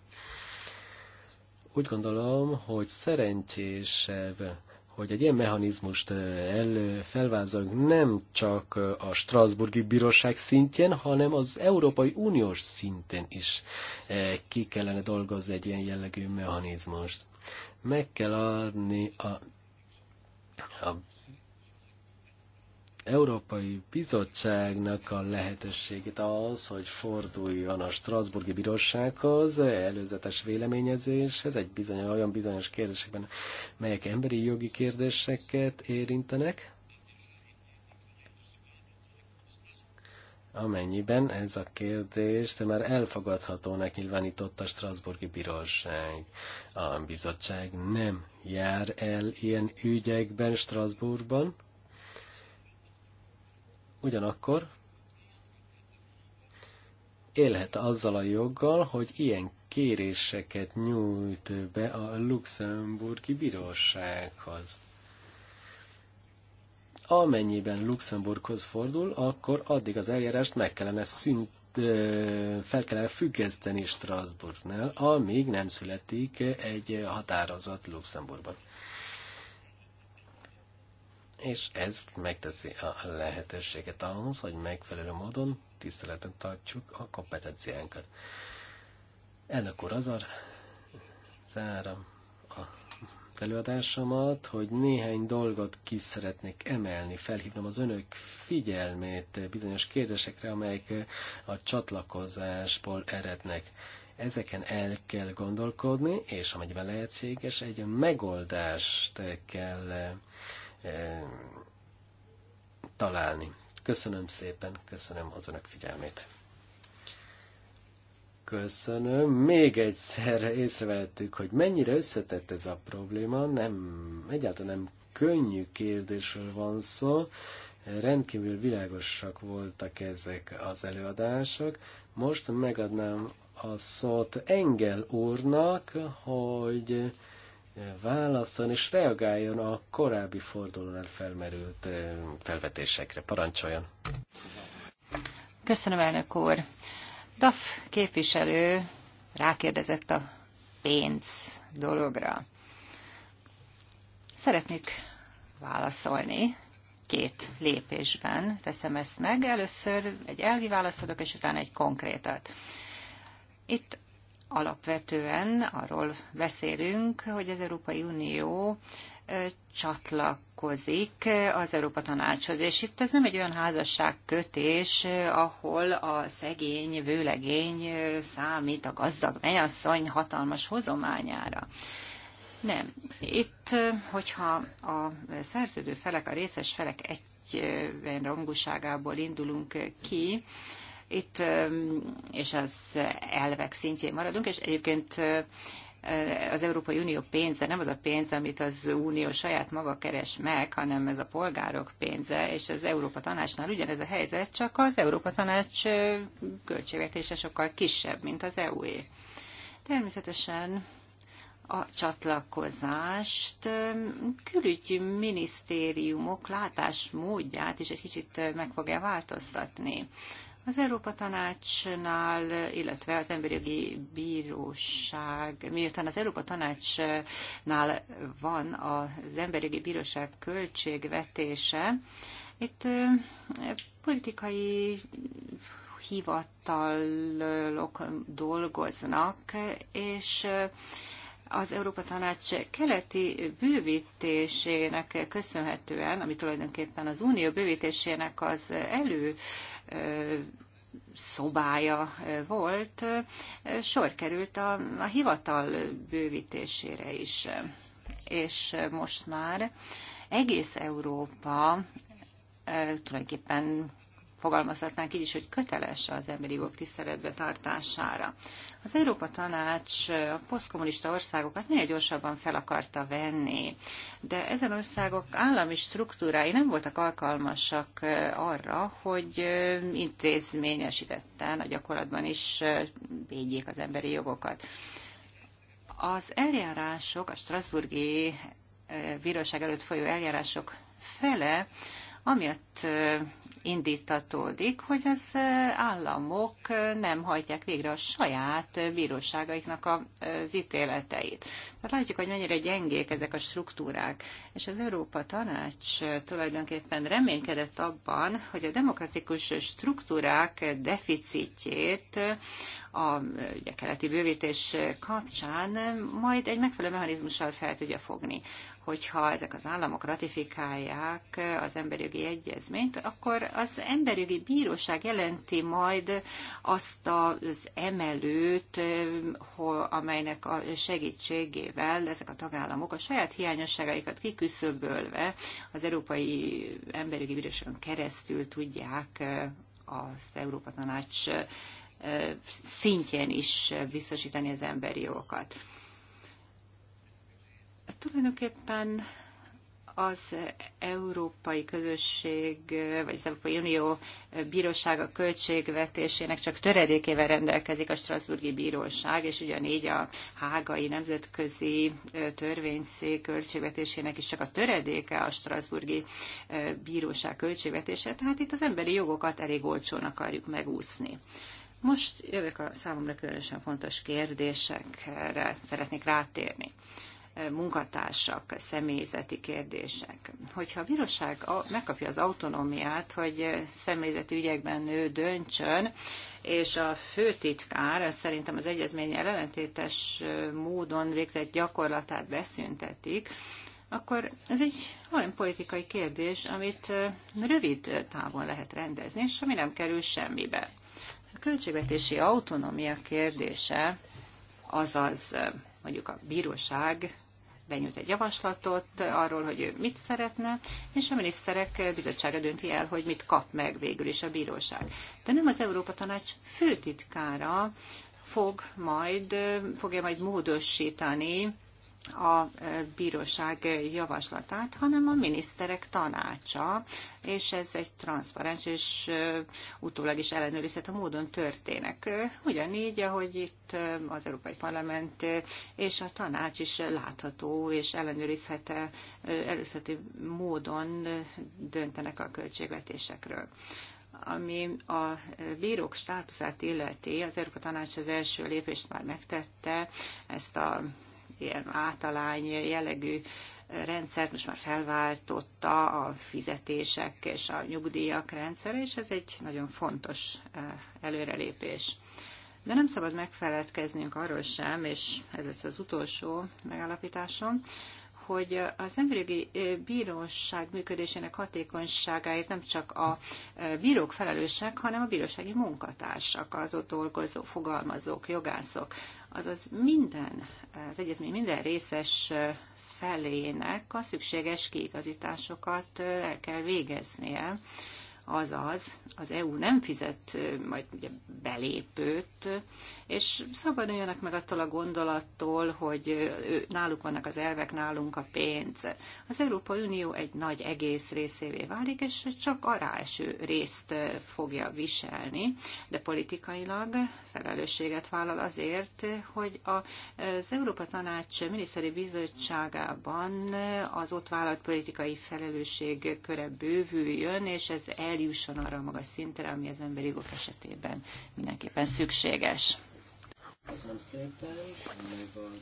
Speaker 1: úgy gondolom, hogy szerencsésebb hogy egy ilyen mechanizmust elő felvázolunk nem csak a Strasburgi Bíróság szintjén, hanem az Európai Uniós szinten is ki kellene dolgozni egy ilyen jellegű mechanizmust. Meg kell adni a, a Európai Bizottságnak a lehetőségét az, hogy forduljon a Strasburgi Bírósághoz, előzetes véleményezéshez, egy bizonyos, olyan bizonyos kérdésekben, melyek emberi jogi kérdéseket érintenek, amennyiben ez a kérdés de már elfogadhatónak nyilvánította a Strasburgi Bíróság. A bizottság nem jár el ilyen ügyekben Strasbourgban, Ugyanakkor élhet azzal a joggal, hogy ilyen kéréseket nyújt be a luxemburgi bírósághoz. Amennyiben Luxemburghoz fordul, akkor addig az eljárást meg kellene szünt, fel kellene függeszteni Strasbourgnál, amíg nem születik egy határozat Luxemburgban és ez megteszi a lehetőséget ahhoz, hogy megfelelő módon tiszteleten tartsuk a kompetenciánkat. Elnök úr, azar zárom a előadásomat, hogy néhány dolgot ki szeretnék emelni, felhívnom az önök figyelmét bizonyos kérdésekre, amelyek a csatlakozásból erednek. Ezeken el kell gondolkodni, és amennyiben lehetséges, egy megoldást kell E, találni. Köszönöm szépen, köszönöm az önök figyelmét. Köszönöm. Még egyszer észrevettük, hogy mennyire összetett ez a probléma. Nem, egyáltalán nem könnyű kérdésről van szó. Rendkívül világosak voltak ezek az előadások. Most megadnám a szót Engel úrnak, hogy válaszon és reagáljon a korábbi fordulónál felmerült felvetésekre. Parancsoljon!
Speaker 3: Köszönöm, elnök úr! DAF képviselő rákérdezett a pénz dologra. Szeretnék válaszolni, két lépésben teszem ezt meg. Először egy elvi választ adok, és utána egy konkrétat. Itt alapvetően arról beszélünk, hogy az Európai Unió csatlakozik az Európa Tanácshoz. És itt ez nem egy olyan házasságkötés, ahol a szegény, vőlegény számít a gazdag menyasszony hatalmas hozományára. Nem. Itt, hogyha a szerződő felek, a részes felek egy rangúságából indulunk ki, itt és az elvek szintjén maradunk, és egyébként az Európai Unió pénze nem az a pénz, amit az Unió saját maga keres meg, hanem ez a polgárok pénze, és az Európa Tanácsnál ugyanez a helyzet, csak az Európa Tanács költségvetése sokkal kisebb, mint az EU-é. Természetesen a csatlakozást külügyi minisztériumok látásmódját is egy kicsit meg fogja változtatni. Az Európa Tanácsnál, illetve az Emberi Jogi Bíróság, miután az Európa Tanácsnál van az Emberi Jogi Bíróság költségvetése, itt politikai hivatalok dolgoznak, és az Európa Tanács keleti bővítésének köszönhetően, ami tulajdonképpen az unió bővítésének az elő szobája volt, sor került a, a hivatal bővítésére is. És most már egész Európa tulajdonképpen fogalmazhatnánk így is, hogy köteles az emberi jogok tiszteletbe tartására. Az Európa Tanács a posztkommunista országokat minél gyorsabban fel akarta venni, de ezen országok állami struktúrái nem voltak alkalmasak arra, hogy intézményesítetten a gyakorlatban is védjék az emberi jogokat. Az eljárások, a Strasburgi bíróság előtt folyó eljárások fele, amiatt indítatódik, hogy az államok nem hajtják végre a saját bíróságaiknak az ítéleteit. Tehát látjuk, hogy mennyire gyengék ezek a struktúrák. És az Európa Tanács tulajdonképpen reménykedett abban, hogy a demokratikus struktúrák deficitjét a ugye, keleti bővítés kapcsán majd egy megfelelő mechanizmussal fel tudja fogni hogyha ezek az államok ratifikálják az emberi jogi egyezményt, akkor akkor az emberjogi bíróság jelenti majd azt az emelőt, amelynek a segítségével ezek a tagállamok a saját hiányosságaikat kiküszöbölve az Európai Emberjogi Bíróságon keresztül tudják az Európa Tanács szintjén is biztosítani az emberi jogokat. Tulajdonképpen az európai közösség, vagy az Európai Unió bírósága költségvetésének csak töredékével rendelkezik a Strasburgi Bíróság, és ugyanígy a hágai nemzetközi törvényszék költségvetésének is csak a töredéke a Strasburgi Bíróság költségvetése, tehát itt az emberi jogokat elég olcsón akarjuk megúszni. Most jövök a számomra különösen fontos kérdésekre, szeretnék rátérni munkatársak, személyzeti kérdések. Hogyha a bíróság megkapja az autonómiát, hogy személyzeti ügyekben ő döntsön, és a főtitkár szerintem az egyezmény ellentétes módon végzett gyakorlatát beszüntetik, akkor ez egy olyan politikai kérdés, amit rövid távon lehet rendezni, és ami nem kerül semmibe. A költségvetési autonómia kérdése, azaz mondjuk a bíróság benyújt egy javaslatot arról, hogy ő mit szeretne, és a miniszterek bizottsága dönti el, hogy mit kap meg végül is a bíróság. De nem az Európa Tanács főtitkára fog majd, fogja majd módosítani a e, bíróság javaslatát, hanem a miniszterek tanácsa, és ez egy transzparens és e, utólag is ellenőrizhető módon történek. E, ugyanígy, ahogy itt az Európai Parlament és a tanács is látható és ellenőrizhető, előszeti módon döntenek a költségvetésekről ami a bírók státuszát illeti, az Európa Tanács az első lépést már megtette, ezt a ilyen általány jellegű rendszert most már felváltotta a fizetések és a nyugdíjak rendszere, és ez egy nagyon fontos eh, előrelépés. De nem szabad megfeledkeznünk arról sem, és ez lesz az utolsó megállapításom, hogy az emberi eh, bíróság működésének hatékonyságáért nem csak a eh, bírók felelősek, hanem a bírósági munkatársak, az ott dolgozó fogalmazók, jogászok. Azaz minden, az egyezmény minden részes felének a szükséges kiigazításokat el kell végeznie. Azaz, az EU nem fizet majd ugye belépőt, és szabaduljanak meg attól a gondolattól, hogy náluk vannak az elvek, nálunk a pénz. Az Európai Unió egy nagy egész részévé válik, és csak ráeső részt fogja viselni, de politikailag felelősséget vállal azért, hogy az Európa Tanács Miniszteri Bizottságában az ott vállalt politikai felelősség köre bővüljön, és ez eljusson arra a magas szintre, ami az emberi jogok esetében mindenképpen szükséges.
Speaker 1: Köszönöm szépen, megadom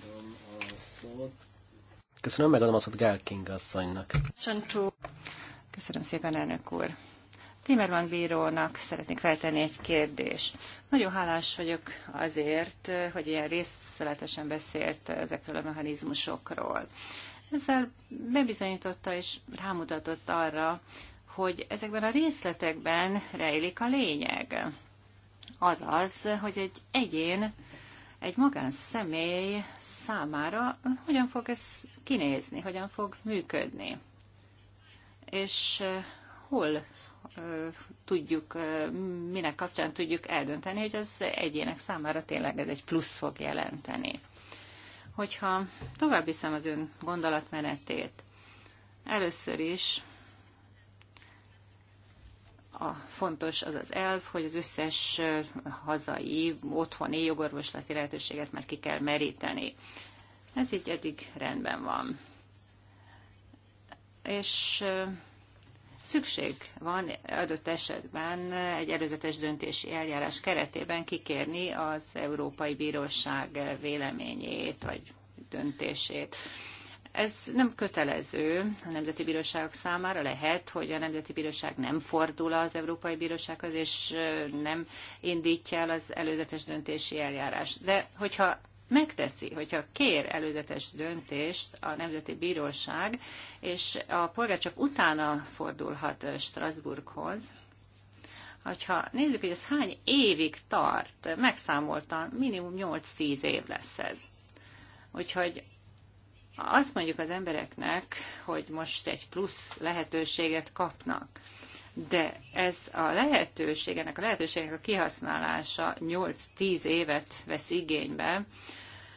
Speaker 1: a szót. Köszönöm, megadom a szót Gál King asszonynak. Csantó. Köszönöm szépen, elnök úr.
Speaker 3: Timerman bírónak szeretnék feltenni egy kérdés. Nagyon hálás vagyok azért, hogy ilyen részletesen beszélt ezekről a mechanizmusokról. Ezzel bebizonyította és rámutatott arra, hogy ezekben a részletekben rejlik a lényeg. Azaz, hogy egy egyén egy magán személy számára hogyan fog ez kinézni, hogyan fog működni. És hol tudjuk, minek kapcsán tudjuk eldönteni, hogy az egyének számára tényleg ez egy plusz fog jelenteni. Hogyha tovább viszem az ön gondolatmenetét, először is a fontos az az elv, hogy az összes hazai, otthoni jogorvoslati lehetőséget már ki kell meríteni. Ez így eddig rendben van. És szükség van adott esetben egy előzetes döntési eljárás keretében kikérni az Európai Bíróság véleményét vagy döntését. Ez nem kötelező a nemzeti bíróságok számára. Lehet, hogy a nemzeti bíróság nem fordul az Európai Bírósághoz, és nem indítja el az előzetes döntési eljárás. De hogyha megteszi, hogyha kér előzetes döntést a Nemzeti Bíróság, és a polgár csak utána fordulhat Strasbourghoz, hogyha nézzük, hogy ez hány évig tart, megszámoltam, minimum 8-10 év lesz ez. Úgyhogy azt mondjuk az embereknek, hogy most egy plusz lehetőséget kapnak. De ez a lehetőség, ennek a lehetőségnek a kihasználása 8-10 évet vesz igénybe,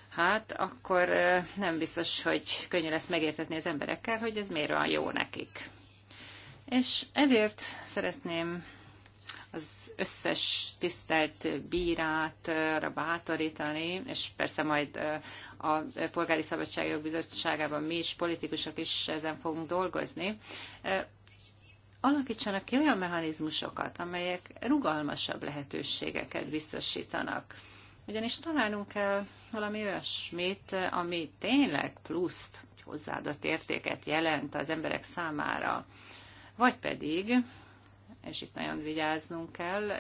Speaker 3: hát akkor nem biztos, hogy könnyű lesz megértetni az emberekkel, hogy ez miért van jó nekik. És ezért szeretném az összes tisztelt bírát arra bátorítani, és persze majd a Polgári Szabadságjog Bizottságában mi is, politikusok is ezen fogunk dolgozni, alakítsanak ki olyan mechanizmusokat, amelyek rugalmasabb lehetőségeket biztosítanak. Ugyanis találnunk kell valami olyasmit, ami tényleg pluszt, hozzáadott értéket jelent az emberek számára. Vagy pedig és itt nagyon vigyáznunk kell.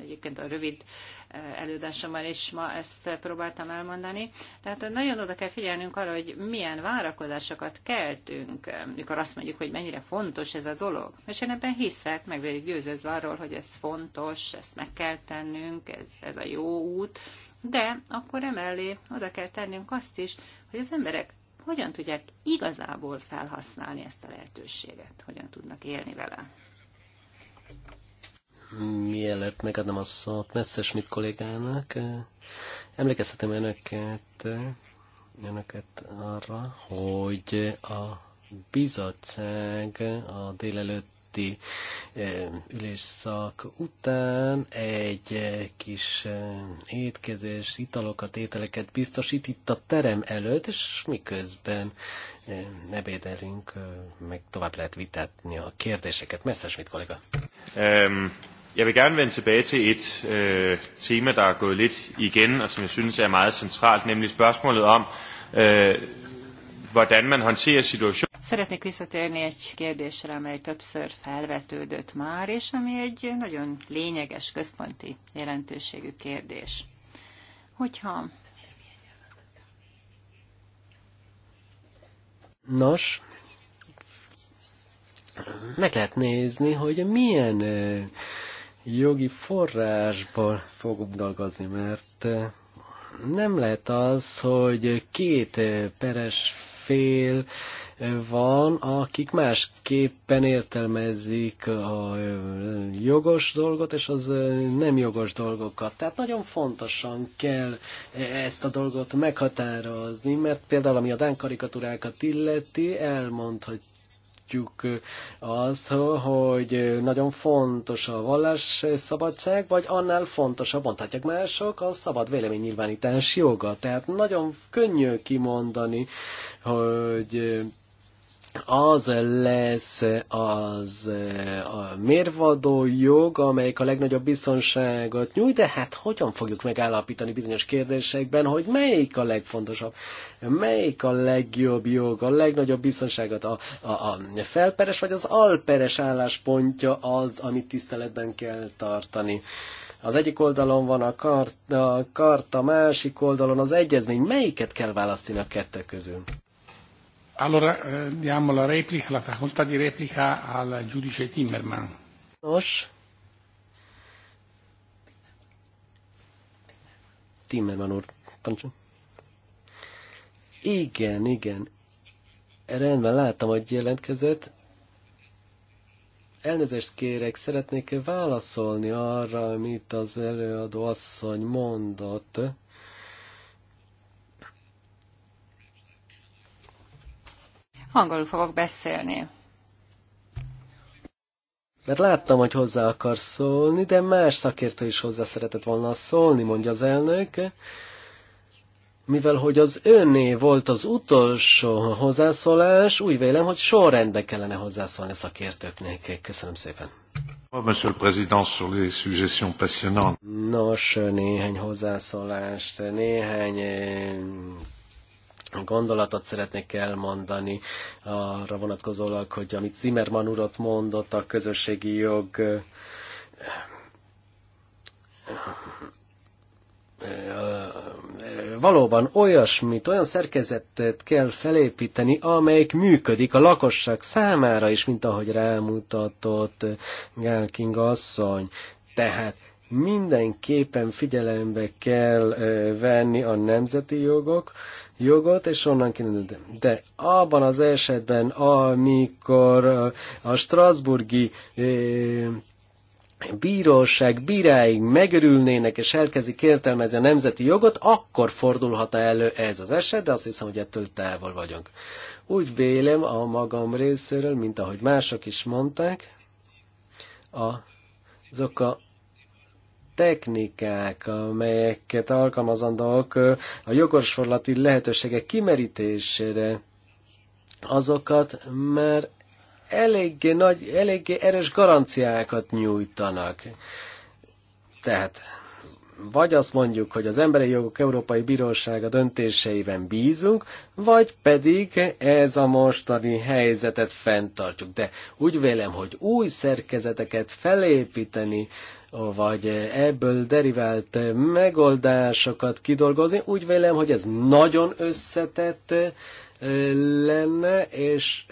Speaker 3: Egyébként a rövid eh, előadásommal is ma ezt próbáltam elmondani. Tehát nagyon oda kell figyelnünk arra, hogy milyen várakozásokat keltünk, mikor azt mondjuk, hogy mennyire fontos ez a dolog. És én ebben hiszek, meg vagyok győződve arról, hogy ez fontos, ezt meg kell tennünk, ez, ez a jó út, de akkor emellé oda kell tennünk azt is, hogy az emberek hogyan tudják igazából felhasználni ezt a lehetőséget, hogyan tudnak élni vele
Speaker 1: mielőtt megadom a szót Messerschmidt kollégának, emlékeztetem önöket, önöket arra, hogy a bizottság a délelőtti ülésszak után egy kis étkezés, italokat, ételeket biztosít itt a terem előtt, és miközben ebédelünk, meg tovább lehet vitatni a kérdéseket. Messzes mit, kollega?
Speaker 3: Um, Jeg vil gerne vende tilbage til et øh, tema, der er gået lidt igen, og som jeg synes er meget centralt, nemlig spørgsmålet om, øh, hvordan man håndterer situationen. Szeretnék visszatérni egy kérdésre, amely többször felvetődött már, és ami egy nagyon lényeges, központi jelentőségű kérdés. Hogyha...
Speaker 1: Nos, meg lehet nézni, hogy milyen uh, jogi forrásból fogunk dolgozni, mert eh, nem lehet az, hogy két eh, peres fél eh, van, akik másképpen értelmezik a jogos dolgot és az nem jogos dolgokat. Tehát nagyon fontosan kell ezt a dolgot meghatározni, mert például ami a dán karikatúrákat illeti, elmondhat, látjuk azt, hogy nagyon fontos a vallás szabadság, vagy annál fontosabb, mondhatják mások, a szabad véleménynyilvánítás joga. Tehát nagyon könnyű kimondani, hogy az lesz az eh, a mérvadó jog, amelyik a legnagyobb biztonságot nyújt, de hát hogyan fogjuk megállapítani bizonyos kérdésekben, hogy melyik a legfontosabb, melyik a legjobb jog, a legnagyobb biztonságot, a, a, a felperes vagy az alperes álláspontja az, amit tiszteletben kell tartani. Az egyik oldalon van a karta, a karta másik oldalon az egyezmény. Melyiket kell választani a kettő közül? Allora eh, diamo la replica, la facoltà di replica al giudice Timmerman. Nos. Timmerman úr, pancsom. Igen, igen. Rendben, láttam, hogy jelentkezett. Elnézést kérek, szeretnék válaszolni arra, amit az előadó asszony mondott.
Speaker 3: Angolul fogok beszélni.
Speaker 1: Mert láttam, hogy hozzá akar szólni, de más szakértő is hozzá szeretett volna szólni, mondja az elnök. Mivel hogy az önné volt az utolsó hozzászólás, úgy vélem, hogy sorrendbe kellene hozzászólni a szakértőknek. Köszönöm szépen.
Speaker 2: Oh, monsieur le Président, sur les suggestions passionnantes.
Speaker 1: Nos, néhány hozzászólást, néhány eh, gondolatot szeretnék elmondani arra vonatkozólag, hogy amit Zimmermann urat mondott a közösségi jog valóban olyasmit, olyan szerkezetet kell felépíteni, amelyik működik a lakosság számára is, mint ahogy rámutatott Gál King asszony. Tehát mindenképpen figyelembe kell venni a nemzeti jogok, jogot, és onnan kinőtt. De abban az esetben, amikor a Strasburgi bíróság bíráig megörülnének és elkezdik értelmezni a nemzeti jogot, akkor fordulhat elő ez az eset, de azt hiszem, hogy ettől távol vagyunk. Úgy vélem a magam részéről, mint ahogy mások is mondták, a, azok a technikák, amelyeket alkalmazandók a jogosorlati lehetőségek kimerítésére, azokat már eléggé, nagy, eléggé erős garanciákat nyújtanak. Tehát vagy azt mondjuk, hogy az Emberi Jogok Európai Bírósága döntéseiben bízunk, vagy pedig ez a mostani helyzetet fenntartjuk. De úgy vélem, hogy új szerkezeteket felépíteni, vagy ebből derivált megoldásokat kidolgozni. Úgy vélem, hogy ez nagyon összetett lenne, és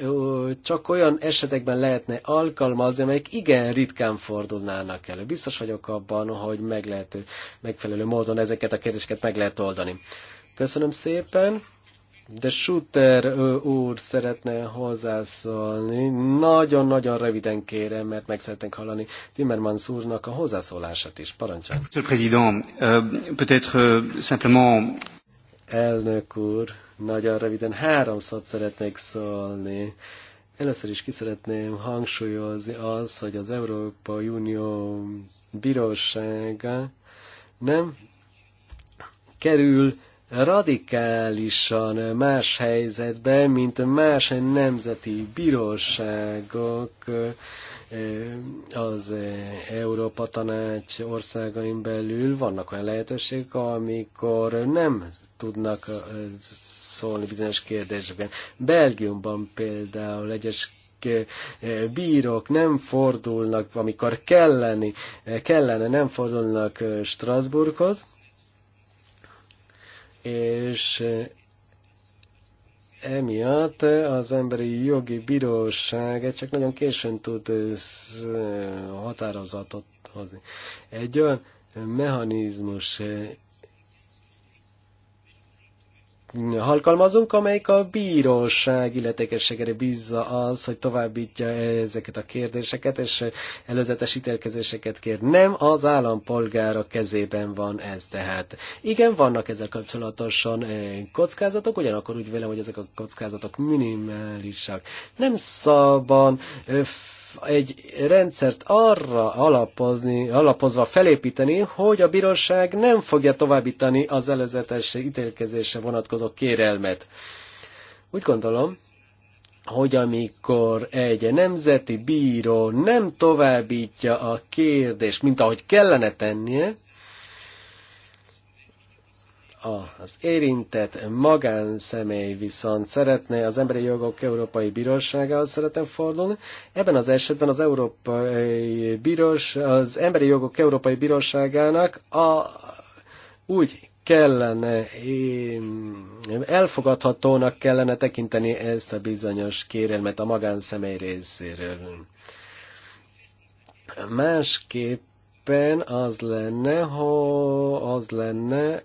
Speaker 1: csak olyan esetekben lehetne alkalmazni, amelyek igen ritkán fordulnának elő. Biztos vagyok abban, hogy meg lehet, megfelelő módon ezeket a kérdéseket meg lehet oldani. Köszönöm szépen! De Suter úr szeretne hozzászólni. Nagyon-nagyon röviden kérem, mert meg szeretnénk hallani Timmermans úrnak a hozzászólását is. Parancsán.
Speaker 3: Monsieur President, euh, peut-être euh, simplement...
Speaker 1: Elnök úr, nagyon röviden háromszat szeretnék szólni. Először is ki szeretném hangsúlyozni az, hogy az Európai Unió bírósága nem kerül radikálisan más helyzetben, mint más nemzeti bíróságok eh, az Európa Tanács országain belül vannak olyan lehetőségek, amikor nem tudnak eh, szólni bizonyos kérdésben. Belgiumban például egyes eh, bírók nem fordulnak, amikor kelleni, kellene, nem fordulnak Strasbourghoz, és eh, emiatt az emberi jogi bíróság csak nagyon későn tud eh, eh, határozatot hozni. Egy olyan mechanizmus alkalmazunk, amelyik a bíróság illetékességére bízza az, hogy továbbítja ezeket a kérdéseket, és előzetes ítélkezéseket kér. Nem az állampolgára kezében van ez tehát. Igen, vannak ezzel kapcsolatosan eh, kockázatok, ugyanakkor úgy vélem, hogy ezek a kockázatok minimálisak. Nem szabban eh, egy rendszert arra alapozni, alapozva felépíteni, hogy a bíróság nem fogja továbbítani az előzetes ítélkezésre vonatkozó kérelmet. Úgy gondolom, hogy amikor egy nemzeti bíró nem továbbítja a kérdést, mint ahogy kellene tennie, az érintett magánszemély viszont szeretne az Emberi Jogok Európai Bírósághoz szeretne fordulni. Ebben az esetben az, Európai Bírós, az Emberi Jogok Európai Bíróságának a, úgy kellene, elfogadhatónak kellene tekinteni ezt a bizonyos kérelmet a magánszemély részéről. Másképp tulajdonképpen az lenne, hogy, az lenne,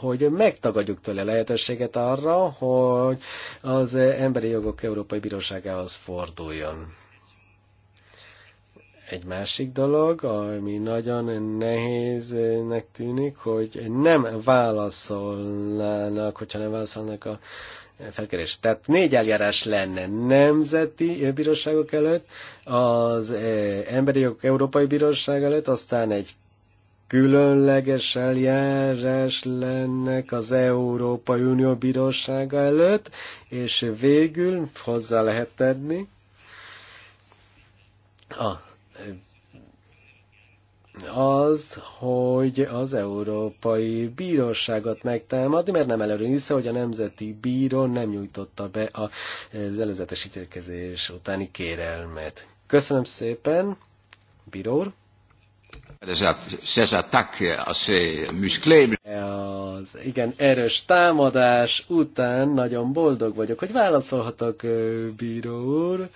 Speaker 1: hogy megtagadjuk tőle lehetőséget arra, hogy az Emberi Jogok Európai Bíróságához forduljon. Egy másik dolog, ami nagyon nehéznek tűnik, hogy nem válaszolnának, hogyha nem válaszolnak a felkerés. Tehát négy eljárás lenne nemzeti bíróságok előtt, az eh, Emberi Jogok Európai Bíróság előtt, aztán egy különleges eljárás lenne az Európai Unió Bírósága előtt, és végül hozzá lehet tenni a az, hogy az Európai Bíróságot megtámadni, mert nem előre vissza, hogy a Nemzeti Bíró nem nyújtotta be az előzetes ítélkezés utáni kérelmet. Köszönöm szépen, bíró úr! Az igen erős támadás után nagyon boldog vagyok, hogy válaszolhatok, bíró úr,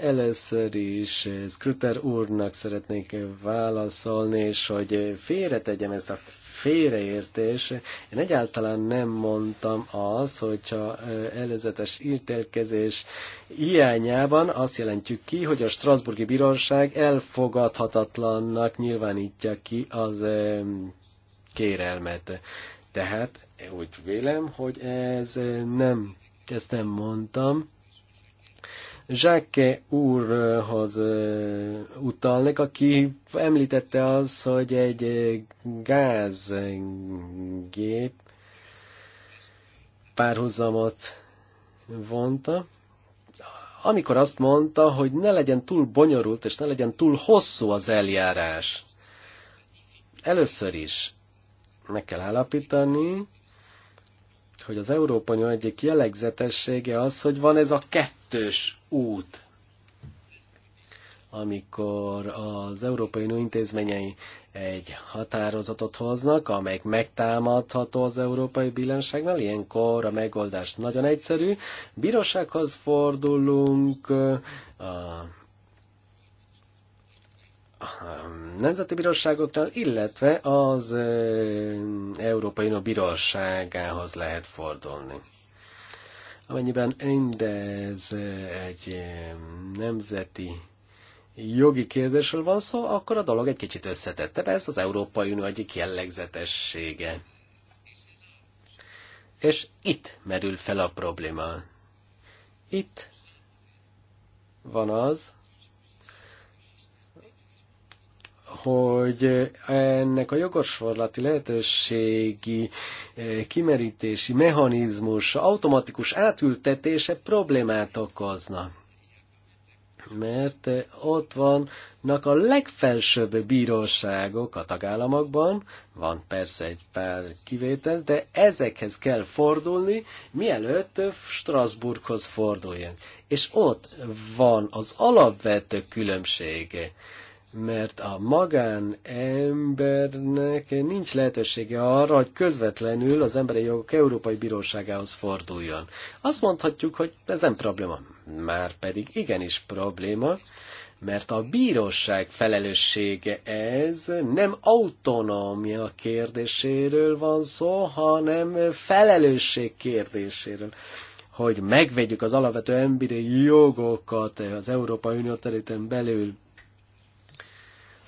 Speaker 1: Először is Skruter úrnak szeretnék válaszolni, és hogy félretegyem ezt a félreértés. Én egyáltalán nem mondtam az, hogyha előzetes írtelkezés hiányában azt jelentjük ki, hogy a Strasburgi Bíróság elfogadhatatlannak nyilvánítja ki az kérelmet. Tehát úgy vélem, hogy ez nem, ezt nem mondtam Zsáke úrhoz utalnék, aki említette az, hogy egy gázgép párhuzamot vonta, amikor azt mondta, hogy ne legyen túl bonyolult és ne legyen túl hosszú az eljárás. Először is meg kell állapítani, hogy az Európai egyik jellegzetessége az, hogy van ez a kettő kettős út, amikor az Európai Unió intézményei egy határozatot hoznak, amely megtámadható az Európai Bíróságnál. Ilyenkor a megoldás nagyon egyszerű. Bírósághoz fordulunk, a nemzeti bíróságoknál, illetve az Európai Unió bíróságához lehet fordulni. Amennyiben mindez eh, egy eh, nemzeti jogi kérdésről van szó, akkor a dolog egy kicsit összetettebb. Ez az Európai Unió egyik jellegzetessége. És itt merül fel a probléma. Itt van az, hogy ennek a jogosforlati lehetőségi eh, kimerítési mechanizmus automatikus átültetése problémát okozna. Mert eh, ott vannak a legfelsőbb bíróságok a tagállamokban, van persze egy pár kivétel, de ezekhez kell fordulni, mielőtt Strasbourghoz forduljon. És ott van az alapvető különbsége mert a magánembernek nincs lehetősége arra, hogy közvetlenül az Emberi Jogok Európai Bíróságához forduljon. Azt mondhatjuk, hogy ez nem probléma. Már pedig igenis probléma, mert a bíróság felelőssége ez nem autonómia kérdéséről van szó, hanem felelősség kérdéséről hogy megvédjük az alapvető emberi jogokat az Európai Unió területen belül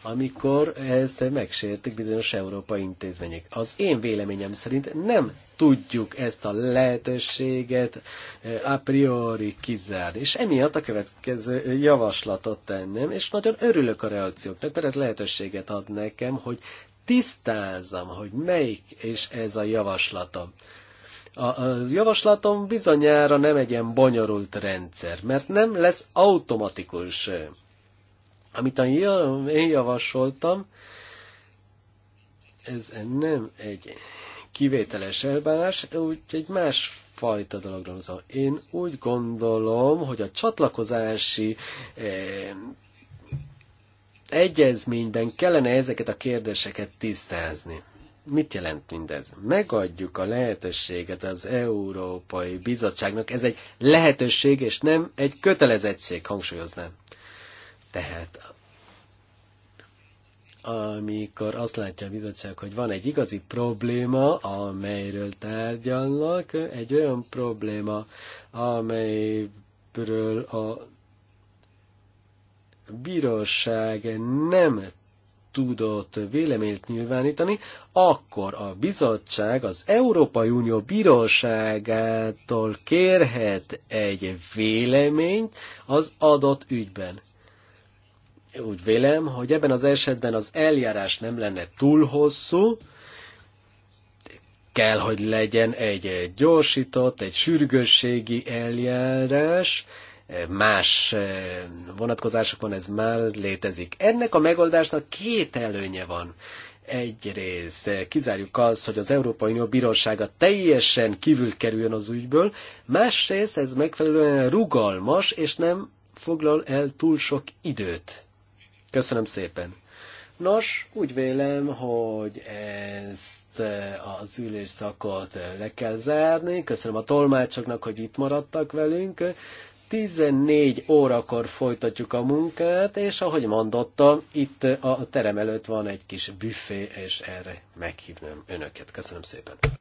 Speaker 1: amikor ezt megsértik bizonyos európai intézmények. Az én véleményem szerint nem tudjuk ezt a lehetőséget eh, a priori kizárni. És emiatt a következő javaslatot tennem, és nagyon örülök a reakcióknak, mert ez lehetőséget ad nekem, hogy tisztázzam, hogy melyik és ez a javaslatom. A, az javaslatom bizonyára nem egy ilyen bonyolult rendszer, mert nem lesz automatikus eh, amit én javasoltam, ez nem egy kivételes elbánás, egy más fajta dologra hozom. Én úgy gondolom, hogy a csatlakozási eh, egyezményben kellene ezeket a kérdéseket tisztázni. Mit jelent mindez? Megadjuk a lehetőséget az Európai Bizottságnak. Ez egy lehetőség, és nem egy kötelezettség, hangsúlyoznám. Tehát amikor azt látja a bizottság, hogy van egy igazi probléma, amelyről tárgyalnak, egy olyan probléma, amelyről a bíróság nem tudott véleményt nyilvánítani, akkor a bizottság az Európai Unió bíróságától kérhet egy véleményt az adott ügyben úgy vélem, hogy ebben az esetben az eljárás nem lenne túl hosszú, kell, hogy legyen egy gyorsított, egy sürgősségi eljárás, más eh, vonatkozásokon ez már létezik. Ennek a megoldásnak két előnye van. Egyrészt eh, kizárjuk azt, hogy az Európai Unió Bírósága teljesen kívül kerüljön az ügyből, másrészt ez megfelelően rugalmas, és nem foglal el túl sok időt. Köszönöm szépen. Nos, úgy vélem, hogy ezt e, az ülésszakot e, le kell zárni. Köszönöm a tolmácsoknak, hogy itt maradtak velünk. 14 órakor folytatjuk a munkát, és ahogy mondottam, itt e, a terem előtt van egy kis büfé, és erre meghívnám önöket. Köszönöm szépen.